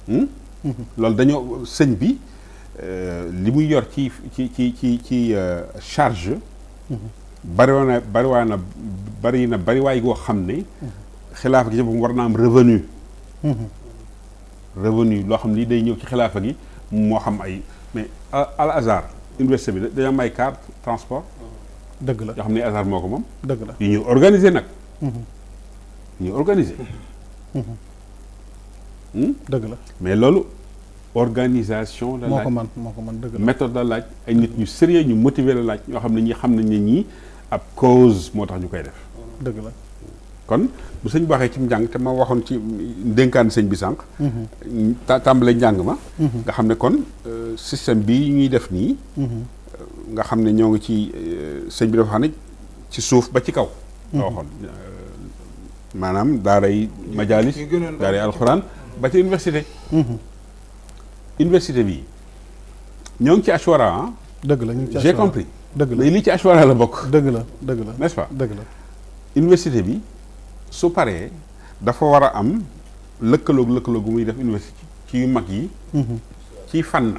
loolu dañoo sëñ bi li muy yor ci ci ci ci ci charge. bariwaa na bariwaa na bari na bariwaay goo xam ne. xilaafa gi ci boppam war na am revenu. revenu loo xam ni day ñëw ci xilaafa gi moo xam ay mais al azar université bi dañoo am ay carte transport. dëgg la yoo xam ne azar moo ko moom. dëgg la yu ñu organiser nag. yu ñu organiser. dëgg la mais loolu organisation la laaj moo ko man moo ko man dëgg la méthode laaj ay nit ñu sérieux ñu motiver la laaj ñoo xam ne ñi xam nañ ne ñii ab cause moo tax ñu koy def dëgg la kon bu sëñ bi waxee ci njàng te ma waxoon ci dénkaan sëñ bi sànq mhm. tàmbale njàng ma mhm. nga xam ne kon euh, système bi ñuy def nii mhm. euh, nga xam ne ñoo ngi ci euh, sëñ bi dafa xam ci suuf ba ci kaw nga waxoon maanaam daaray majaalis daaray alxuraan ba ci université. université bi ñoo ngi ci Achoura ah. deug la ñu ci Achoura j'ai compris. deug la mais lii ci Achoura la bokk. deug la deug la n'est-ce pas. deug la université bi su paré dafa war a am lëkkaloog lëkkaloog muy def université ci yu mag yi. Mhm. ci fànn.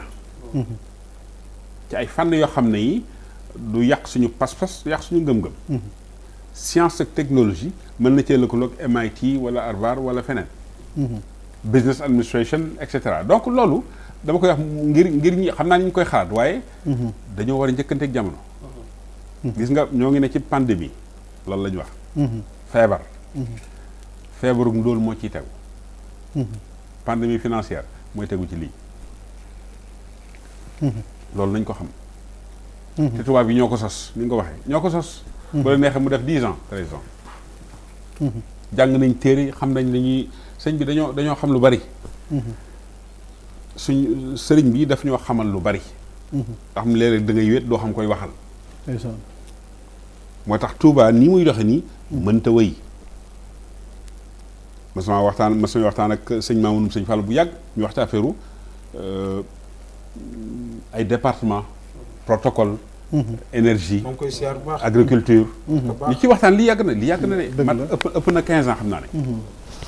Mhm. ci ay fànn yo xamné yi du yak suñu pass pass yak suñu ngëm-ngëm. Mhm. science et technologie mën na ci lëkkaloog MIT wala Harvard wala feneen. business administration et cetera donc loolu dama koy wax ngir ngir ñi xam naa ni ñu koy xalaat waaye. dañoo war a njëkkanteeg jamono. gis nga ñoo ngi ne ci pandémie loolu la ñu wax. feebar. feebarum loolu moo ciy tegu. pandémie financière mooy tegu ci lii. loolu nañ ko xam. te tubaab yi ñoo ko sos ni nga ko waxee ñoo ko sos. bu la neexee mu def dix ans treize ans. jàng nañ téere xam nañ lañuy sëñ bi dañoo dañoo xam lu bari. suñ sëriñ bi daf ñoo xamal lu bari. xam léeg-léeg da ngay wéet doo xam koy waxal. moo tax Touba nii muy doxe nii mënta wëy. mas naa waxtaan mas nañu waxtaan ak sëñ Mamoun sëñ Fall bu yàgg ñu waxtaan affaire ay département protocole. énergie agriculture. ñu ci waxtaan li yàgg na li yàgg na de. mat ëpp ëpp na 15 ans xam naa ne.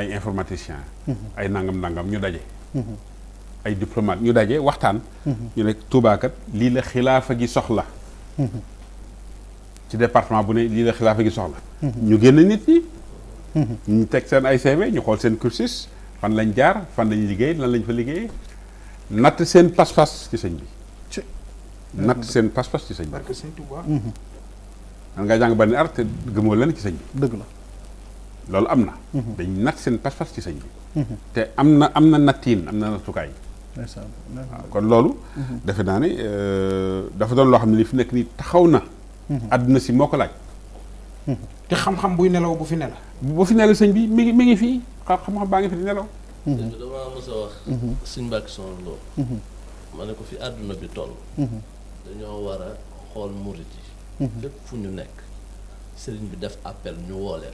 ay informaticiens. Mhm. ay nangam-nangam ñu daje. Mhm. ay diplomate ñu daje waxtaan. Mhm. ñu nekk tuubaakat lii la xilaafa gi soxla. ci departement bu ne lii la xilaafa gi soxla. ñu génn nit ñi. ñu teg seen ay CV ñu xool seen cursus fan lañ jaar fan lañ liggéey lan lañ fa liggéey natt seen pas-pas ci sëñ bi. natt seen pas-pas ci sëñ bi. parce que sëñ Tuubaa. man jàng benn art te gëmoo leen ci sëñ bi. dëgg la. lol amna dañ nat seen pass pass ci seigne te amna amna natine amna nattiin na nattukaay. kon lolou defe naa ne dafa don lo xamni li fi nek ni taxawna aduna àdduna si moo laaj. te xam-xam buy nelaw bu fi nela bu fi nela seigne bi mi ngi fi xam-xam baa ngi fi di nelaw. dama damaa mos wax. seigne mbàkk son lo mané ko fi aduna bi toll. dañu wara xol mouride lépp fu ñu nek sëriñ bi def appel ñu wolé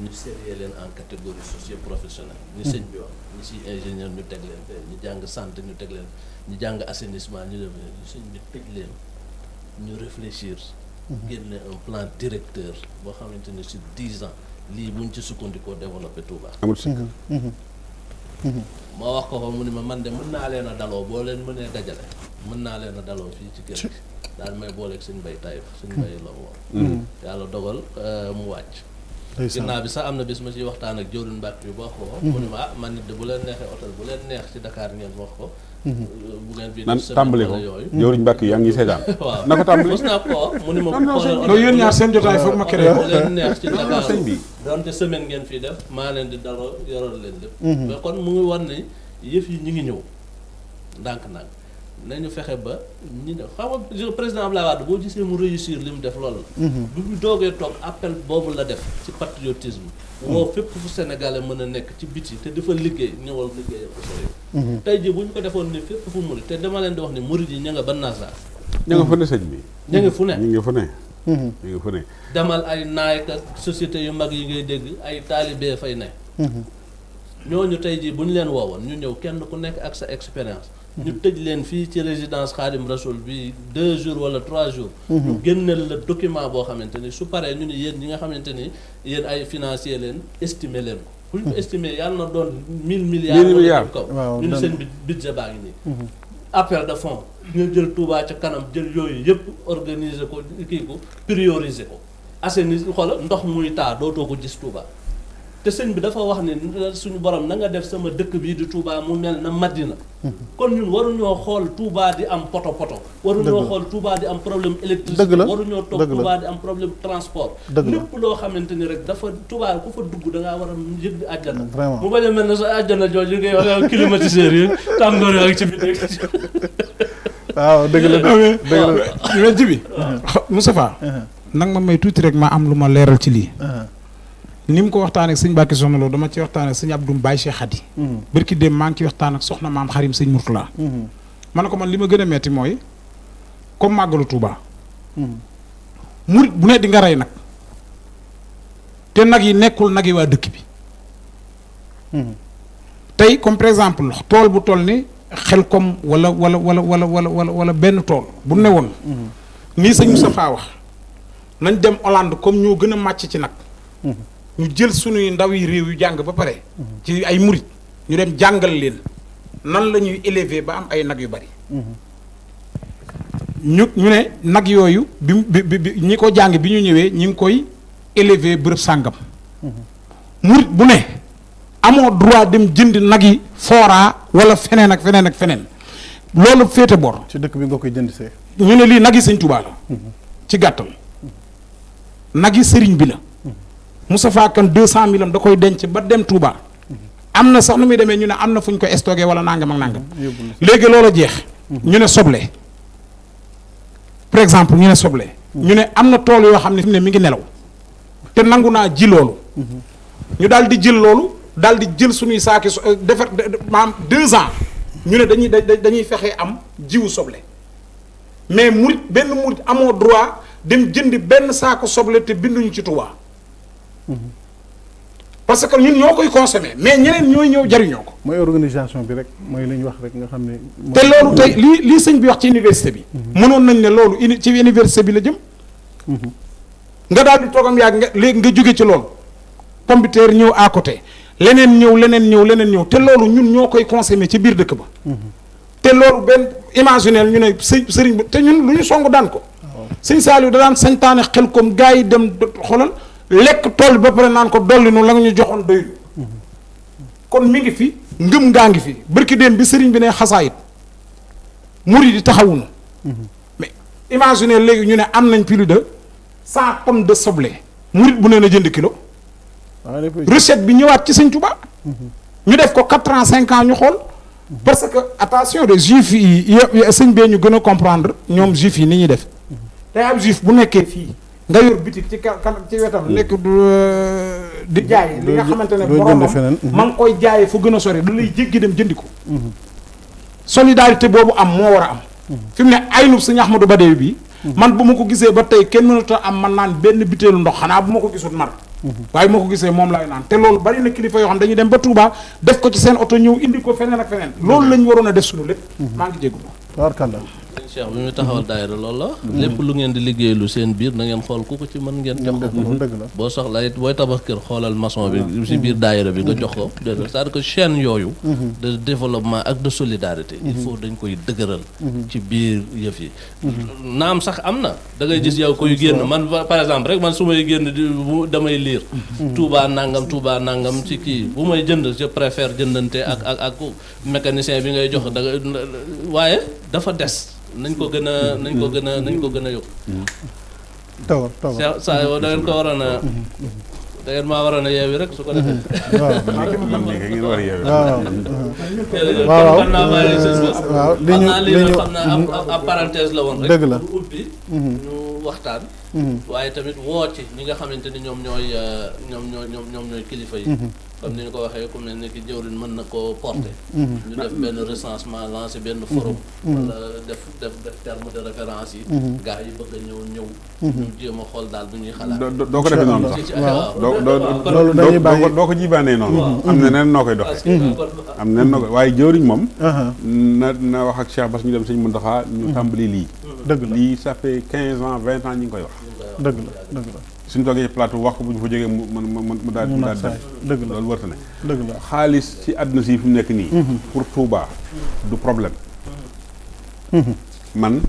ñu série leen en catégorie socio-professionnelle ñu hmm. sëñ bi wax ñu si ingénieur ñu teg leen fee ñu jàng santé ñu teg leen ñu jàng assainissement ñu def leen ñu teg leen ñu réfléchir hmm. génne un plan directeur boo xamante ne si dix ans lii buñ ci sukkandikoo développé Touba amul sikk hmm. moo wax ko fa mu ne ma man de mën naa leen a daloo boo leen mënee dajale mën naa leen a daloo fii ci kër daal may booleeg suñ bay tayif suñ bay la yàlla dogal euh, mu wàcc ginnaaw bi sax am na bis ma ciy waxtaan ak jëwriñ mbàkk bi ba wax ko mhm. mu ne ma ah man nit de bu leen neexee hôtel bu leen neex ci Dakar ngeen wax ko mhm. bu ngeen tàmbali ko jëwriñ mbàkk mhm. yaa ngi seetaan waaw na ko tàmbali mos naa ko mu ne ma non yéen ñaar seen jotaay foog ma créé bu leen neex ci Dakar sëñ bi donte semaine ngeen fii def maa leen di daro yoroon leen lépp mais kon mu ngi war ne yëf yi ñu ngi ñëw ndànk-ndànk ñu fexe ba ñu def xam nga président Abdoulaye Wade boo gisee mu réussir li mu def loolu la. Mhm. bu ñu doogee toog appel boobu la def ci patriotisme. Mhm. woo fépp fu Sénégalais mën a nekk ci biti te dafa liggéey ñëwal liggéeyal ko mhm. tey jii bu ñu ko defoon ni fépp fu mu te dama leen di wax ni murid yi ña nga ba Nassar. ña nga fu ne bi. ña nga fu ne ña nga fu ne. demal ay naay société yu mag yi ngay dégg ay taalibe fay ne. ñooñu tey jii bu ñu leen woowoon ñu ñëw kenn ku nekk ak sa expérience. ñu tëj leen fii résidence Khadim Rasoul bi deux jours wala trois jours. ñu génneel le document boo xamante ni su paree ñu ne yéen ñi nga xamante ni yéen ay financier leen estimer leen ko. bu ñu ko estimer yàlla na doon mille milliards. mille milliards kaw ñu ne seen budget baa ngi nii. appel de fonds ñu jël Touba ca kanam jël yooyu yëpp organiser ko kii ko prioriser ko assainir xoolal ndox muy taa dootoo ko gis Touba. te sëñ bi dafa wax ne suñu borom na nga def sama dëkk bii di Touba mu mel na Madina kon ñun waruñoo xool Touba di am poto poto waruñoo xool Touba di am problème dëgg électricité waruñoo toog Touba di am problème transport lépp loo xamante ni rek dafa Touba ku fa dugg dangaa war a yëg di àjjana mu bañ a mel ne sa àjjana jooju ngay wax climatiseur yi tàngoor ak ci biir waaw dëgg la dëgg la wecc bi Moustapha uh-huh. nag may tuuti rek ma am lu ma leeral ci lii uh-huh. ni mu ko waxtaan ak sëñ Bàkki Soxna Lo dama ci waxtaan ak sëñ Abdou Mbaye Cheikh Khady mm-hmm. bërki dem maa ngi ci waxtaan ak soxna maam xarim sëñ Murtala mm-hmm. ma ne ko man li ma gën a metti mooy comme màggalu Touba mm-hmm. murit bu ne di nga rey nag te nag yi nekkul nag yi waa dëkk bi tey comme par exemple tool bu toll ni xel comme wala wala wala wala wala wala benn tool bu ne woon nii sëñ Moustapha wax nañ dem Hollande comme ñoo gën a màcc ci nag ñu jël sunuy ndaw yi réew yu jàng ba pare ci ay murit ñu dem jàngal leen nan lañuy ñuy ba am ay nag yu bari ñu ñu ne nag yooyu bi bi ñi ko jàng bi ñu ñëwee ñi ngi koy élever bërëb sàngam murit bu ne amoo droit dem jënd nag yi fooraa wala feneen ak feneen ak feneen loolu féete bor ci dëkk bi nga koy jënd see ñu ne lii nag yi sëñ Tuubaa mhm. ci gàttal nag yi sëriñ bi la Moustapha Kane deux cent mille da koy denc ba dem Touba am na sax nu muy demee ñu ne am na fu ñu ko stocké wala nangam ak nangam léegi loola jeex ñu ne soble par exemple ñu ne soble ñu ne am na tool yoo xam ne fi mu ne mi ngi nelaw te nangu naa ji loolu ñu daal di jël loolu daal di jël suñuy saaki euh, defar maam deux ans ñu ne dañuy dañuy fexe am jiwu soble mais murit benn murit amoo droit dem jëndi benn saako soble te binduñu ci Touba parce que ñun ñoo koy consommé mais ñeneen ñooy ñëw jariñoo ko. mooy organisation bi rek mooy lañu wax rek nga xam ne. te loolu tey lii lii sëñ bi wax ci université bi. Mhm. mënoon nañ ne loolu uni ci université bi la jëm. Mhm. nga daal di toogam yaag nga léegi nga jóge ci loolu. computer ñëw à côté leneen ñëw leneen ñëw leneen ñëw te loolu ñun ñoo koy consommé ci biir dëkk ba. Mhm. te loolu benn imaginaire ñu ne sëñ sëriñ bi te ñun lu ñu song daan ko. Ah. sëñ Saliou da daan santaane xel comme gars yi dem xoolal. lek tol ba nan ko dolli nu kon mi ngi fi ngëm ngi fi barki bi sëriñ bi ne xasaayit mouride mais imaginez léegi ñu ne am nañ plus de 100 tonnes de soble mouride bu na jënd kilo recette bi ñëwaat ci ñu def ko quatre ans ans ñu parce que attention les juifs yi ñu comprendre ni ñi def juif bu nga yor bitik ci kanam ci wetam nekk euh, du di jaay li nga xamante ne boromam ma ngi koy jaayee fu gën a sori du lay jéggi dem jëndi ko mhm. solidarité boobu am moo war a am mhm. fi mu ne aynub sëñ Ahmadou Badawi bi mhm. man bu ma ko gisee ba tey kenn mënut a am man naan benn butéelu ndox xanaa bu ma ko gisul mar waaye bu ma ko gisee moom laay naan te loolu bari na kilifa yoo xam dañuy dem ba Touba def ko ci seen oto ñëw indi ko feneen ak feneen loolu lañ waroon a def sunu lépp maa ngi jégu cheikh bi mu taxawal daayira lool la lépp lu ngeen di liggéeylu seen biir nangeen ngeen xool ku ko ci mën ngeen jox ko boo soxla booy tabax kër xoolal maçon bi si biir daayira bi nga mm-hmm. jox ko c'est-à-dire que yooyu mm-hmm. de développement ak de solidarité il mm-hmm. faut dañ koy dëgëral ci biir yëf yi naam sax am na da ngay gis yow koy génn man par exemple rek man su may génn damay liir Touba nangam tuubaa nangam ci kii bu may jënd je préfère jëndante ak ak ak bi ngay jox da nga waaye dafa des nañ ko gën a nañ ko gën a nañ ko gën a yokk tawar tawar saa yoo da ngeen ko waroon a da ngeen maa waroon a yeewi rek su ko defee waaw waaw xam naa li ñu xam naa ab la woon rek dëgg la ubbi mhm. ñu waxtaan waaye tamit woo ci ñi nga xamante ni ñoom ñooy euh, ñoom ñooy ñoom ñoom ñooy kilifa yi mm-hmm. comme ni ñu ko waxee ku mel ni ki jëwriñ mën na koo porter mm-hmm. ñu def benn recensement lancer benn mm-hmm. forum def def def terme de référence yi gars yi bëgg a ñëw ñëw ñu jéem a xool daal bu ñuy xalaat doo ko defee noonu sax loolu dañuy bàyyi doo ko jibaanee noonu am na neen noo koy doxee am na neen noo koy waaye jëwriñ moom uh-huh. na na wax ak Cheikh Bass ñu dem sëñ Mountakha ñu tàmbali lii dëgg lii ça fait quinze ans vingt koy wax dëgg la dëgg la suñ toogee plateau wax ko bu ñu fa jógee mu mu daal mu daal dëgg la loolu wërta ne dëgg la xaalis ci àdduna si fi mu nekk nii mm-hmm. pour Touba du problème mm-hmm. man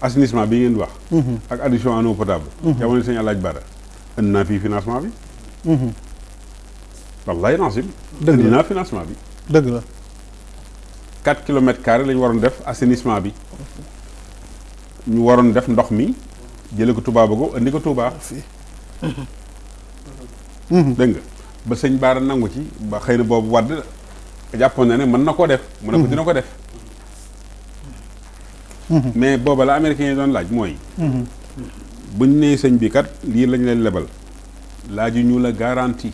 assainissement bi ngeen di wax mm-hmm. ak addition en eau potable jamono sëñ Alaaji Bara indi naa financement bi wallaay nancim indi naa financement bi dëgg la quatre kilomètres carrés la ñu waroon def assainissement bi ñu waroon def ndox mi jële ko Touba Bogo andi ko Touba. Mhm. dégg nga ba sëñ Baara nangu ci ba xëy na boobu wadd jàppoon na ne mën na koo def. mën na ko mhm. dina ko def. Mhm. mais booba la américain yi doon laaj mooy. buñ nee sëñ bi kat lii lañ leen lebal laaju ñu la garantie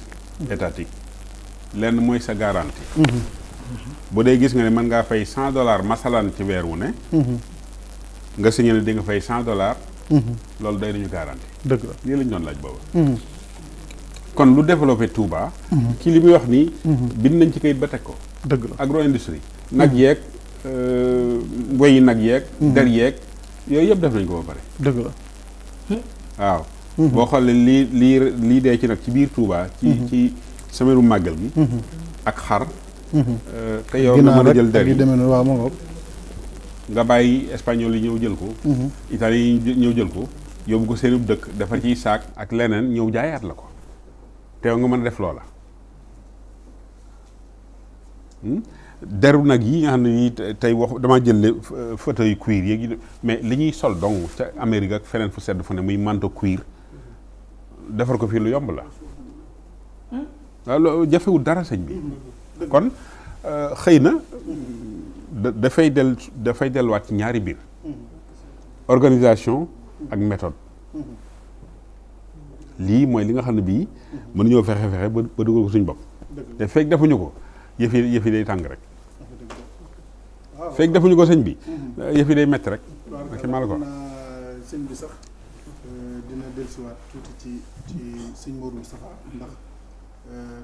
étatique lenn mooy sa garantie. bu dee gis nga ne mën ngaa fay cent dollars masalaan ci weer wu ne. nga signé ne di nga fay cent dollars. Mm-hmm. loolu day nañu garanti. dëgg la lii lañ doon laaj booba. Mm-hmm. kon lu développé Touba. Mm-hmm. ci li muy wax nii. bind nañ ci kayit ba teg ko. dëgg la agro industrie. nag yeeg mboyi euh, nag yeeg. der yeeg yooyu yëpp def nañ ko ba pare. dëgg la waaw. boo xoolee lii lii lii dee ci nag ci biir Touba. ci ci semaine màggal gi. ak xar. Euh, te yow nga mën a jël der yi waaw nga bàyyi espagnol yi ñëw jël ko. Mhm. italien yi ñëw jël ko. yóbbu ko seenub dëkk dafa ciy saak ak leneen ñëw jaayaat la ko teew nga mën a def loola. Hmm? deru nag yi nga xam ne nii tey wax damaa jël euh, fauteuil cuir yeeg mais li ñuy sol dong ca Amérique ak feneen fu sedd fu ne muy manteau cuir defar ko fii lu yomb la. waaw hmm? ah, jafewul dara sëñ bi. kon euh, xëy na. dafay del dafay delluwaat ci ñaari biir organisation ak méthode lii mooy li nga xam ne bii mënuñoo fexe fexe ba dugal ko suñu bopp te fekk defuñu ko yëf yi yëf day tàng rek ah, fekk defuñu ko sëñ bi euh, yëf day métti rek ak maa ko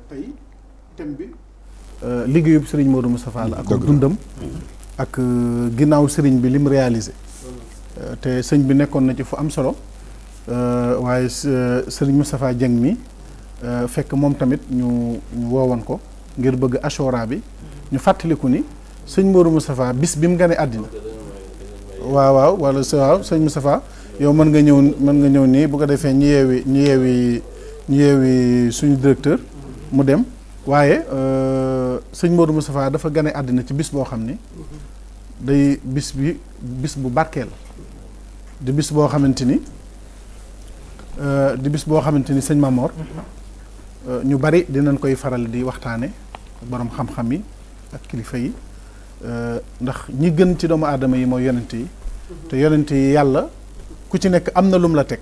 tey thème bi Euh, liggéeyub sëriñ Modou Moustapha la ak dundam ak euh, ginnaaw sëriñ bi lim réalisé euh, te sëñ bi nekkoon na ci fu am solo waaye sëriñ mu safaa Dieng mi fekk moom tamit ñu ñu woowoon ko ngir bëgg ashora bi ñu fàttaliku ni sëñ Modou safaa bis bi mu gane àddina waaw waaw wala waaw sëñ mu Moustapha yow mën nga ñëw mën nga ñëw nii bu ko defee ñu yeewi ñu yeewi ñu yeewi suñu directeur mu dem waaye euh, sëñ Modou Moustapha dafa gane àddina ci bis boo xam ni day bis bi bis bu barkeel di bis boo xamante ni euh, di bis boo xamante ni sëñ Mamor euh, ñu bari dinañ koy faral di waxtaane boroom xam-xam yi ak kilifa yi ndax ñi gën ci doomu aadama yi mooy yonent yi te yonent yi yàlla ku ci nekk am na lum la teg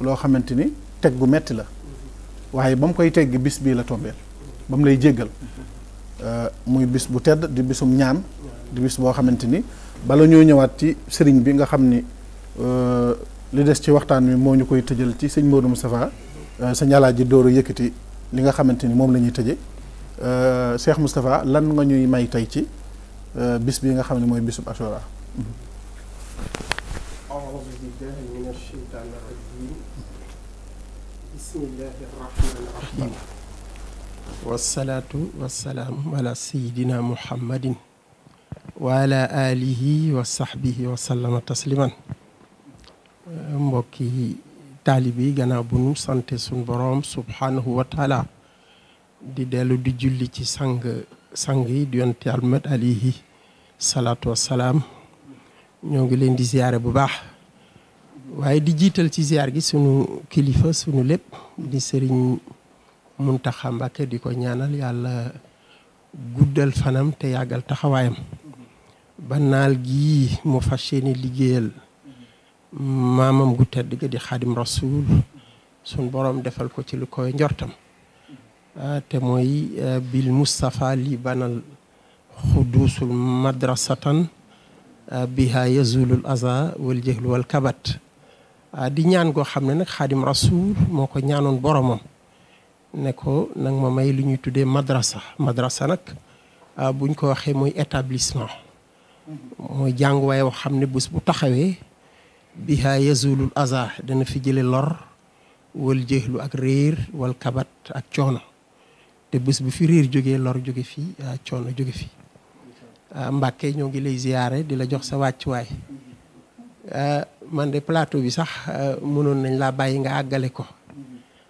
loo xamante ni teg gu metti la waaye ba mu koy teg bis bii la tombeel bam mu lay jéggal eh, muy bis bu tedd di bisum ñaan di bis bo xamanteni ba la ñoo ñëwaat ci sëriñ bi nga xamni euh li dess ci waxtaan mi moñu koy tejeel ci sëñ Modou Moustapha eh, sëñ Alaaji dooro yëkkati li nga xamanteni mom lañuy la euh Cheikh Moustapha lan nga ñuy may tay ci euh bis bi nga xamni moy bisum Ashura Bismillahirrahmanirrahim. والصلاة والسلام على سيدنا محمد وعلى آله وصحبه وسلم تسليما مبكي طالبي غنا بنو سانتي سون بروم سبحانه وتعالى دي دلو دي جولي سي سانغ سانغي ديونتي المد عليه صلاه والسلام نيوغي لين دي زياره بو باخ دي جيتال سي زيار غي كليفه سونو ليب دي سيرين mun Muntaxa Mbàkke di ko ñaanal yàlla guddal fanam te yàggal taxawaayam ba naal gii mu fas yéene liggéeyal maamam gu tedd ga di xaadim rasuul sun boroom defal ko ci lu koy njortam ah, te mooy eh, bil Mustafa li banal xuduusul madrasatan ah, biha yazulul aza wal jëhlu ah, di ñaan goo xam ne nag xaadim rasuul moo ko ñaanoon boromam ne ko nag ma may lu ñuy tuddee madrasa madrasa nag ah, buñ ko waxee mooy établissement mooy jànguwaay wax xam ne bés bu taxawee biha yazulul aza dana fi jële lor wal jëxlu ak réer wal kabat ak coono te bés bu fi réer jógee lor jóge fii ah, coono jóge fi ah, mbakke ñoo ngi lay ziyaare di la jox sa wàccuwaay man de plateau bi sax mënoon nañ laa bàyyi nga àggale ko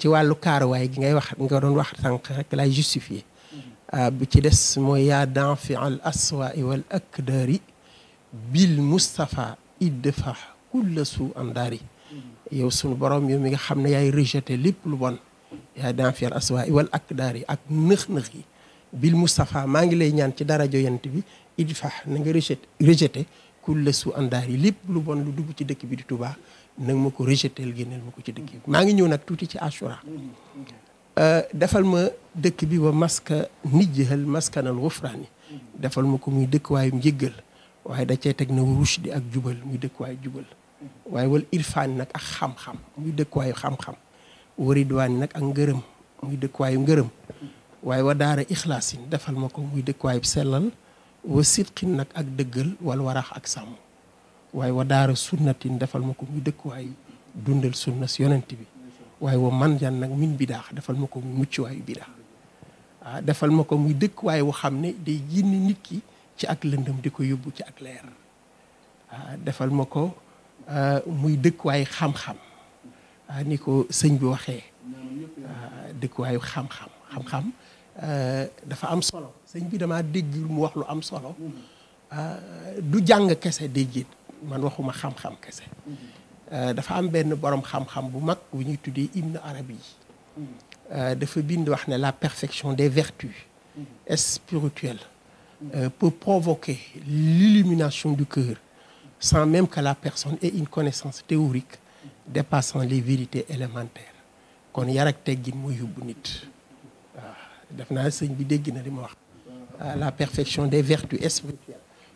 ci walu kar way gi ngay wax nga doon wax sank rek lay justifier bu ci dess des ya dan fi al aswa wal akdari bil mustafa idfa kul su andari yow sun borom yow mi nga xamne yay rejeter lépp lu bon ya dan fi al aswa wal akdari ak nekh nekh yi bil mustafa ma ngi lay ñaan ci darajo yent bi idfa na nga rejeter rejeter kul su andari lépp lu bon lu dugg ci dëkk bi di tuba nag ma ko rejetel génneel ma ko ci dëkk bi maa ngi ñëw nag tuuti ci Ashura euh, defal ma dëkk bi wa maska nijjal maskanal wufraani defal ma ko muy dëkkwaayu njëggal waaye da cee teg na rushdi ak jubal muy dëkkwaayu jubal waaye wal irfaan nag ak xam-xam muy dëkkwaayu xam-xam waridwaan nag ak ngërëm muy dëkkwaayu ngërëm waaye wa daara ixlaasin defal ma ko muy dëkkwaayu sellal wa sidqin nag ak dëggal wal warax ak sàmm waaye wa daara sunnatin defal ma ko muy dëkkuwaayu dundal sunna si yonent bi waaye wa man jan nag min bidaax defal ma ko muy muccuwaayu waay ah defal ma ko muy dëkkuwaay wu xam ne day génne nit ki ci ak lëndëm di ko yóbbu ci ak leer ah defal ma ko ah, muy dëkkuwaay xam-xam ah ni ko sëñ bi waxee dëkkuwaayu xam-xam xam dafa am solo sëñ bi damaa dégg mu wax lu am solo du jàng kese day génn man waxuma xam-xam kese euh, dafa am ben borom xam-xam bu mag bu ñuy tuddee Ibn Arabi euh dafa bind wax ne la perfection des vertus spirituelles euh, peut provoquer l'illumination du cœur sans même que la personne ait une connaissance théorique dépassant les vérités élémentaires kon yar ak teggin mooy yóbbu nit waaw def naa sëñ bi degg na li ma wax euh, la perfection des vertus spirituelles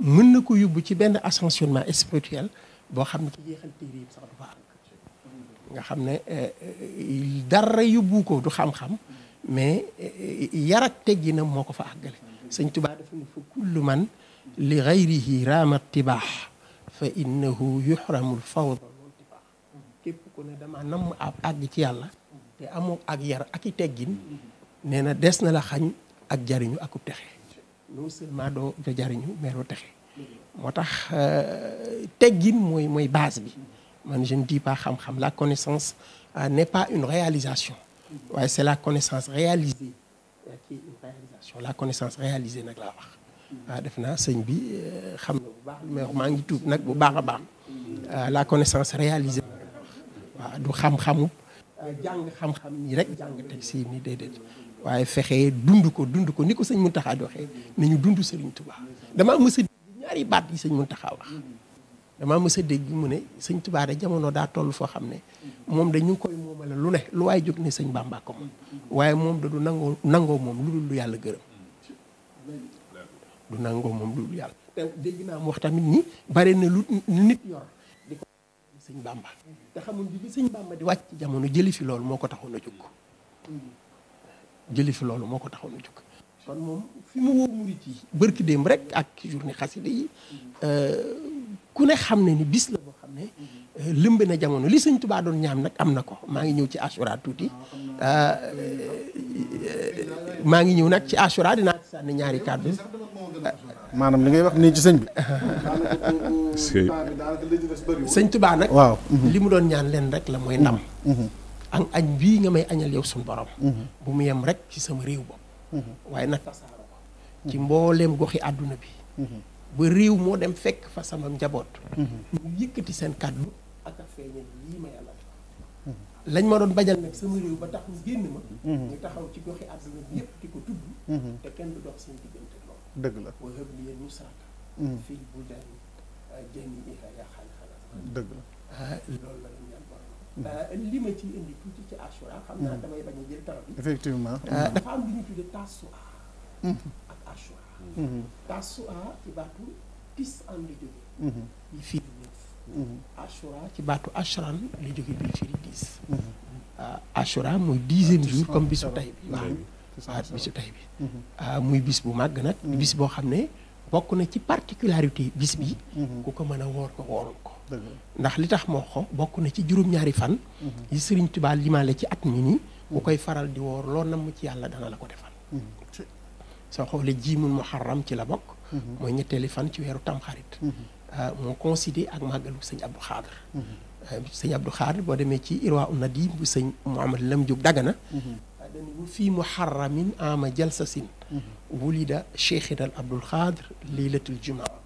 mën na ko yóbbu ci benn ascensionnement spirituel boo xam ne ci jeexal téere yi sax xam ne eh, dara yóbbu ko du xam-xam mais eh, yar ak tegginam moo ko fa àggale sëñ Tuubaa dafa ne fa kullu man li gayrihi raama tibaax fa innahu yuxramul fawda képp ku ci yàlla te ak yar ak i teggin nee na des na la xañ ak jariñu akub texe non seulement doo doo jariñu mais doo texe moo tax euh, teggin mooy base bi man je ne dis pas xam-xam la connaissance euh, n'est pas une réalisation waaye c'est la connaissance réalisée euh, qui une réalisation la connaissance réalisée nak la wax waaw def naa sëñ bi xam na bu baax mais wax ngi tuub bu baax baax la connaissance réalisée wa du xam-xamu jang xam-xam ni rek jang teg si nii waaye fexe dund ko dund ko ni ko sëñ Muntaxa di waxee nañu dund sëriñ Tuba damaa mës a dégg ñaari baat sëñ Muntaxa wax damaa dégg mu ne sëñ Tuba de jamono daa toll foo xam ne moom dañu ngi koy moomale lu ne lu waaye jóg ne sëñ Bàmba ko moom waaye moom da du nangoo nangoo moom lu dul lu yàlla gërëm du nangoo moom lu dul yàlla dégg naa mu wax tamit ni bare na lu nit yor di ko sëñ Bàmba te xamul bi bi Bàmba di wàcc ci jamono jëli fi loolu moo ko taxoon a jóg jëli fi loolu moo ko taxaw na jóg kon moom fi mu woo yi bërki démb rek ak journée xasida yi euh, ku ne xam ne ni bis la boo xam ne euh, lëmbe na jamono li sëñ Tuubaa doon ñaam nag am na ko maa ngi ñëw ci Asura tuuti ah, euh, maa ngi ñëw nag ci Asura dinaa sànni ñaari kàddu maanaam ngay wax nii ci sëñ bi sëñ Tuubaa waaw li mu doon ñaan leen rek la mooy ndam mm-hmm. Mm-hmm. ak añ bii nga may añal yow suñu borom. Mhm. bu mu yem rek ci sama réew bopp. Mhm. waaye nag tasaaro ko ci mbooleem goxi àdduna bi. Mhm. ba réew moo dem fekk fa sama njaboot. yëkkati seen kàddu ak a feeñal ma lañ ma doon bajal nag sama réew ba tax mu génn ma. ñu taxaw ci goxi àdduna bi yëpp di ko tudd. te kenn du dox seen diggante lool. dëgg la wa hab liya nusrata fil buldaani ah, la. Ah, Euh, li ma ci Achoura xam naa mm. damay bañ a euh, mm. mm. mm-hmm. ci baatu assuran mm-hmm. li jóge. yi firi neuf. Mm-hmm. Achoura ci baatu ashran li jóge bi firi euh, ah, jour comme ah, bisu tay bi ah, muy bis bu màgg nag. bis boo xam ne bokk na ci particularité bis bi. ku ko mën woor ko woorul ko. ndax li tax moo ko bokk na ci juróom-ñaari fan yi Sëriñ Tuubaa limaale ci at mi nii bu koy faral di woor loo namm ci yàlla dana la ko defal soo xoolee jiimul muharram ci la bokk mooy ñetteeli fan ci weeru tamxarit ah moo coïncide ak màggalu sëñ Abdou Khadr sëñ Abdou Khadr boo demee ci irwa u nadim bu sëñ Mouhamad Lam Jóob Dagana danu fii muharramin ama jalsasin wulida cheikhina Abdul Khadr laylatul jumaa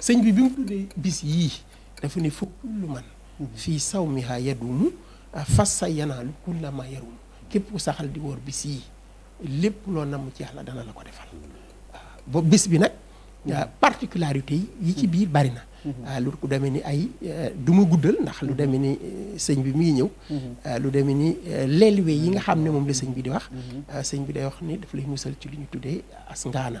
sëñ bi bi mu tuddee bis yii dafa ne fukk lu man fii saw mi ha fas sa yanaalu kulla ma yarumu képp ku saxal di woor bis yii lépp loo namm ci yàlla dana la ko defal bo bis bi nag mm-hmm. ah, particularité yi ci biir bari na mm-hmm. ah, lu ko demee ni ay eh, du ma guddal ndax lu mm-hmm. demee ni eh, sëñ bi muy ñëw ah, lu demee ni eh, leelwe yi nga xam ne moom la sëñ bi di wax sëñ bi day wax ni daf lay musal ci lu ñu tuddee as ngaana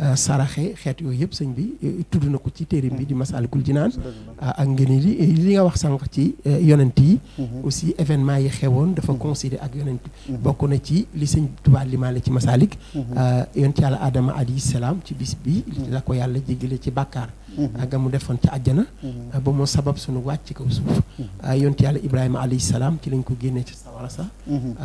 Euh, saraxe xeet yooyu yëpp sëñ bi euh, tudd na ko ci téere bi di Masaalikul Jinaan euh, ak ngeen li li nga wax sànq ci yonent yi mhm. aussi événement yi xewoon dafa considéré ak yonent mhm. bokk na ci li sëñ Tuubaa limaale ci Masaalik mhm. yonent yàlla Adama alayhi salaam ci bis bi la ko yàlla jéggale ci bàkkaar ga mu defoon ca àjjana ba moo sabab suñu wàcc ci kaw suuf yàlla Ibrahima alayhi salaam ci lañ ko génnee ci sawara sax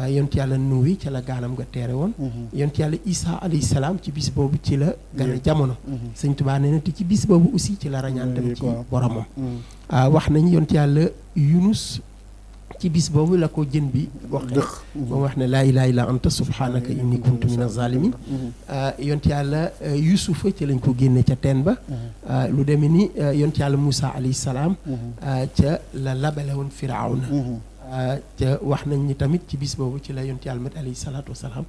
yonent yàlla Nuuwi ca la gaalam nga teere woon yonent yàlla Isaa alayhi ci bis boobu ci la gane jamono mhm. sëñ tubaa nee na ci biis boobu aussi ci la rañaan dem ci boromam mhm. ah, wax nañ yont yàlla yunus ci biis boobu la ko jën bi waxee wax ne laa ilaaha illa anta subhanaka inni kuntu mina zalimin mhm. ah, yont yàlla eh, yusufa ci lañ ko génne ca teen ba ah, lu demee ni eh, yont yàlla moussa alayhi salaam ca la labale woon firawna ca wax nañ ni tamit ci biis boobu ci la yont yàlla mat alayhi salaatu wasalaam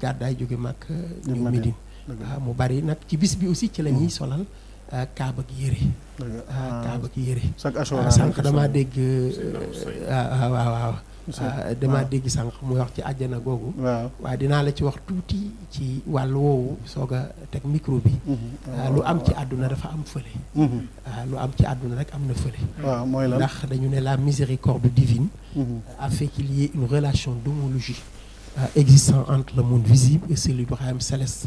gàddaay jóge màkk ñëw Médine Ah, mu bari nag ci aussi ci la solal ah, dégg euh, waaw la ci wax ci a micro bi mhm. ah, lu am ci dafa am mhm. lu am ci la miséricorde divine mhm. a fait qu'il y ait une relation d'homologie existant entre le monde visible et celui du céleste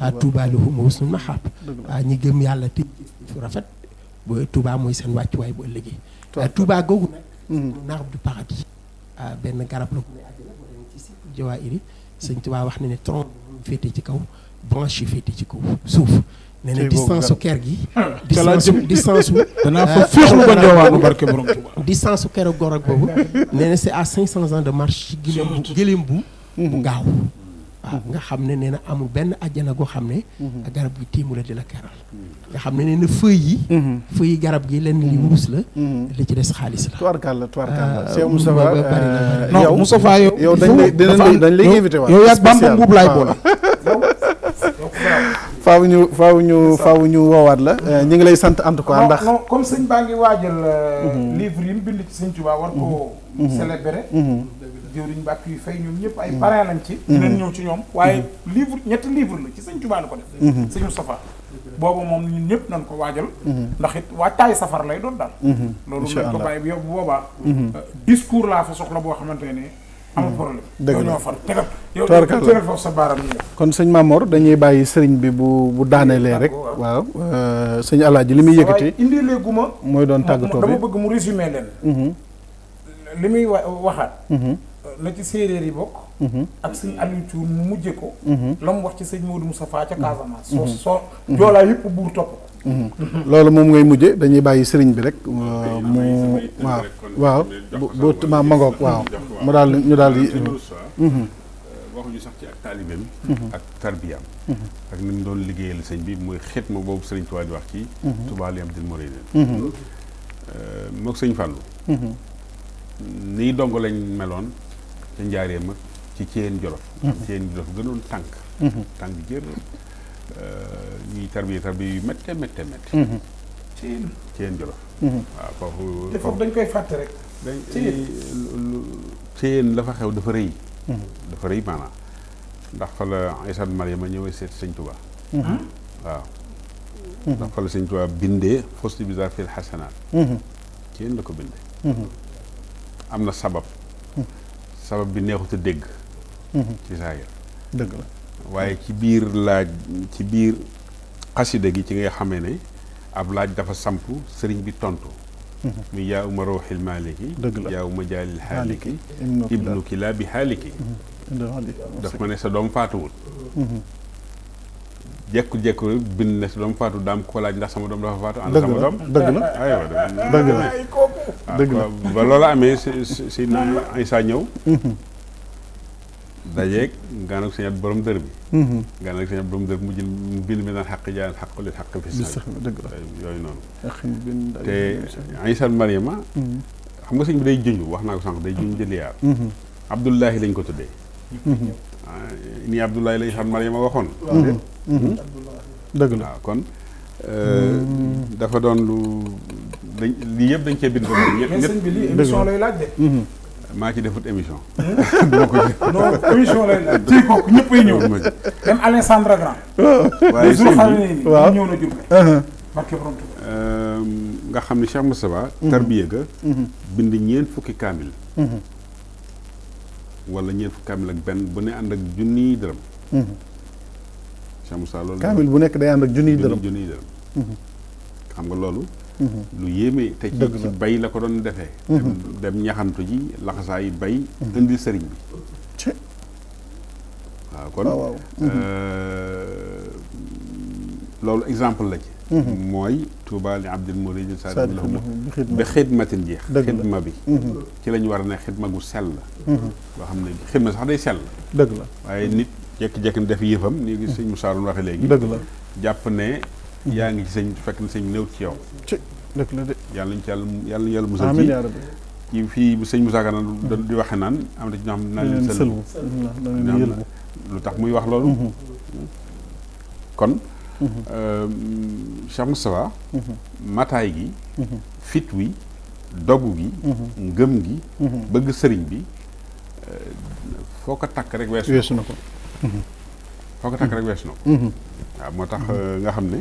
Ah, Touba lahum husnul mahab ah, ñi gëm yàlla te fu rafet Touba ah, Touba mhm. du paradis ben garap c'est ne ci Touba wax ci kaw branche ci kaw distance au kergi, distance distance su fa distance c'est à 500 ans de marche Ah. nga xam ne nee na amul benn ajjana goo xam ne mm-hmm. garab gi tiimu la di la keral nga xam ne nee na feuilles yi mm-hmm. feuilles yi garab gi lenn li mm-hmm. wurus la li ci des xaalis la tubarkàlla tubarkàlla ah, Cheikh Moustapha euh, non Moustapha yow yow dañ lay dañ lay invité waat yow yaa bamba mbuub laay ah. boole faaw ñu faaw ñu faaw ñu woowaat la euh, ñu ngi lay sant en tout cas ndax comme sëñ baa ngi waajal euh, livre yi mu bind ci sëñ Tuubaa war ko célébrer jëwriñ Mbàkke yi fay ñoom ñëpp ay mm. parrain lañ ci mm. dinañ ñëw ci ñoom waaye mm. livre ñetti livre la ci sëñ Tuubaa la ko def mm-hmm. sëñ Moustapha boobu moom ñun ñëpp nañ ko waajal mm-hmm. ndax it waajtaay safar lay doon daal mm-hmm. loolu nañ ko bàyyi yow boobaa euh, discours laa fa soxla boo xamante ne amul problème dëgg ñoo far tegal yow sa baaram ñu kon sëñ Mamor dañuy bàyyi sëriñ bi bu bu daanelee rek waaw euh, sëñ Alaaji li muy yëkkati indi léegu ma mooy doon tàggatoo bi dama bëgg mu résumé leen li muy waxaat la ci séeréer yi bokk. Mhm. ak sëñ Aliou Thioune mu mujje ko. Mhm. la mu wax ci sëñ mu Moustapha ca mhm. Casamance. soo soo joolaa yëpp buur topp ko. loolu moom ngay mujje dañuy bàyyi sëriñ bi rek. Euh, mu waaw waaw bu bu ma ngoog waaw mu daal ñu daal di. Euh, waxuñu sax ci ak taalibeem ak tarbiyaam ak ni liggéeyal sëñ bi mooy xitma boobu sëriñ Tuubaa di wax ci Tuubaa li am din mo réy mook sëñ Fàllu nii dong lañ meloon ca njaaree mag ci ceen jolof ceen mhm. jolof gënoon tànk mhm. tànk jër euh, ñuy tarbiye tarbiye dañ koy fàtte rek dañ xew dafa rëy mhm. dafa rëy maanaam ndax fa la Aysat Mariama ñëwee seet sëñ Tuubaa waaw la sëñ Tuubaa bindee fosti bisa fil xasanaat ceen la ko bindee am na sabab sabab bi neexut a dégg mhm. ci saayir dëgg la waaye ci biir laaj ci biir xasida gi ci ngay xamee ne ab laaj dafa samp sëriñ bi tontu mhm. muy yaa uma maaliki dëgg la yaa uma jaalil xaaliki ibnu kilaa bi xaaliki daf ma ne sa doom faatuwul mhm. jékku-jékku bind na si doom faatu daam ko laaj ndax sama doom dafa faatu. ànd sama doom dëgg la ah, dëgg la dëgg la ah, dëgg la ba loolu amee si si si naan Isaa ñëw. dajeeg gànnaaw ak sañat borom dër bi. Mm-hmm. gànnaaw ak sañat borom dër bi mu jël bind bi naan xaq jaay xaq li xaq fi sax dëgg la yooyu noonu. te Isaa Mariama mm-hmm. xam nga sëñ bi day junj wax naa ko sànq day junj liyaar. Mm-hmm. Abdullahi lañ ko tuddee. Ah, nii Abdoulaye lay xam Mariama waxoon. dëgg la waaw ah, kon. Euh, dafa doon lu lii yëpp dañ cee bind ko. ñëpp bi lii émission lay laaj de. maa ci defut émission. dama ko ci non émission lay laaj. ñëw. na jublu. Uh-huh. barke euh, nga xam ne Cheikh Moustapha. Uh-huh. tarbiya ga uh-huh. bind ñeent fukki kaamil. wala ñeent fukki kaamil ak benn bu ne ànd ak junniy dërëm. Mhm. Cheikh Moussa loolu. kaamil bu nekk day ànd ak junniy dërëm junniy dërëm. Mhm. xam nga loolu. Mhm. lu yéeme te ci ci bay la ko doon defee. dem ñaxantu ji laxasaayu bay. indi sëriñ bi. waaw kon. Ah, euh, loolu exemple la ci. موي توبا لعبد المريد صادق اللهم بخدمة ديخ خدمة بي كلا نيوارنا خدمة غو سل لو خامن خدمة صاح داي سل دغ لا واي نيت جيك جيك ندف ييفم ني سيغ مصار واخ ليغي دغ لا جاب ني ياغي سيغ فك سيغ نيو تي يو دغ لا دي يالا نتي يالا يالا مسل امين يا رب كي في سيغ مصار كان دي واخ نان ام دي نام نال سل لو تخ موي واخ لولو كون Euh, Cheikh Moustapha mhm. mataay gi mhm. fit wi dogu gi mhm. ngëm gi bëgg sëriñ bi euh, foo ko takk rek weesu na ko foo ko takk rek weesu na ko waaw moo tax euh, nga xam ne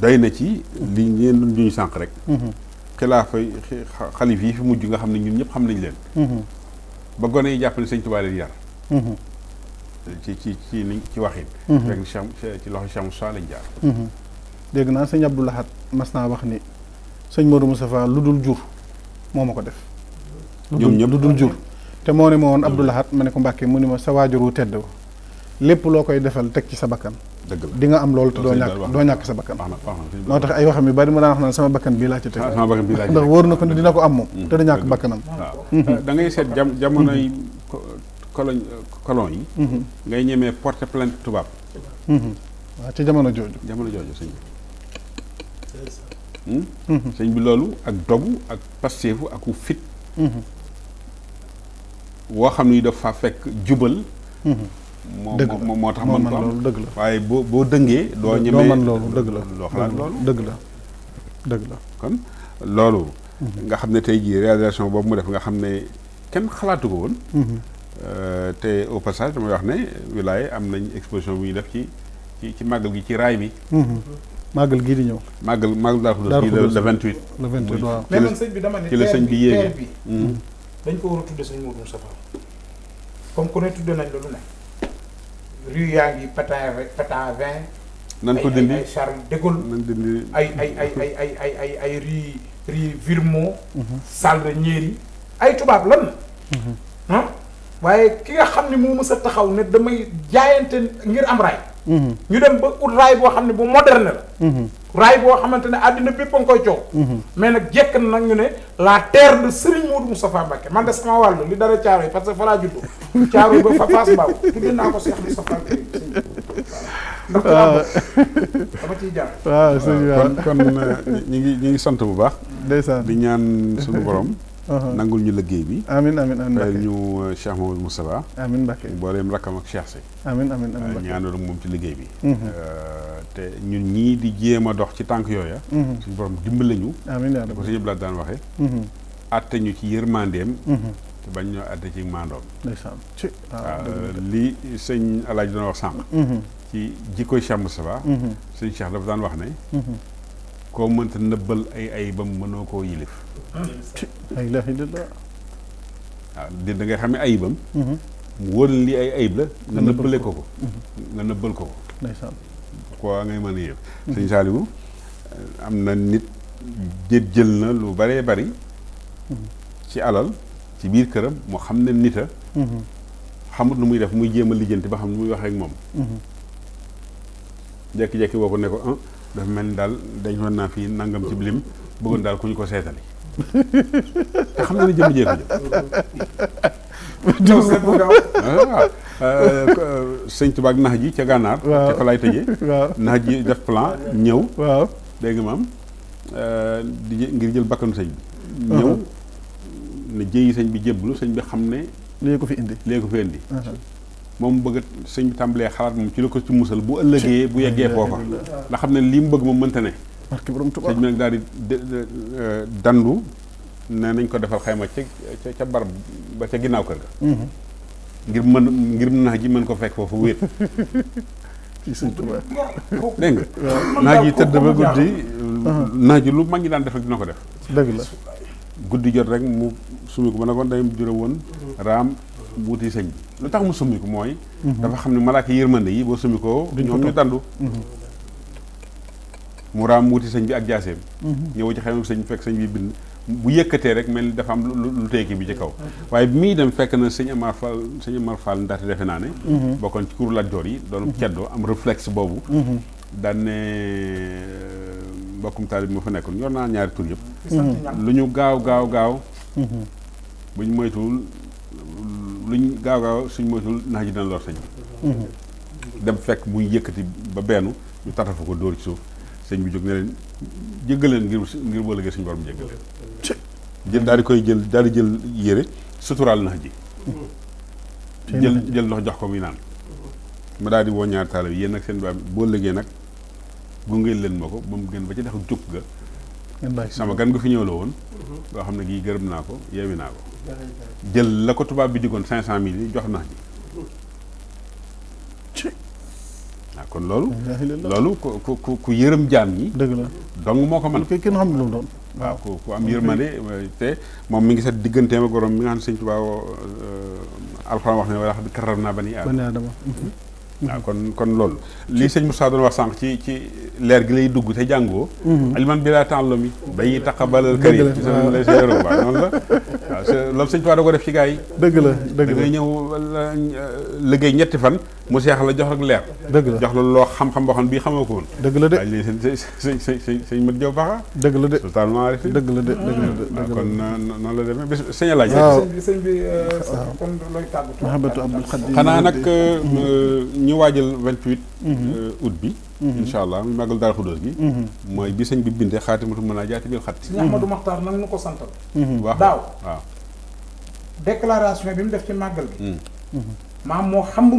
doy na ci li ngeen doon ñu sànq rek xilaafa xalif yi fi mujj nga xam ne ñun ñëpp xam nañ leen ba gone yi jàpp ne sëñ leen yar ci ci ci ni ci waxit mhm. rek ci loxo cheikh moussa lañ jaar mhm. dégg naa sëñ abdou lahat mas naa wax ni sëñ modou moustapha lu jur moo ma ko def ñoom ñëpp lu jur te moo ne ma woon abdou lahat ma ne ko mbàkke mu ni ma sa waajur tedd lépp loo defal teg ci sa bakkan dëgg la di nga am loolu te doo ñàkk doo ñàkk sa bakkan moo tax ay waxam yu bari ma daan wax naan sama bakkan bii laa ci teg ah, sama bakkan bii laa ci ndax wóor na ko dina ko am moom mm. te du ñàkk bakkanam eh, da ngay seet jamonoy colonie colon yi. Mhm. ngay ñemee porte plainte tubaab. Mhm. waaw ci jamono jooju. jamono jooju sëñ bi. Mhm. Hmm? sëñ bi loolu ak dogu ak pasteefu ak u fit. woo xam ni dafa fekk jubal. dëgg moo moo tax man loolu dëgg la waaye boo boo doo ñemee doo man loolu dëgg la doo xalaat loolu dëgg la la. kon loolu. nga xam ne tey jii réalisation boobu mu def nga xam ne kenn xalaatu ko woon. Euh, te au passage damay wax ne wilaaye am nañ exposition bu ñuy def ci ci ci màggal gi ci raay bi. Mm-hmm. màggal gii di ñëw. màggal màggal Darou Khoudoss gii le 28. le 28 waaw mais man sëñ bi dama ne. ci la sëñ bi yéegee bi. Mm-hmm. dañ ko war a tuddee sëñ Modou Moustapha comme ku ne tuddee nañ la lu ne. rue yaa ngi patin patin vingt. nan ko dindi ay ay Charles de Gaulle. nan dindi ay ay ay ay ay ay ay ay rue rue Villemot. Mm-hmm. Salle de Niéry ay tubaab lan. waaye ki nga xam ne moo mës a taxaw ne damay jaayante ngir am raay. Mhm. ñu dem ba ut raay boo xam ne bu moderne la. Mhm. raay boo xamante ne àddina bépp a nga koy coow. Mhm. mais nag jekk na nag ñu ne la terre de Serigne Modou Moustapha Mbacké man de sama wàll li dara caaro yi parce que fa laa juddoo. caaro yi ba fa Fass Mbao tudd naa ko Cheikh Moustapha Mbacké. ndax ah. dama ciy jaar. Ah, waaw sëñ kon euh, ñu ngi ñu ngi sant bu baax. ndeysaan bi ñaan suñu borom. Uh-huh. nangul ñu liggéey bi. amiin amiin amiin Mbacke ñu euh, Cheikh Mamadou Moustapha. amiin Mbacke booleem rakkam ak Cheikh si. amiin moom ci liggéey bi. Uh-huh. Euh, te ñu ñii di jéem a dox ci tànk yooya. Uh-huh. suñu borom dimbale ñu. amiin yaa ko suñu blaat daan waxee. àtte ñu ci yërmandeem. te bañ ñoo àtte ci maandoom. Euh, li sëñ Alaaji doon wax sànq. ci jikkoy Cheikh Moustapha. sëñ Cheikh dafa daan wax ne. koo mënta nëbbal ay ayibam mënoo koo yilif la ilaha illallah waaw ah, di da nga xam ne ayibam mhm. mu wóor li ay ayib la nga nëbbale ko ko mhm. nga nëbbal ko ko ndeysaan koo mhm. am na nit jël na lu bare bari ci alal ci biir këram mu xam ne nit a xamut nu muy def muy jéem a lijjanti ba xam nu muy wax ak moom jekki-jekki boo ko ne ko ah, dafa mel ni daal dañ mën naa fii nangam ci bilim bëggoon daal ku ñu ko seetali te xam na ne jëmm jee sëñ Tuubaa nax ji ca gànnaar ca ko lay tëjee nax ji def plan ñëw dégg nga maam di ngir jël bakkanu sëñ bi ñëw ne jëyi sëñ bi jébbalu sëñ bi xam ne léegi ko fi indi léegi ko fi indi moom bëgg suñ bi tàmbalee xalaat moom ci la ko ci musal bu ëllëgee bu yeggee foofa ndax xam ne lii mu bëgg moom mënta ne sëñ bi nag daal di euh, dandu ne nañ ko defal xayma ca ca barab ba ca ginnaaw kër ga mhm. ngir mën ngir naaj ji mën ko fekk foofu wéet dégg nga naaj yi tëdd ba guddi naaj ji lu mag ñi daan def rek dina ko def dëgg la guddi jot rek mu sumi ko ba na koon day juró woon mhm. raam wuti sëñ bi lu tax mu summi ko mooy dafa xam ne malaaka yërmande yi boo summi ko ñoom ñu dandu mhm. mu raam wuti sëñ bi ak jaaseem mhm. ñëw ci xelam sëñ bi fekk sëñ bi bind bu yëkkatee rek mel ni dafa am lu téeki bi ci kaw mhm. waaye bi muy dem fekk na sëñ Amar Fall sëñ Amar Fall ndaxte defe naa ne bokkoon ci kuréel Lat Joor yi doon ceddoo am réflexe boobu daan ne euh, mbokkum taalib moo fa nekkoon yor naa ñaari tur yëpp lu ñu gaaw gaaw gaaw buñ moytuwul luñ gaaw gaaw suñ moytul nax ji dana lor sëñ bi mhm. dem fekk muy yëkkati ba bennu ñu tatafa ko dóor ci suuf sëñ bi jóg ne leen jéggaleen ngir ngir bu ëllëgee suñu borom jéggaleen jël daal di koy jël daal di jël yére suturaal nax ji mhm. jël jël ndox jox ko muy naan ma daal di woo ñaari yéen nag seen baam boo lëgee nag gungeel leen ma ko ba mu gën ba ci tax jóg ga sama gan nga fi ñëw la woon. loo mhm. xam ne gii gërëm naa ko yeewi naa ko. jël la ko tubaab bi diggoon cinq cent mille yi jox nax ji waaw ah, kon loolu loolu ku ku ku yërëm jaam ñi dëgg la dong moo ko mën kay kenn xam ne lu doon waaw ku ku am yërmande te moom mi ngi sa digganteem ak borom mi nga xam ne sëñ tubaab euh, alxuraan wax ne wala xam ne naa ba ni aadama mhm. waaw kon kon loolu lii sëñ Moussa doon wax sànq ci ci leer gi lay dugg te jàngoo mhm. aliman bi laa temps lomi bayi taqabalal karim ci sa lay sa yoroo baa noonu la waaw loolu sëñ Tuubaa da ko def ci gars yi dëgg la dëgg la dangay ñëw euh, liggéey ñetti fan mu seex la jox rek leer dëgg la jox la loo xam-xam boo xam bii xamoo ko woon dëgg la de waaye léegi sëñ sëñ sëñ sëñ sëñ Mat Jaw Baxa dëgg la de totalement arrêté dëgg la de dëgg la de ah, kon noonu la demee bis sëñ laaj waaw sëñ bi euh, kon looy tàggatoo Mahamadou Abdoul Khadim xanaa nag euh, mm-hmm. ñu waajal vingt huit mhm. euh, août bi mhm. incha allah muy màggal daal xudóos bi mhm. mooy bi sëñ bi bindee xaatimatu mën naa jaati bil xatti sëñ Ahmadou Maxtaar nag nu ko santal waaw daaw waaw déclaration bi def ci màggal moo xam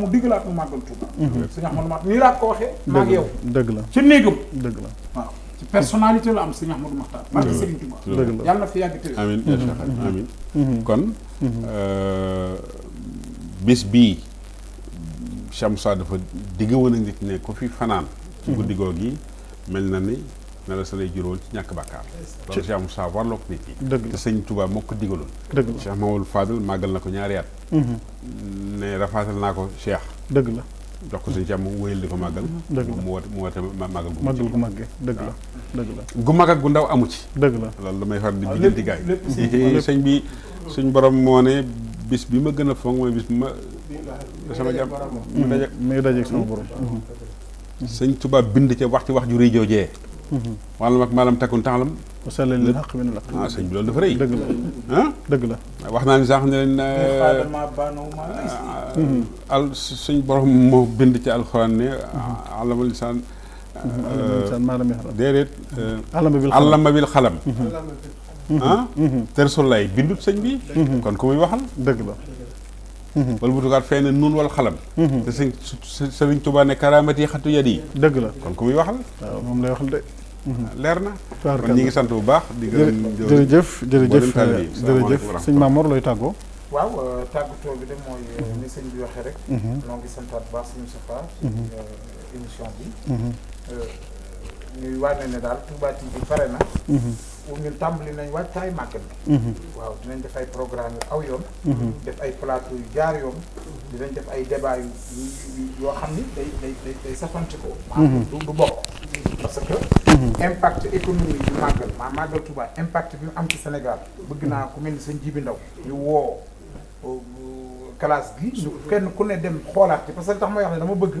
mu digalaat sëñ Ahmadou Maxtaar nii laa ko waxee maa ngi dëgg la ci néegam dëgg la waaw ci personnalité la am sëñ Ahmadou Maxtaar maa ngi Sëriñ Tuuba yàlla na fi yàgg tëdd amiin kon euh, bis bi cham sa dafa digg woon nit ne ko fi fanan ci mhm. guddi gogi melna ni na la sa lay ci ñak bakkar do Cheikh sa warloo ko nit yi te seigne Touba moo ko digaloon Cheikh Mamadou fadil magal nako ñaari at mhm. ne rafatal nako Cheikh deug la jox ko sëñ Cheikh mu wéyal di ko màggal mu wote mu woote màggal gu màggal gu màggee dëgg la ah. deug la gu magal gu ndaw amu ci deug la lolou lamay xam di ah, diggante gaay seigne bi seigne borom moo ne bis bi ma gën a fonk bi ma sama jàmm mu daje muy dajeeg sama borom sëñ Tuubaa bind ca wax ci wax ju rëy joojee wala mag maalam takkun taalam wasala lil xaq min laq ah sëñ bi loolu dafa rëy dëgg la ah la wax naa ni sax ne leen eh, hmm. al suñ borom moo bind ci alxuraan ne hmm. alama lisaan hmm. alama lisaan maalam yaxlam eh, déedéet eh, alama bil xalam ah te Rasulullaay bindut sëñ bi kon ku muy waxal dëgg la wala bu tukaat fay na nun wal xalam te sëñ sëriñ Tuubaa ne karaamat yi xatu yat yi dëgg la kon ku muy waxal waaw moom lay waxal de leer na kon ñi ngi sant bu baax di gërëm jërëjëf jërëjëf jërëjëf sëñ Maamoor looy tàggoo waaw euh, tàggatoo bi de mooy euh, ni sëñ bi waxee rek mhm. noo ngi santaat baax sëñ Mustafaa ci mhm. euh, émission bi mhm. ñuy wane ne daal Touba TV pare na. Mhm. ñun tàmbali nañ waajtaay màggal bi mhm. waaw dinañ def ay programme yu aw yoon mhm. def ay plateau yu jaar yoon dinañ def ay débat yu yoo xam ni day day day day ko maanaam du du bokk parce que impact économique bi màggal maa màggal Touba impact bi mu am ci senegal bëgg naa ku mel ni sëñ Jibi Ndaw ñu woo euh, classe gi ñu kenn ku ne dem xoolaat ci parce que tax may wax ne dama bëgg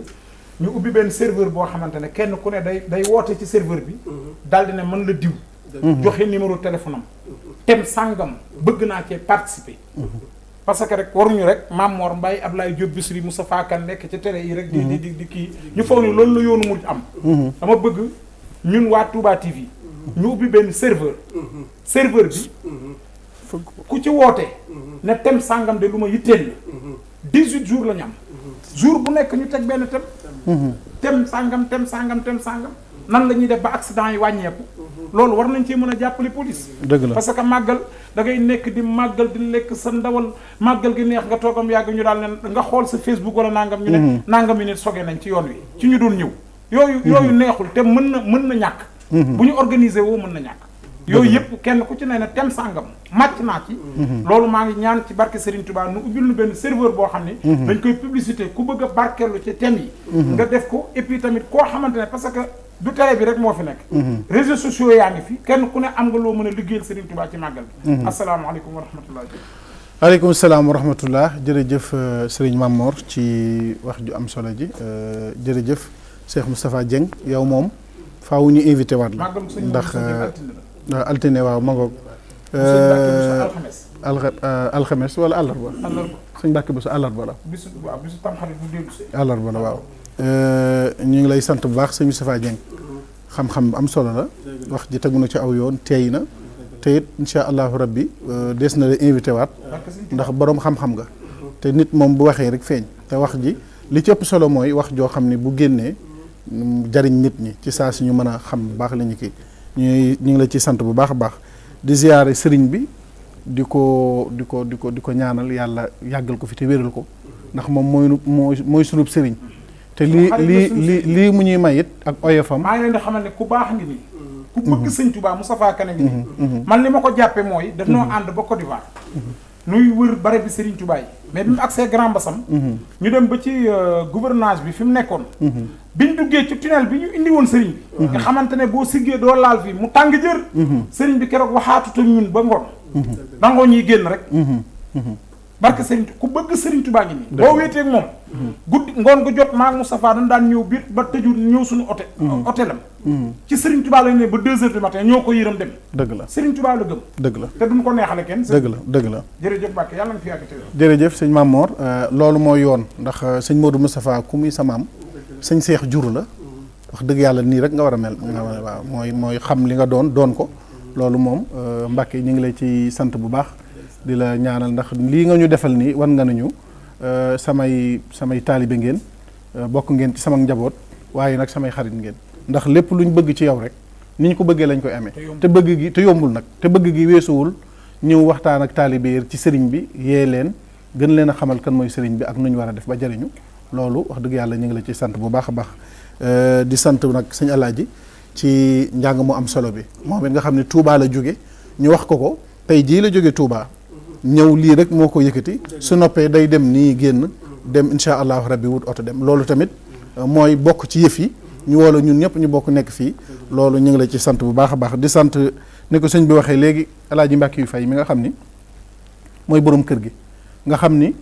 ñu ubbi benn serveur boo xamante ne kenn ku ne day day woote ci serveur bi. Mhm. daal di ne mën la diw. joxe numéro téléphone am. tem mhm. sàngam bëgg naa cee participer. Mhm. parce que rek waruñu rek Mame Mor laay Ablaye Diop mu sa Kane nekk ci tere yi rek. di di di kii ñu foog ni loolu la yoonu murid am. dama bëgg ñun waa Touba TV. ñu ubbi benn serveur. serveur bi. ku ci woote. ne tem sàngam de lu ma yitteel la. 18 jours la ñu am. jour bu nekk ñu teg benn tem. tem sàngam tem sàngam tem sàngam nan la ñuy def ba accident yi wàññeeku loolu war nañ cee mën a jàppale police dëgg la parce que màggal da ngay nekk di màggal di lekk sa ndawal màggal gi neex nga toogam yàgg ñu daal ne nga xool sa facebook wala nangam ñu ne mhm. nàngam yi nit soge nañ ci yoon wi ci ñu doon ñëw yooyu yooyu mhm. neexul te mën na mën na ñàkk mhm. bu ñu organiser woo mën na ñàkk yooyu yëpp kenn ku ci ne ne tem sàngam màcc naa ci mhm. loolu maa ngi ñaan ci barke Serigne tubaa nu ubbil lu benn serveur boo xam ne mhm. dañ koy publicité ku bëgg a barkeelu ci tem yi mhm. nga def ko et tamit koo xamante ne parce que du télé bi rek moo fi nekk réseaux sociaux yaa ngi fi kenn ku ne am nga loo mën a liggéeyal Serigne Touba ci màggal bi asalaamaaleykum wa rahmatullah aleykum salaam wa rahmatullah jërëjëf euh, Serigne Mamor ci wax ju am solo ji euh, jërëjëf Cheikh Moustapha Dieng yow moom faaw ñu invité waat la ndax waaw euh, altine waaw ma ngoog. Euh, euh, alxames wala àllarba. àllarba suñ mbàkk bisu àllarba la. bisu la waaw. ñu ngi lay sant bu baax sëñ Moustapha Dieng xam-xam bu am solo la wax ji tegu ci aw yoon teey na te it incha allahu rabbi des na la invité waat ndax boroom xam-xam nga te nit moom bu waxee rek feeñ te wax ji li ci solo mooy wax joo xam ne bu génnee jariñ nit ñi ci saa si ñu mën a xam bu baax la ñu kii ñuy ñu ngi la ci sant bu baax a baax di ziyaare sëriñ bi di ko di ko di ko di ko ñaanal yàlla yàggal ko fi te wéral ko ndax moom mooy mooy mooy sunub sëriñ te lii lii lii lii mu ñuy may it ak oyofam. maa ngi leen di xamal ne ku baax ngi nii. ku mm-hmm. bëgg sëñ Touba Moustapha Kane ngi nii. Mm-hmm. Mm-hmm. man li ma ko jàppee mooy. daf noo ànd ba Côte d'Ivoire. nuy wër bare bi Serigne tubaay mais bi mu agsee Grand Bassam. ñu dem ba ci euh, gouvernance bi fi mu nekkoon. biñ duggee ci tunnel bi ñu indi woon sëriñ bi mhm. nga xamante ne boo siggee doo laal fii mu tàng jër mhm. sëriñ bi keroog waxaatutam ñun ba ngoon ba mhm. ngoon yi génn rek barke sëriñ ku bëgg sëriñ Tuubaa ngi nii boo wéeteeg moom guddi ngoon ko jot maag Moustapha dañ daan ñëw biir ba tëju ñëw suñu hôtel hôtelam ci sëriñ Tuubaa lañ ne ba deux heures du ñoo ko yëram dem dëgg la sëriñ Tuubaa la gëm dëgg la te duñ ko neexale kenn dëgg la dëgg la jërëjëf Mbàkke yàlla na fi yàgg te jërëjëf sëñ Mamoor euh, loolu mooy yoon ndax euh, sëñ Modou Moustapha ku muy sa maam sëñ seex jur la wax dëgg yàlla nii rek nga war mel nga waaw mooy mooy xam li nga doon doon ko loolu moom euh, Mbàkke ñu ngi lay ci sant bu baax di la ñaanal ndax lii nga ñu defal nii wan nga nañu euh, samay samay taalibe ngeen euh, bokk ngeen ci sama njaboot waaye nag samay xarit ngeen ndax lépp luñ bëgg ci yow rek ni ñu ko bëggee lañ ko amee te bëgg gi te yombul nak te bëgg gi weesuwul ñu waxtaan ak taalibe ci sëriñ bi yee gën leen xamal kan moy sëriñ bi ak nuñ wara def ba jariñu loolu wax dëgg yàlla ñu ngi la ci sant bu baax a baax euh, di sant nag sëñ Alaaji ci njàng mu am solo bi moom it nga xam ne Touba la jóge ñu wax ko ko tey jii la jóge Touba ñëw lii rek moo ko yëkkati su noppee day dem ni génn dem incha allahu rabbi wut oto dem loolu tamit euh, mooy bokk ci yëf yi ñu woola ñun ñëpp ñu bokk nekk fii loolu ñu ngi la ci sant bu baax a baax di sant ni ko sëñ bi waxee léegi Alaaji Mbàkke yu fay mi nga xam ni mooy borom kër gi nga xam ni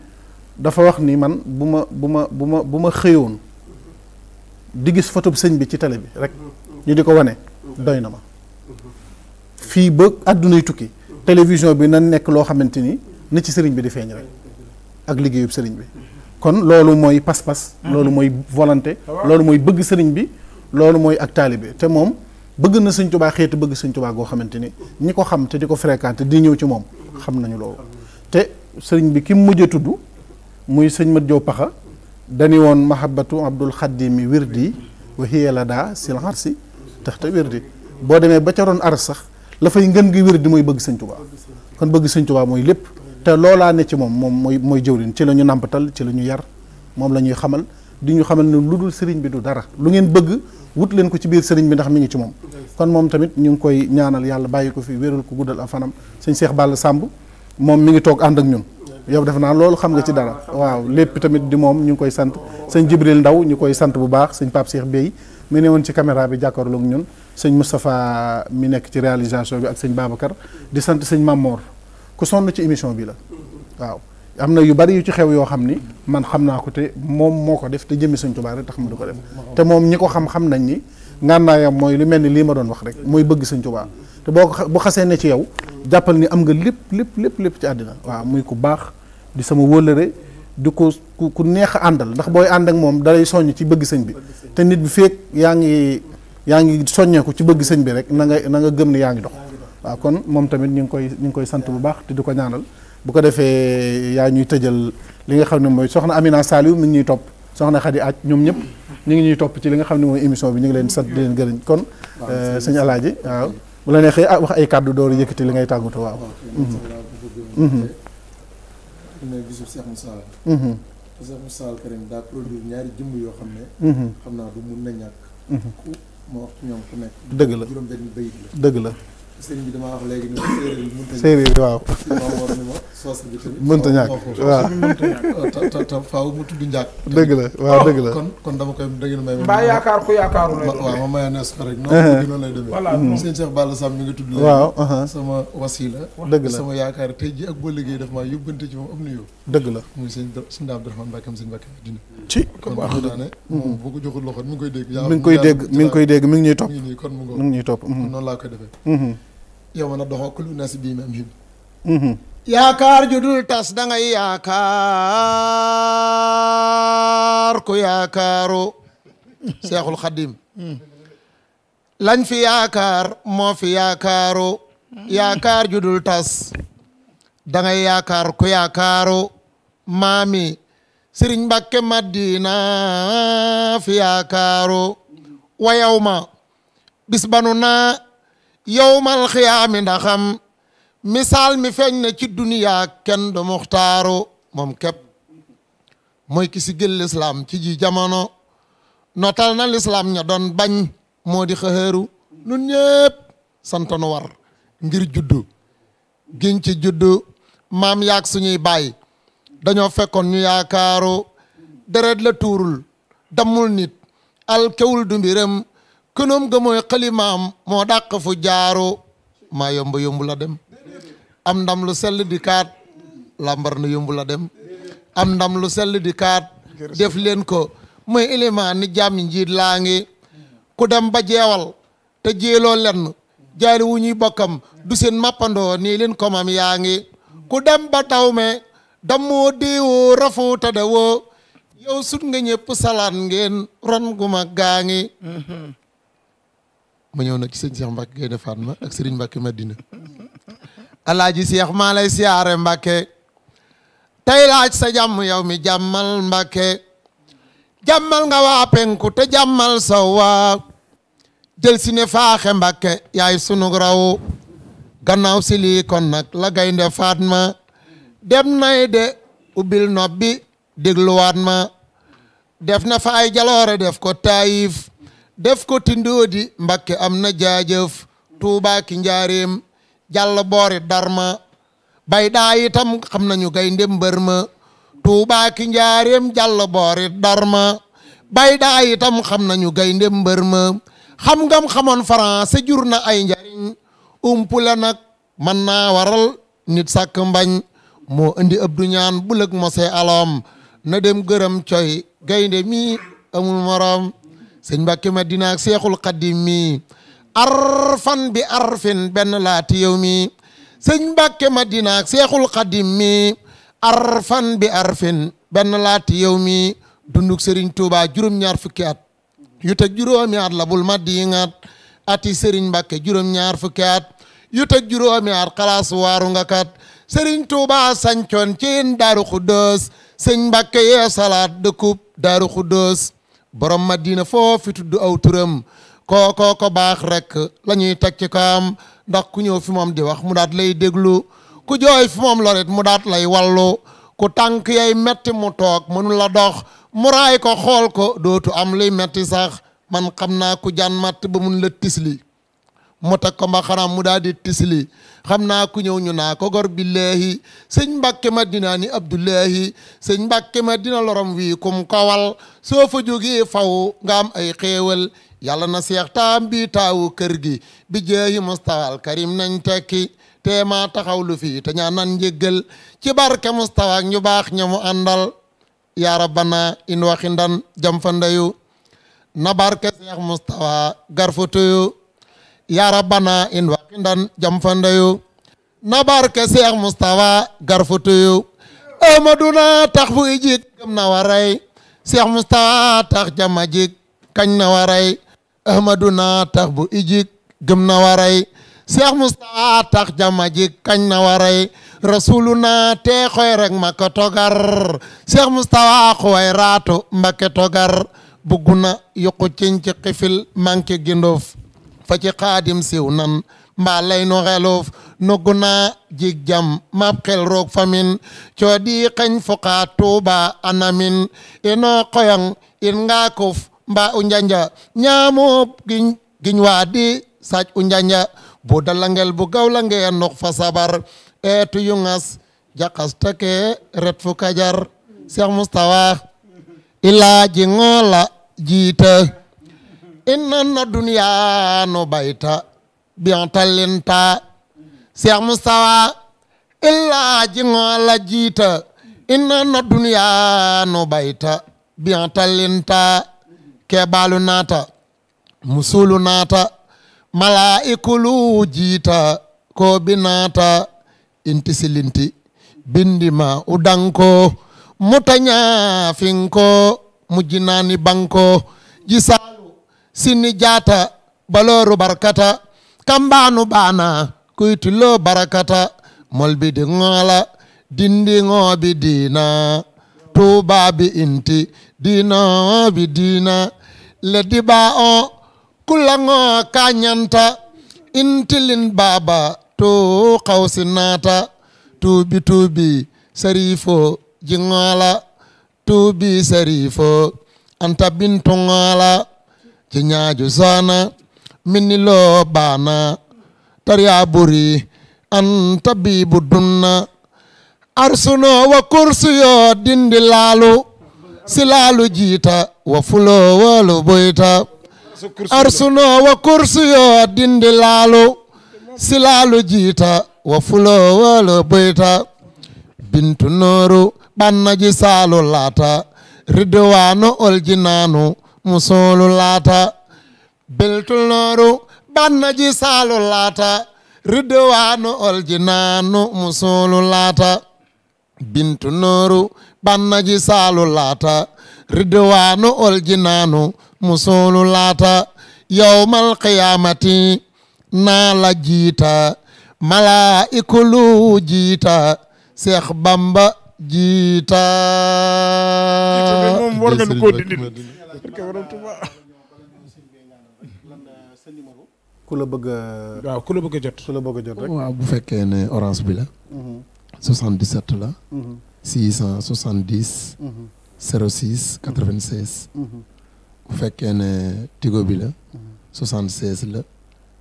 dafa wax ni man bu ma bu ma bu ma bu ma xëyoon di gis photo sëñ bi ci télé bi rek ñu di ko wane doy na ma fii ba àddunay tukki télévision bi na nekk loo xamante ni na ci sëriñ bi di feeñ rek ak liggéeyub sëriñ bi kon loolu mooy pas-pas loolu mooy volonté loolu mooy bëgg sëriñ bi loolu mooy ak taalibe te moom bëgg na sëñ tubaa xeeti bëgg sëñ tubaa goo xamante ni ñi ko xam te di ko fréquenté di ñëw ci moom xam nañu loolu te sëriñ bi ki mujj a muy seigne mat jow paxa dani won mahabbatu abdul khadim wirdi wa hiya la daa sil harsi taxta wirdi bo demee ba ca ron ars sax la fay ngeen gi wirdi mooy bëgg seigne touba kon bëgg seigne touba mooy lepp te lola ne ci mom mom moy moy jëwrin ci lañu nampatal ci lañu yar mom lañuy xamal di ñu xamal ni luddul dul bi du dara lu ngeen bëgg wut leen ko ci biir sëriñ bi ndax mi ngi ci mom kon mom tamit ñu ngi koy ñaanal yalla bayiko fi wërul ko guddal afanam fanam Cheikh ball sambu mom mi ngi tok and ak ñun yow def naa loolu xam nga ci dara waaw lépp tamit di moom ñu ngi koy sant sëñ Jibril Ndaw ñu koy sant bu baax sëñ Pape Cheikh Bey mi ne woon ci caméra bi jàkkaarloog ñun sëñ Moustapha mi nekk ci réalisation bi ak sëñ Babacar di sant sëñ Mamor ku sonn ci émission bi la waaw am na yu bari yu ci xew yoo xam ni man xam naa ko te moom moo ko def te jëmmi sëñ Tuubaa rek tax ma di ko def te moom ñi ko xam-xam nañ ni ngànnaayam mooy lu mel ni lii ma doon wax rek mooy bëgg sëñ Tuubaa te boo ko bu xasee ne ci yow jàppal ni am nga lépp lépp lépp ci àddina waaw muy ku baax di sama wëllëre di ko ku neex a àndal ndax booy ànd ak moom dalay soññ ci bëgg sëñ bi te nit bi yaa ngi yaa ngi soññeeku ci bëgg sëñ bi rek na nga na nga gëm ni yaa ngi dox waaw kon moom tamit ñu ngi koy ñu ngi koy sant bu baax te du ko ñaanal bu ko defee yaa ñuy tëjal li nga xam ne mooy soxna Amina Saliou mi ngi ñuy topp soxna Khady Aj ñoom ñëpp ñu ngi ñuy topp ci li nga xam ne mooy émission bi ñu ngi leen sant di leen gërëm kon euh, sëñ Alaaji bu la neexee ah, wax ay kàddu door yëkkati li ngay tàggatu waaw. Mhm. Mhm. ne bisu Cheikh Moussa la. Mhm. Cheikh Moussa al daa produire ñaari jëmm yoo xam ne. xam naa du mun na ñàkk. ñoom dëgg la juróom benn bayit la dëgg la. sëriñ bi damaa wax séeréer bi waaw soos bi tamit mënta ñàkk waaw mënta ñàkk te te faaw mu tudd njàkk dëgg la waaw oh, dëgg la kon kon dama koy da ngeen may mbaa yaakaar ku waaw ma maya nees ko rek noonu noonu lay demee voilà hmm. sëñ Cheikh mi ngi tudd léegi waaw sama wasila dëgg la sama yaakaar tey ji ak boo liggéey daf maa yóbbante ci moom am dëgg la muy sëñ sëñ Daam Abdourahmane Mbàkke sëñ Mbàkke dina ci kon wax naa ne hmm. moom boo ko joxul loxo mi ngi koy dégg mi ngi koy dégg mi ngi koy dégg mi ngi ñuy topp mi ngi ñuy topp hmm. laa koy defee yow na doxoo kulu nas bii yaakaar ju dul tas da ngay yaakaar ku yaakaaru seexul xadim lañ fi yaakaar moo fi yaakaaru yaakaar ju dul tas da ngay yaakaar ku yaakaaru maami sëriñ Mbàkke Madina fi yaakaaru wayawma bis banu naa yowmal xiyaami ndaxam misaal mi feeñ na ci duniyaa kenn du muxtaaru moom képp mooy ki si lislaam ci ji jamono notal na lislaam ña doon bañ moo di xëxëru nun ñëpp santanu war ngir juddu giñ ci juddu maam yaag suñuy baay dañoo fekkoon ñu yaakaaru deret la tuurul dammul nit al kewul du kënoom ga mooy moo dàq fu jaaru maa yomb yomb dem am ndam lu sell di kaat lambar na yomb dem am ndam lu sell di kaat def leen ko mooy élément ni njiit laa ngi ku dem ba jeewal te jéeloo lenn jaari wu ñuy bokkam du seen mappandoo nii leen komam yaa ngi ku dem ba taw me dammoo diiwoo rafoo tadawoo yow sut nga ñëpp salaan ngeen ron gu gaa ngi mm-hmm. ma ñëw nag ci sëñ Cheikh Mbacke Gaynde Fatma ak Serigne Mbacke Madina alaaji Cheikh maa lay siyaare Mbacke tey laaj sa jàmm yow mi jàmmal Mbacke jàmmal nga waa te jàmmal sa waa jël si ne faaxe Mbacke yaay sunu raw gannaaw si lii kon nag la Gaynde Fatma dem nay de ubbil nopp bi dégluwaat ma def na fa jaloore def ko taayif def ko tindoodi mbakki am na jaajëf tuubaa ki njaareem jàll darma bay daa itam xam nañu gaynde mbër ma tuubaa ki njaareem darma bay daa itam xam nañu gaynde mbër ma xam ngam xamoon français jur na ay njariñ umpule nag mën naa waral nit sàkk mbañ moo indi ëb du ñaan bu lëg mose aloom na dem gërëm coy gaynde mi amul sëñ Mbàkke Madina ak Seexul Xadim mi arfan bi arfin benn laati yow mi sëñ Mbàkke Madina ak Seexul Xadim mi arfan bi benn laati yow mi dunduk Serigne Touba juróom-ñaar fukki at yu teg juróomi at la bul ati Serigne Mbàkke juróom-ñaar fukki at yu teg at xalaas waaru kat Serigne Touba sancoon ci Daaru Xuddoos sëñ Mbàkke yee salaat borom madina foofi tudd aw turam kookoo ko baax rek la ñuy teg ci kaam ndax ku ñëw fi moom di wax mu daat lay déglu ku jooy fi moom lorit mu daat lay wallu ku tànk yay metti mu toog mënula la dox mu raay ko xool ko dootu am liy metti sax man xam naa ku jaan matt ba mun la tisli mu teg ko mbaxanaam mu daal di tisli xam naa ku ñëw ñu naa kogor gor billahi sëñ mbàkke madina ni abdullahi sëñ mbàkke dina lorom wii kum kawal soo fa jógee faw nga am ay xéewal yàlla na seex taam bii taawu kër gi bi jeehi mustawal karim nañ tekki teema taxaw lu fii te ñaa nan njéggal ci barke mustawa ak ñu baax ñamu àndal yaa rabbana in waxindan jam fa ndeyu na barke seex mustawa garfotoyu ya rabbana in wakindan jam fandayu na barke Seex Mustafa garfutuyu amaduna tax fu i jik gëm na waray Seex Mustafa tax jama kañ na waray ahmaduna tax bu i jik na waray Seex Mustafa tax jama kañ na waray rasuluna te xoy rek ma togar Seex Mustafa xuway raatu mbakke togar bugguna yuqu cinci xifil manke gindof ci xaadim siw mbaa lay no xeloof no jig jam mab xel roog famin coodi xañ foqa tuuba anamin ino koyang in ngaakuf mbaa u njanja ñaamoob giñ giñ waa u njanja bu dalangel bu gawlangee nox fa sabar eetu yu ŋas jakas take ret fu kajar Cheikh Moustapha ilaa ji ngoola jiite inna na duniyaa nu bayta biontalinta Cheikh Moustapha illaa jingoo la jiita inna na duniyaa nu bayta biontalinta keebaalu naata musulu naata malaa'ikulu jiita koobi naata inti silinti bindima udanko mutaña finko mujjinaani banko jisa sinni jaata balooru barkata kambaanu baana kuytuloo barakata molbidi ŋoola dindi ŋoobi diina tuubaabi inti diinoobi diina le dibaa o kula ŋoo kañanta intilin baaba to kawsi naata tuubi tuubi sarifo ji ŋoola tuubi sarifo anta bintu ŋoola ci ñaaju saana minni loo baana tariya buri an tabibu dunna arsuno wa kursiyo dindi laalu si laalu jiita wa fulo wolu boyta arsuno wa kursiyo dindi laalu si laalu jiita wa fulo boyta bintu nooru saalu laata ridowano oljinaanu musulu laata beltul nooru bannaji saalu laata ridwaanu oljinaanu musulu laata bintu bannaji saalu laata ridwaanu oljinaanu musulu laata yawmal qiyamati naa la jiita malaikulu jiita Seex Bamba jiita moom barke waroon Tuuba ku la bëgg a. waaw ku la bëgg a jot. ku la bëgg a jot rek. waaw bu fekkee ne orange bi la. 77 mhm. la. 670. 06 96. bu fekkee ne tigo bi la. 76 mhm. la.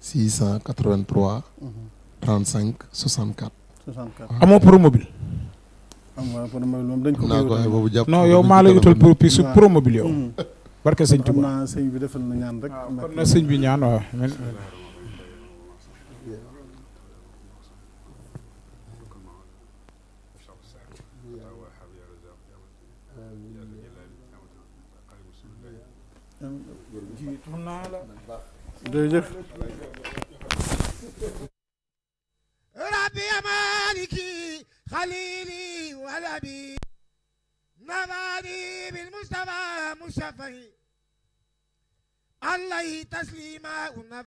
683. 35 64. 64 amoo promobile. amoo promobile moom dañ ko. naa jàpp non yow maa lay utal pour promobile yow. Mhm. barke sëñ Tuba xam naa sëñ bi defal na ñaan rek. kon na sëñ bi ñaan waaw. jërëjëf. rabbi ya maliki xalili walabi وبابي بالمصطفى مصطفى عليه تسليما